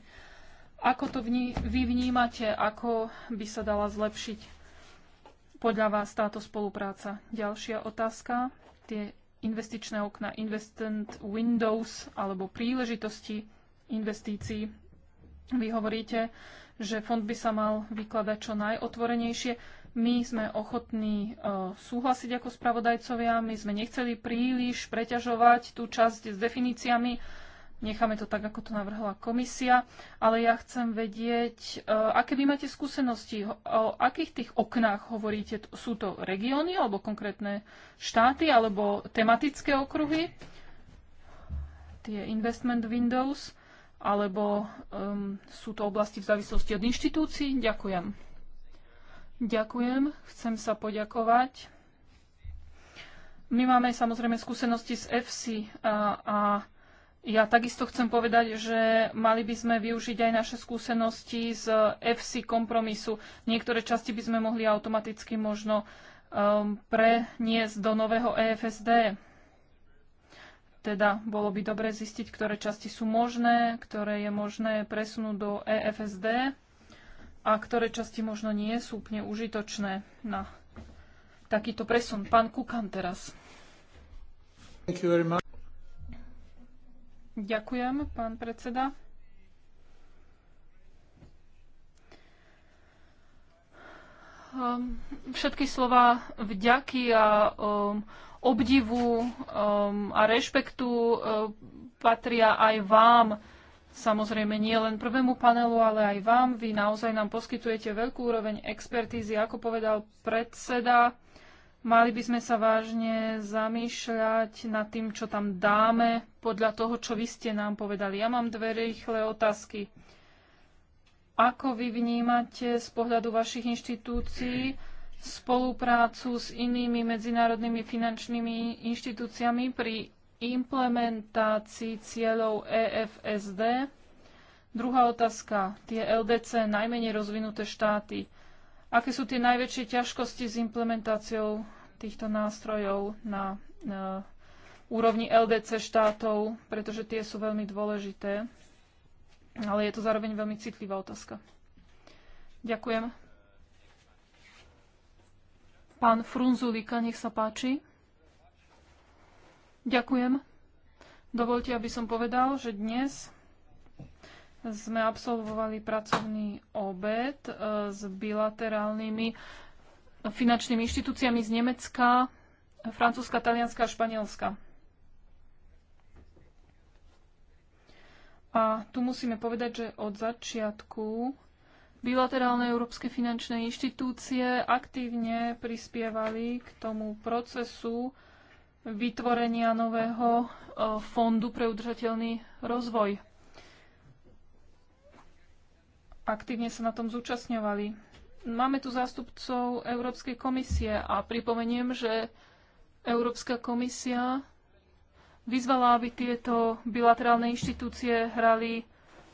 Ako to vy vnímate? Ako by sa dala zlepšiť? podľa vás táto spolupráca? Ďalšia otázka. Tie investičné okna, investment windows alebo príležitosti investícií. Vy hovoríte, že fond by sa mal vykladať čo najotvorenejšie. My sme ochotní e, súhlasiť ako spravodajcovia, my sme nechceli príliš preťažovať tú časť s definíciami, necháme to tak, ako to navrhla komisia, ale ja chcem vedieť, e, aké vy máte skúsenosti, o akých tých oknách hovoríte, sú to regióny alebo konkrétne štáty alebo tematické okruhy, tie investment windows, alebo um, sú to oblasti v závislosti od inštitúcií. Ďakujem. Ďakujem, chcem sa poďakovať. My máme samozrejme skúsenosti z EFSI a, a ja takisto chcem povedať, že mali by sme využiť aj naše skúsenosti z FC kompromisu. Niektoré časti by sme mohli automaticky možno um, preniesť do nového EFSD. Teda bolo by dobre zistiť, ktoré časti sú možné, ktoré je možné presunúť do EFSD a ktoré časti možno nie sú úplne užitočné na takýto presun. Pán Kukan teraz. Thank you very much. Ďakujem, pán predseda. Ehm, všetky slova vďaky a ehm, obdivu ehm, a rešpektu patria aj vám. Samozrejme nie len prvému panelu, ale aj vám. Vy naozaj nám poskytujete veľkú úroveň expertízy, ako povedal predseda Mali by sme sa vážne zamýšľať nad tým, čo tam dáme, podľa toho, čo vy ste nám povedali. Ja mám dve rýchle otázky. Ako vy vnímate z pohľadu vašich inštitúcií spoluprácu s inými medzinárodnými finančnými inštitúciami pri implementácii cieľov EFSD? Druhá otázka. Tie LDC, najmenej rozvinuté štáty – aké sú tie najväčšie ťažkosti s implementáciou týchto nástrojov na, úrovni LDC štátov, pretože tie sú veľmi dôležité. Ale je to zároveň veľmi citlivá otázka. Ďakujem. Pán Frunzulika, nech sa páči. Ďakujem. Dovolte, aby som povedal, že dnes sme absolvovali pracovný obed e, s bilaterálnymi finančnými inštitúciami z Nemecka, Francúzska, Talianska a Španielska. A tu musíme povedať, že od začiatku bilaterálne európske finančné inštitúcie aktívne prispievali k tomu procesu vytvorenia nového e, fondu pre udržateľný rozvoj aktívne sa na tom zúčastňovali. Máme tu zástupcov Európskej komisie a pripomeniem, že Európska komisia vyzvala, aby tieto bilaterálne inštitúcie hrali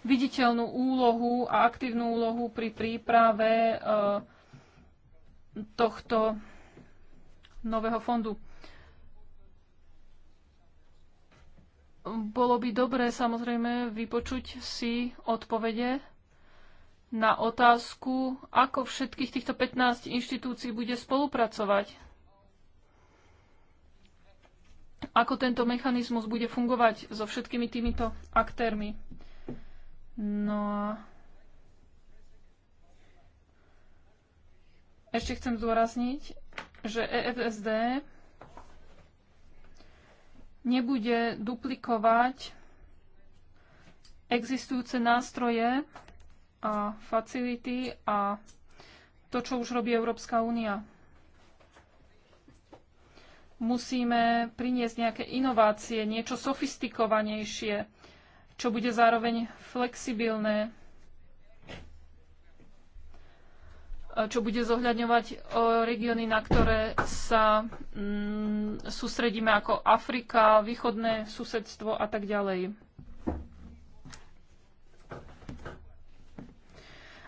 viditeľnú úlohu a aktívnu úlohu pri príprave eh, tohto nového fondu. Bolo by dobré samozrejme vypočuť si odpovede na otázku, ako všetkých týchto 15 inštitúcií bude spolupracovať. Ako tento mechanizmus bude fungovať so všetkými týmito aktérmi. No a ešte chcem zdôrazniť, že EFSD nebude duplikovať existujúce nástroje a facility a to, čo už robí Európska únia. Musíme priniesť nejaké inovácie, niečo sofistikovanejšie, čo bude zároveň flexibilné, čo bude zohľadňovať e, regióny, na ktoré sa mm, sústredíme ako Afrika, východné susedstvo a tak ďalej.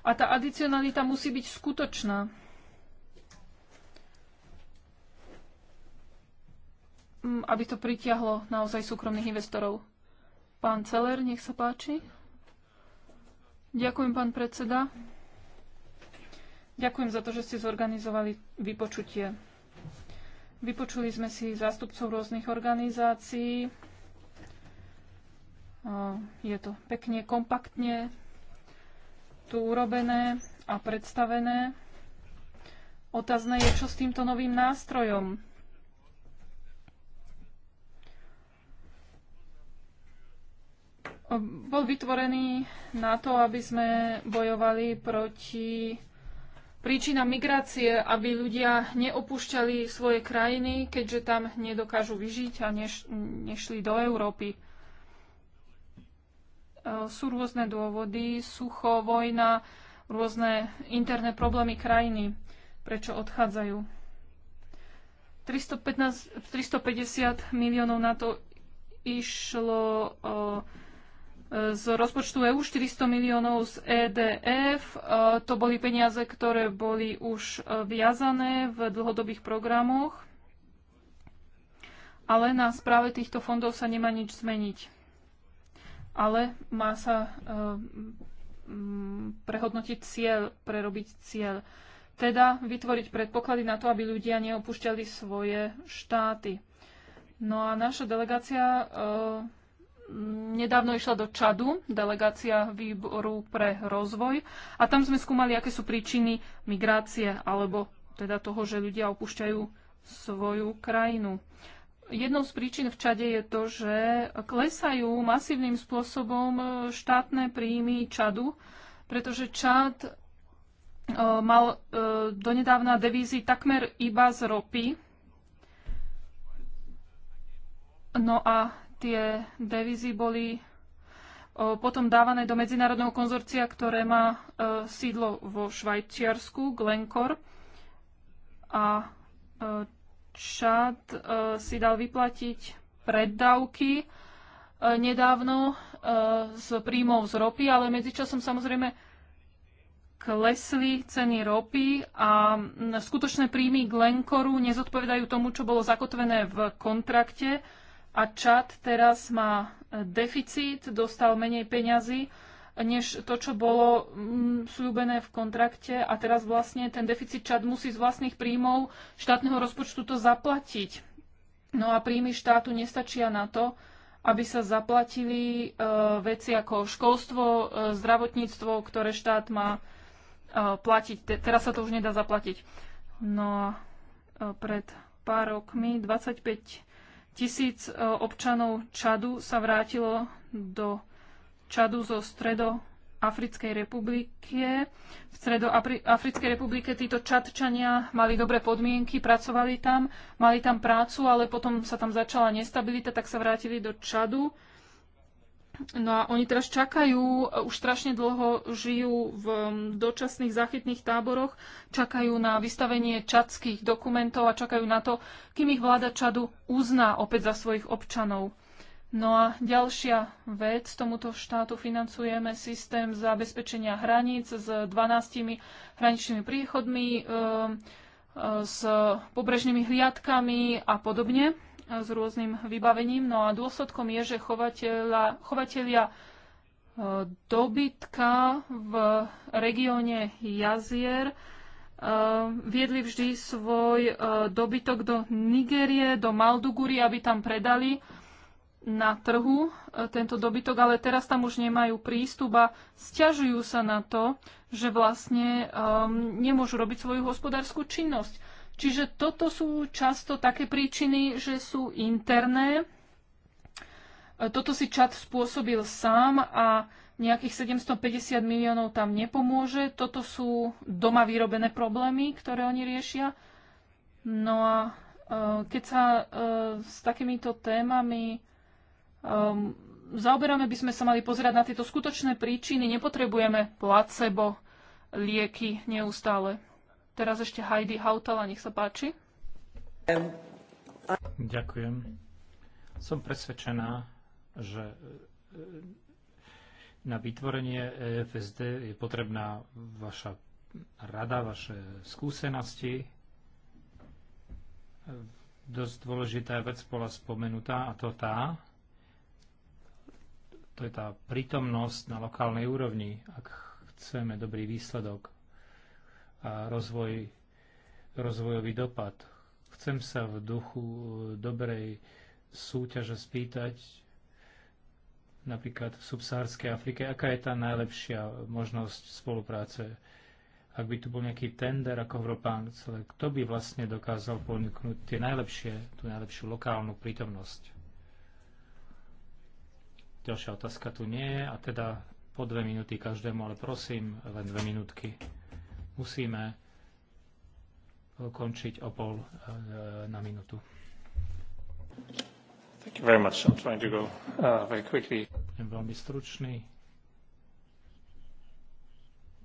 A tá adicionalita musí byť skutočná. Mm, aby to pritiahlo naozaj súkromných investorov. Pán Celer, nech sa páči. Ďakujem, pán predseda. Ďakujem za to, že ste zorganizovali vypočutie. Vypočuli sme si zástupcov rôznych organizácií. Je to pekne, kompaktne tu urobené a predstavené. Otázne je, čo s týmto novým nástrojom. Bol vytvorený na to, aby sme bojovali proti príčina migrácie, aby ľudia neopúšťali svoje krajiny, keďže tam nedokážu vyžiť a neš- nešli do Európy sú rôzne dôvody, sucho, vojna, rôzne interné problémy krajiny, prečo odchádzajú. 315, 350 miliónov na to išlo z rozpočtu EU, 400 miliónov z EDF. To boli peniaze, ktoré boli už viazané v dlhodobých programoch, ale na správe týchto fondov sa nemá nič zmeniť ale má sa eh, mm, prehodnotiť cieľ, prerobiť cieľ. Teda vytvoriť predpoklady na to, aby ľudia neopúšťali svoje štáty. No a naša delegácia eh, nedávno išla do Čadu, delegácia výboru pre rozvoj a tam sme skúmali, aké sú príčiny migrácie alebo teda toho, že ľudia opúšťajú svoju krajinu. Jednou z príčin v Čade je to, že klesajú masívnym spôsobom e, štátne príjmy Čadu, pretože Čad e, mal e, donedávna devízy takmer iba z ropy. No a tie devízy boli potom dávané do medzinárodného konzorcia, ktoré má sídlo vo Švajčiarsku, Glencore. A Čad uh, si dal vyplatiť preddavky uh, nedávno uh, z príjmov z ropy, ale medzičasom samozrejme klesli ceny ropy a skutočné príjmy Glencoru nezodpovedajú tomu, čo bolo zakotvené v kontrakte a Čad teraz má deficit, dostal menej peňazí než to, čo bolo mm, slúbené v kontrakte a teraz vlastne ten deficit čad musí z vlastných príjmov štátneho rozpočtu to zaplatiť. No a príjmy štátu nestačia na to, aby sa zaplatili e, veci ako školstvo, e, zdravotníctvo, ktoré štát má e, platiť. Te, teraz sa to už nedá zaplatiť. No a pred pár rokmi 25 tisíc občanov Čadu sa vrátilo do Čadu zo stredo Africkej republike. V Stredoafrickej republike títo Čadčania mali dobré podmienky, pracovali tam, mali tam prácu, ale potom sa tam začala nestabilita, tak sa vrátili do Čadu. No a oni teraz čakajú, už strašne dlho žijú v dočasných záchytných táboroch, čakajú na vystavenie čadských dokumentov a čakajú na to, kým ich vláda Čadu uzná opäť za svojich občanov. No a ďalšia vec, tomuto štátu financujeme systém zabezpečenia hraníc s 12 hraničnými príchodmi, ehm, e, s pobrežnými hliadkami a podobne, e, s rôznym vybavením. No a dôsledkom je, že chovateľa, chovatelia e, dobytka v regióne jazier viedli vždy svoj dobytok do Nigérie, do Malduguri, aby tam predali na trhu e, tento dobytok, ale teraz tam už nemajú prístup a stiažujú sa na to, že vlastne um, nemôžu robiť svoju hospodárskú činnosť. Čiže toto sú často také príčiny, že sú interné. E, toto si čat spôsobil sám a nejakých 750 miliónov tam nepomôže. Toto sú doma vyrobené problémy, ktoré oni riešia. No a e, keď sa s takýmito témami um, zaoberáme, by sme sa mali pozerať na tieto skutočné príčiny. Nepotrebujeme placebo lieky neustále. Teraz ešte Heidi Hautala, nech sa páči. Ďakujem. Som presvedčená, že e, na vytvorenie EFSD je potrebná vaša rada, vaše skúsenosti. E, dosť dôležitá vec bola spomenutá, a to tá, to je tá prítomnosť na lokálnej úrovni, ak chceme dobrý výsledok a rozvoj, rozvojový dopad. Chcem sa v duchu e, dobrej súťaže spýtať, napríklad v subsahárskej Afrike, aká je tá najlepšia možnosť spolupráce. Ak by tu bol nejaký tender ako Európán, kto by vlastne dokázal ponúknuť tie najlepšie, tú najlepšiu lokálnu prítomnosť? Ďalšia otázka tu nie je a teda po dve minúty každému, ale prosím, len dve minútky. Musíme končiť o pol e, na minútu. Thank you very much. I'm trying to go uh, very quickly. Budem veľmi stručný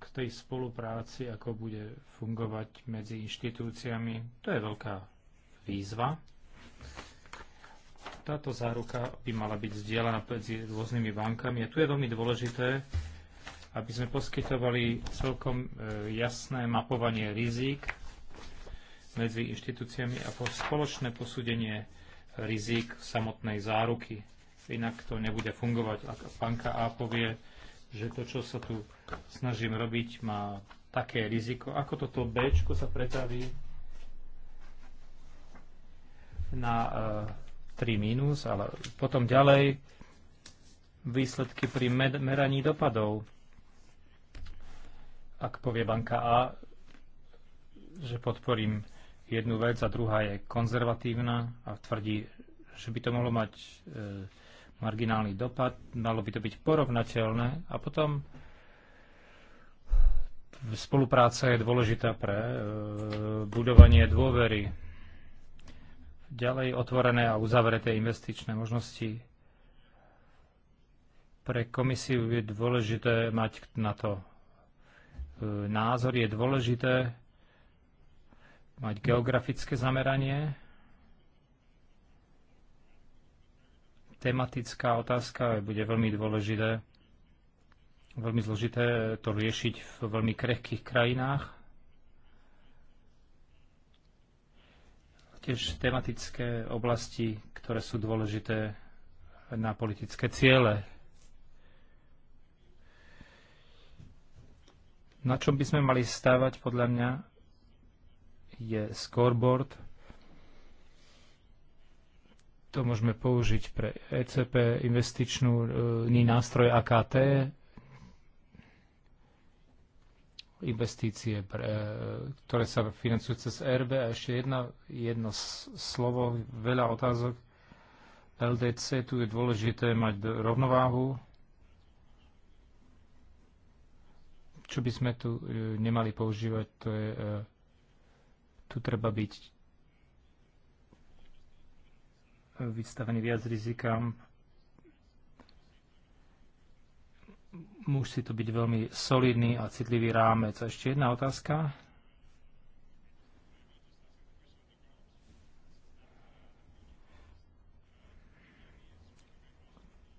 k tej spolupráci, ako bude fungovať medzi inštitúciami. To je veľká výzva. Táto záruka by mala byť zdieľaná medzi rôznymi bankami a tu je veľmi dôležité, aby sme poskytovali celkom e, jasné mapovanie rizik medzi inštitúciami a spoločné posúdenie rizik samotnej záruky. Inak to nebude fungovať, ak banka A povie, že to, čo sa tu snažím robiť, má také riziko. Ako toto B sa pretaví na e, 3 mínus, ale potom ďalej výsledky pri meraní dopadov. Ak povie banka A, že podporím jednu vec a druhá je konzervatívna a tvrdí, že by to mohlo mať e, marginálny dopad, malo by to byť porovnateľné a potom spolupráca je dôležitá pre e, budovanie dôvery Ďalej otvorené a uzavreté investičné možnosti. Pre komisiu je dôležité mať na to e, názor, je dôležité mať geografické zameranie. Tematická otázka bude veľmi dôležité, veľmi zložité to riešiť v veľmi krehkých krajinách. Tiež tematické oblasti, ktoré sú dôležité na politické ciele. Na čom by sme mali stávať, podľa mňa, je scoreboard. To môžeme použiť pre ECP, investičný e, nástroj AKT, investície, pre, e, ktoré sa financujú cez RB. A ešte jedna, jedno slovo, veľa otázok. LDC, tu je dôležité mať rovnováhu. Čo by sme tu e, nemali používať, to je, e, tu treba byť vystavený viac rizikám musí to byť veľmi solidný a citlivý rámec. A ešte jedna otázka.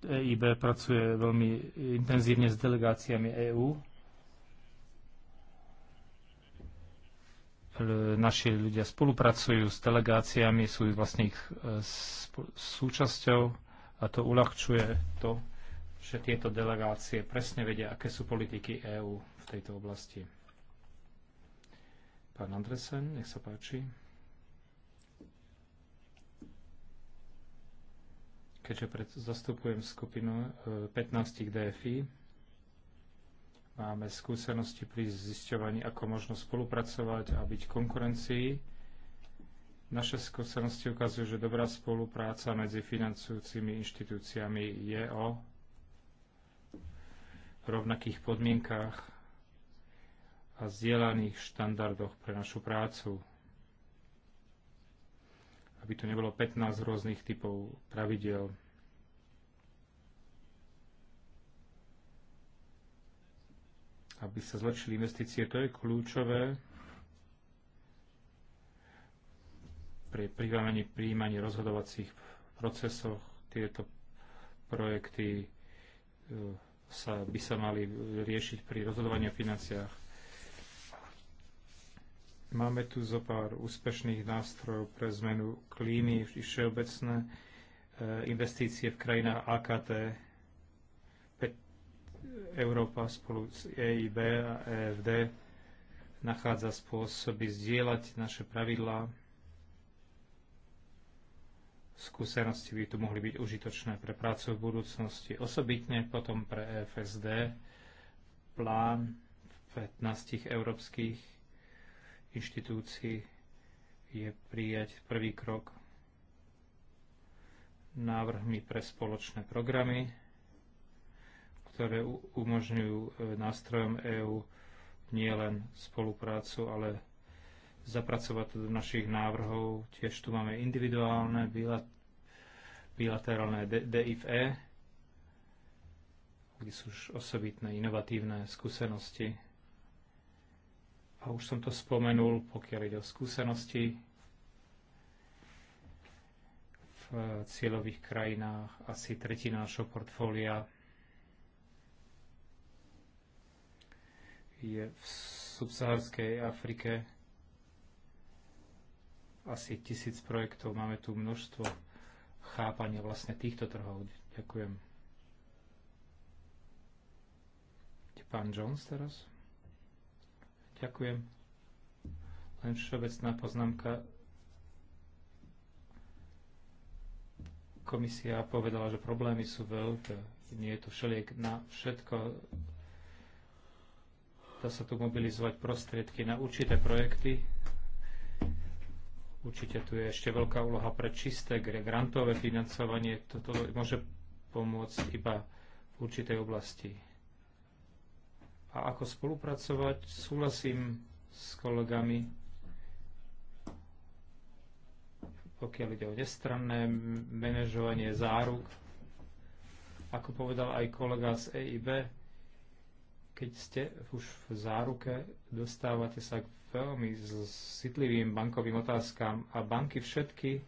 EIB pracuje veľmi intenzívne s delegáciami EÚ. Naši ľudia spolupracujú s delegáciami, sú vlastne ich e, súčasťou a to uľahčuje to, že tieto delegácie presne vedia, aké sú politiky EÚ v tejto oblasti. Pán Andresen, nech sa páči. Keďže pred, zastupujem skupinu 15 e, DFI, máme skúsenosti pri zisťovaní, ako možno spolupracovať a byť konkurencii. Naše skúsenosti ukazujú, že dobrá spolupráca medzi financujúcimi inštitúciami je o rovnakých podmienkách a zdieľaných štandardoch pre našu prácu. Aby tu nebolo 15 rôznych typov pravidel. Aby sa zlepšili investície, to je kľúčové pri prijímaní, prijímaní rozhodovacích procesoch tieto projekty eh, sa, by sa mali riešiť pri rozhodovaní o financiách. Máme tu zo pár úspešných nástrojov pre zmenu klímy i všeobecné e, investície v krajinách AKT. Európa spolu s EIB a EFD nachádza spôsoby zdieľať naše pravidlá skúsenosti by tu mohli byť užitočné pre prácu v budúcnosti. Osobitne potom pre EFSD plán v 15 európskych inštitúcií je prijať prvý krok návrhmi pre spoločné programy, ktoré umožňujú e, nástrojom EÚ nielen spoluprácu, ale zapracovať to do našich návrhov. Tiež tu máme individuálne, bilaterálne DIFE, kde sú už osobitné inovatívne skúsenosti. A už som to spomenul, pokiaľ ide o skúsenosti v cieľových krajinách, asi tretina našho portfólia je v subsaharskej Afrike asi tisíc projektov, máme tu množstvo chápania vlastne týchto trhov. Ďakujem. Je pán Jones teraz? Ďakujem. Len všeobecná poznámka. Komisia povedala, že problémy sú veľké. Nie je to všeliek na všetko. Dá sa tu mobilizovať prostriedky na určité projekty, Určite tu je ešte veľká úloha pre čisté grantové financovanie. Toto môže pomôcť iba v určitej oblasti. A ako spolupracovať? Súhlasím s kolegami, pokiaľ ide o nestranné manažovanie záruk. Ako povedal aj kolega z EIB, keď ste už v záruke, dostávate sa k veľmi citlivým bankovým otázkam a banky všetky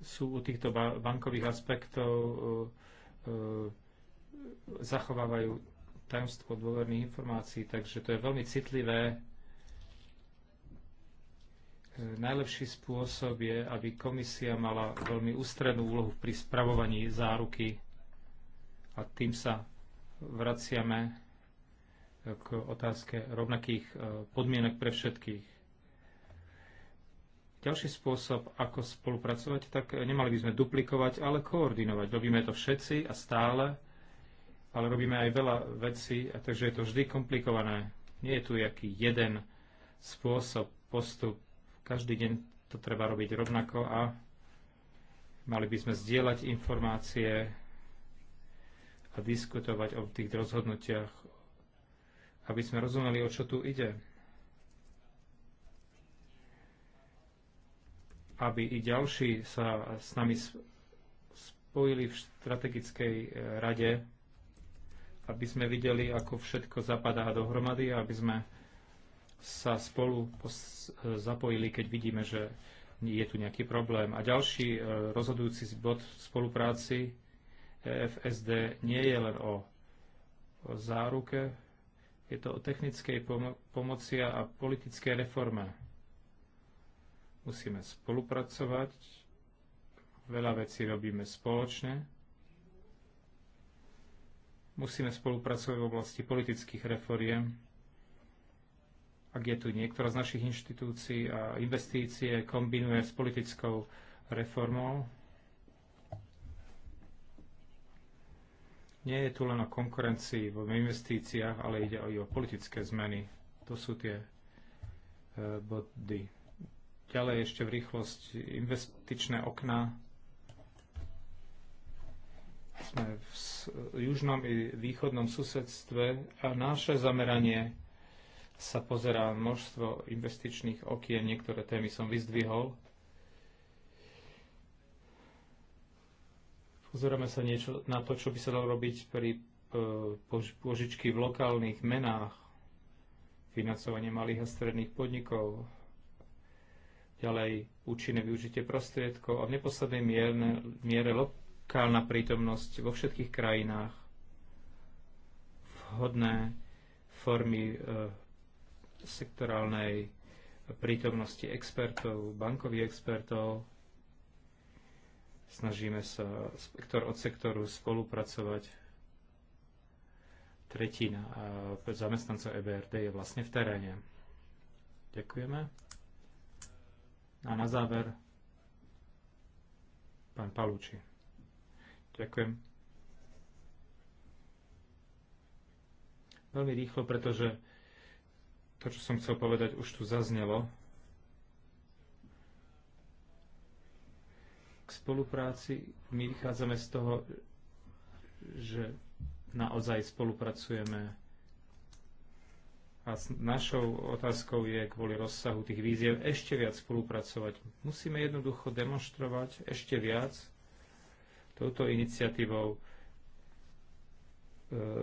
sú u týchto bankových aspektov e, e, zachovávajú tajomstvo dôverných informácií, takže to je veľmi citlivé. E, najlepší spôsob je, aby komisia mala veľmi ústrednú úlohu pri spravovaní záruky a tým sa vraciame k otázke rovnakých e, podmienok pre všetkých. Ďalší spôsob, ako spolupracovať, tak nemali by sme duplikovať, ale koordinovať. Robíme to všetci a stále, ale robíme aj veľa vecí, a takže je to vždy komplikované. Nie je tu jaký jeden spôsob, postup. Každý deň to treba robiť rovnako a mali by sme zdieľať informácie a diskutovať o tých rozhodnutiach aby sme rozumeli, o čo tu ide. Aby i ďalší sa s nami spojili v strategickej e, rade, aby sme videli, ako všetko zapadá dohromady a aby sme sa spolu e, zapojili, keď vidíme, že je tu nejaký problém. A ďalší e, rozhodujúci bod v spolupráci EFSD nie je len o záruke, je to o technickej pomo- pomoci a politickej reforme. Musíme spolupracovať, veľa vecí robíme spoločne. Musíme spolupracovať v oblasti politických reforiem. Ak je tu niektorá z našich inštitúcií a investície kombinuje s politickou reformou, Nie je tu len o konkurencii v investíciách, ale ide aj o politické zmeny. To sú tie e, body. Ďalej ešte v rýchlosť investičné okna. Sme v južnom i východnom susedstve a naše zameranie sa pozerá množstvo investičných okien. Niektoré témy som vyzdvihol. Pozeráme sa niečo na to, čo by sa dalo robiť pri e, požičky v lokálnych menách, financovanie malých a stredných podnikov, ďalej účinné využitie prostriedkov a v neposlednej mierne, miere lokálna prítomnosť vo všetkých krajinách, vhodné formy e, sektorálnej prítomnosti expertov, bankových expertov, Snažíme sa sektor od sektoru spolupracovať. Tretina zamestnancov EBRD je vlastne v teréne. Ďakujeme. A na záver pán Palúči. Ďakujem. Veľmi rýchlo, pretože to, čo som chcel povedať, už tu zaznelo. K spolupráci my vychádzame z toho, že naozaj spolupracujeme a našou otázkou je kvôli rozsahu tých víziev ešte viac spolupracovať. Musíme jednoducho demonstrovať ešte viac touto iniciatívou, e,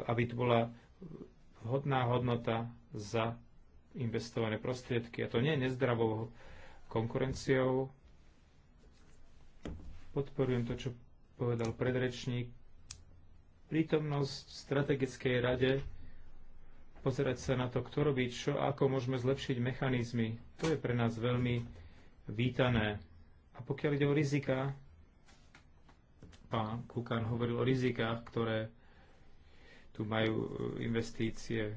aby to bola hodná hodnota za investované prostriedky. A to nie je nezdravou konkurenciou, Podporujem to, čo povedal predrečník. Prítomnosť v strategickej rade, pozerať sa na to, kto robí čo a ako môžeme zlepšiť mechanizmy. To je pre nás veľmi vítané. A pokiaľ ide o rizika, pán Kukan hovoril o rizikách, ktoré tu majú e, investície,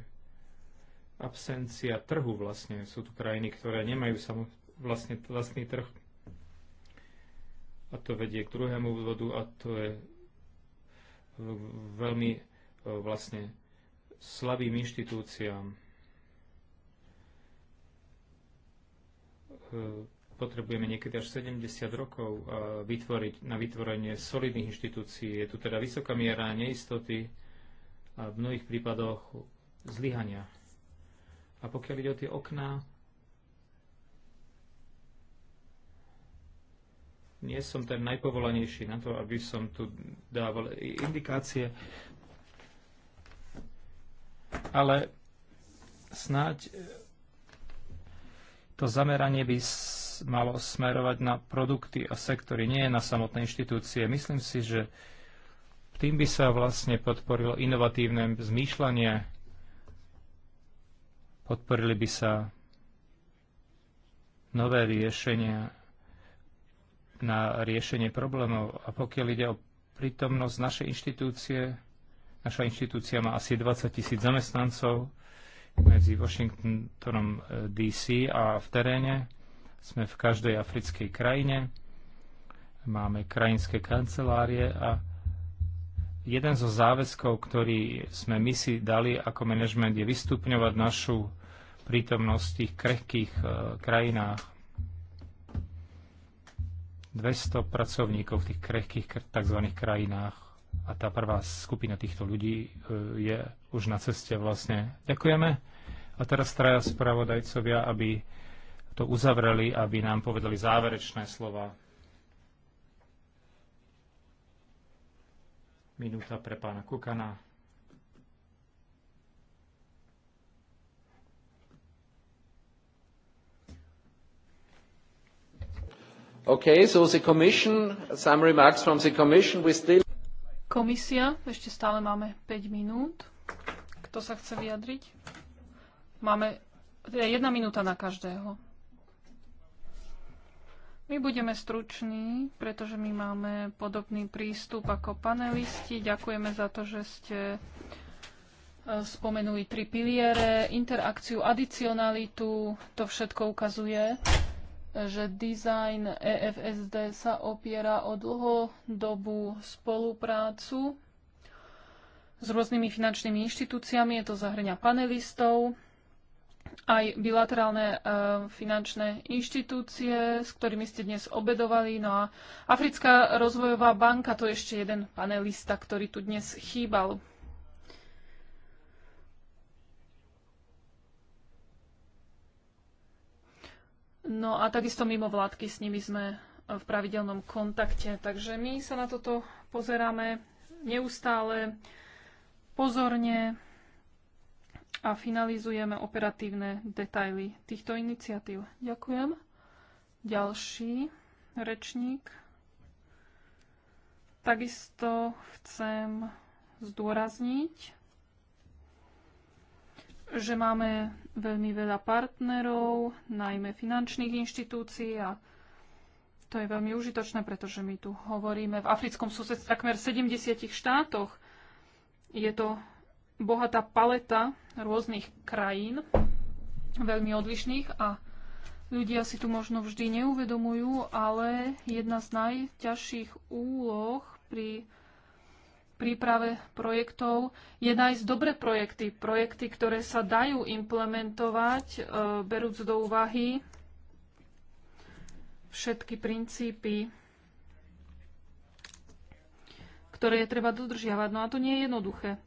absencia trhu vlastne. Sú tu krajiny, ktoré nemajú samo, vlastne, vlastný trh a to vedie k druhému úvodu a to je veľmi e, vlastne slabým inštitúciám. E, potrebujeme niekedy až 70 rokov e, vytvoriť, na vytvorenie solidných inštitúcií. Je tu teda vysoká miera neistoty a v mnohých prípadoch zlyhania. A pokiaľ ide o tie okná, nie som ten najpovolanejší na to, aby som tu dával indikácie, ale snáď e, to zameranie by malo smerovať na produkty a sektory, nie na samotné inštitúcie. Myslím si, že tým by sa vlastne podporilo inovatívne zmýšľanie, podporili by sa nové riešenia na riešenie problémov. A pokiaľ ide o prítomnosť našej inštitúcie, naša inštitúcia má asi 20 tisíc zamestnancov medzi Washingtonom eh, DC a v teréne. Sme v každej africkej krajine. Máme krajinské kancelárie a jeden zo záväzkov, ktorý sme my si dali ako manažment, je vystupňovať našu prítomnosť v tých krehkých eh, krajinách 200 pracovníkov v tých krehkých tzv. krajinách a tá prvá skupina týchto ľudí e, je už na ceste vlastne. Ďakujeme. A teraz traja spravodajcovia, aby to uzavreli, aby nám povedali záverečné slova. Minúta pre pána Kukana. Okay, so the commission, some remarks from the commission, we still... Komisia, ešte stále máme 5 minút. Kto sa chce vyjadriť? Máme teda jedna minúta na každého. My budeme struční, pretože my máme podobný prístup ako panelisti. Ďakujeme za to, že ste e, spomenuli tri piliere, interakciu, adicionalitu. To všetko ukazuje, že dizajn EFSD sa opiera o dlhodobú spoluprácu s rôznymi finančnými inštitúciami. Je to zahrňa panelistov, aj bilaterálne e, finančné inštitúcie, s ktorými ste dnes obedovali. No a Africká rozvojová banka, to je ešte jeden panelista, ktorý tu dnes chýbal. No a takisto mimo vládky s nimi sme v pravidelnom kontakte. Takže my sa na toto pozeráme neustále, pozorne a finalizujeme operatívne detaily týchto iniciatív. Ďakujem. Ďalší rečník. Takisto chcem zdôrazniť, že máme veľmi veľa partnerov, najmä finančných inštitúcií a to je veľmi užitočné, pretože my tu hovoríme v africkom susedstve takmer 70 štátoch. Je to bohatá paleta rôznych krajín, veľmi odlišných a ľudia si tu možno vždy neuvedomujú, ale jedna z najťažších úloh pri príprave projektov je nájsť dobré projekty. Projekty, ktoré sa dajú implementovať, e, berúc do úvahy všetky princípy, ktoré je treba dodržiavať. No a to nie je jednoduché.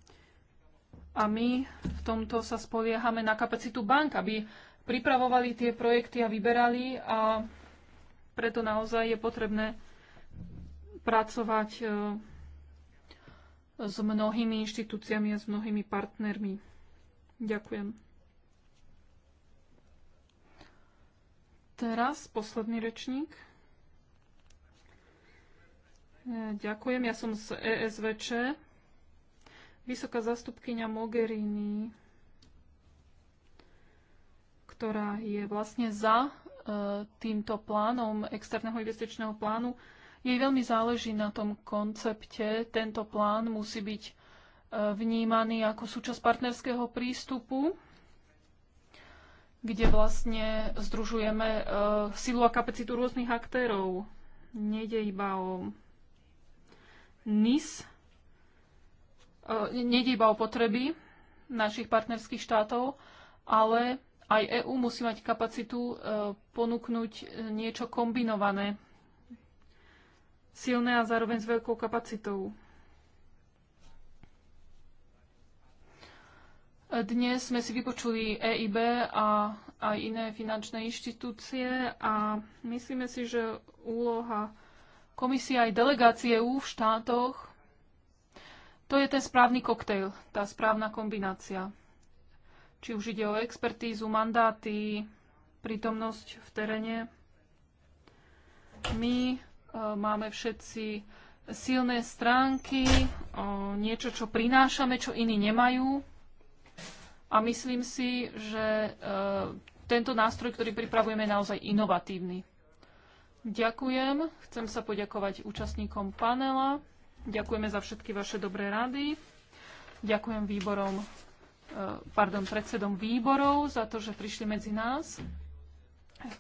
A my v tomto sa spoliehame na kapacitu bank, aby pripravovali tie projekty a vyberali a preto naozaj je potrebné pracovať e, s mnohými inštitúciami a s mnohými partnermi. Ďakujem. Teraz posledný rečník. E, ďakujem, ja som z ESVČ. Vysoká zastupkynia Mogherini, ktorá je vlastne za e, týmto plánom externého investičného plánu, jej veľmi záleží na tom koncepte. Tento plán musí byť e, vnímaný ako súčasť partnerského prístupu, kde vlastne združujeme e, silu a kapacitu rôznych aktérov. Nejde iba o NIS, e, nejde iba o potreby našich partnerských štátov, ale aj EÚ musí mať kapacitu ponúknuť niečo kombinované silné a zároveň s veľkou kapacitou. Dnes sme si vypočuli EIB a aj iné finančné inštitúcie a myslíme si, že úloha komisie aj delegácie EU v štátoch to je ten správny koktejl, tá správna kombinácia. Či už ide o expertízu, mandáty, prítomnosť v teréne. My máme všetci silné stránky, niečo, čo prinášame, čo iní nemajú. A myslím si, že e, tento nástroj, ktorý pripravujeme, je naozaj inovatívny. Ďakujem. Chcem sa poďakovať účastníkom panela. Ďakujeme za všetky vaše dobré rady. Ďakujem výborom, e, pardon, predsedom výborov za to, že prišli medzi nás.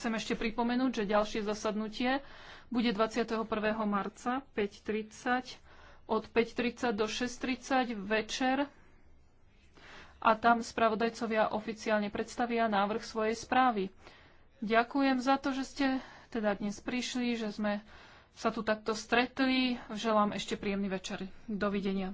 Chcem ešte pripomenúť, že ďalšie zasadnutie bude 21. marca 5.30 od 5.30 do 6.30 večer a tam spravodajcovia oficiálne predstavia návrh svojej správy. Ďakujem za to, že ste teda dnes prišli, že sme sa tu takto stretli. Želám ešte príjemný večer. Dovidenia.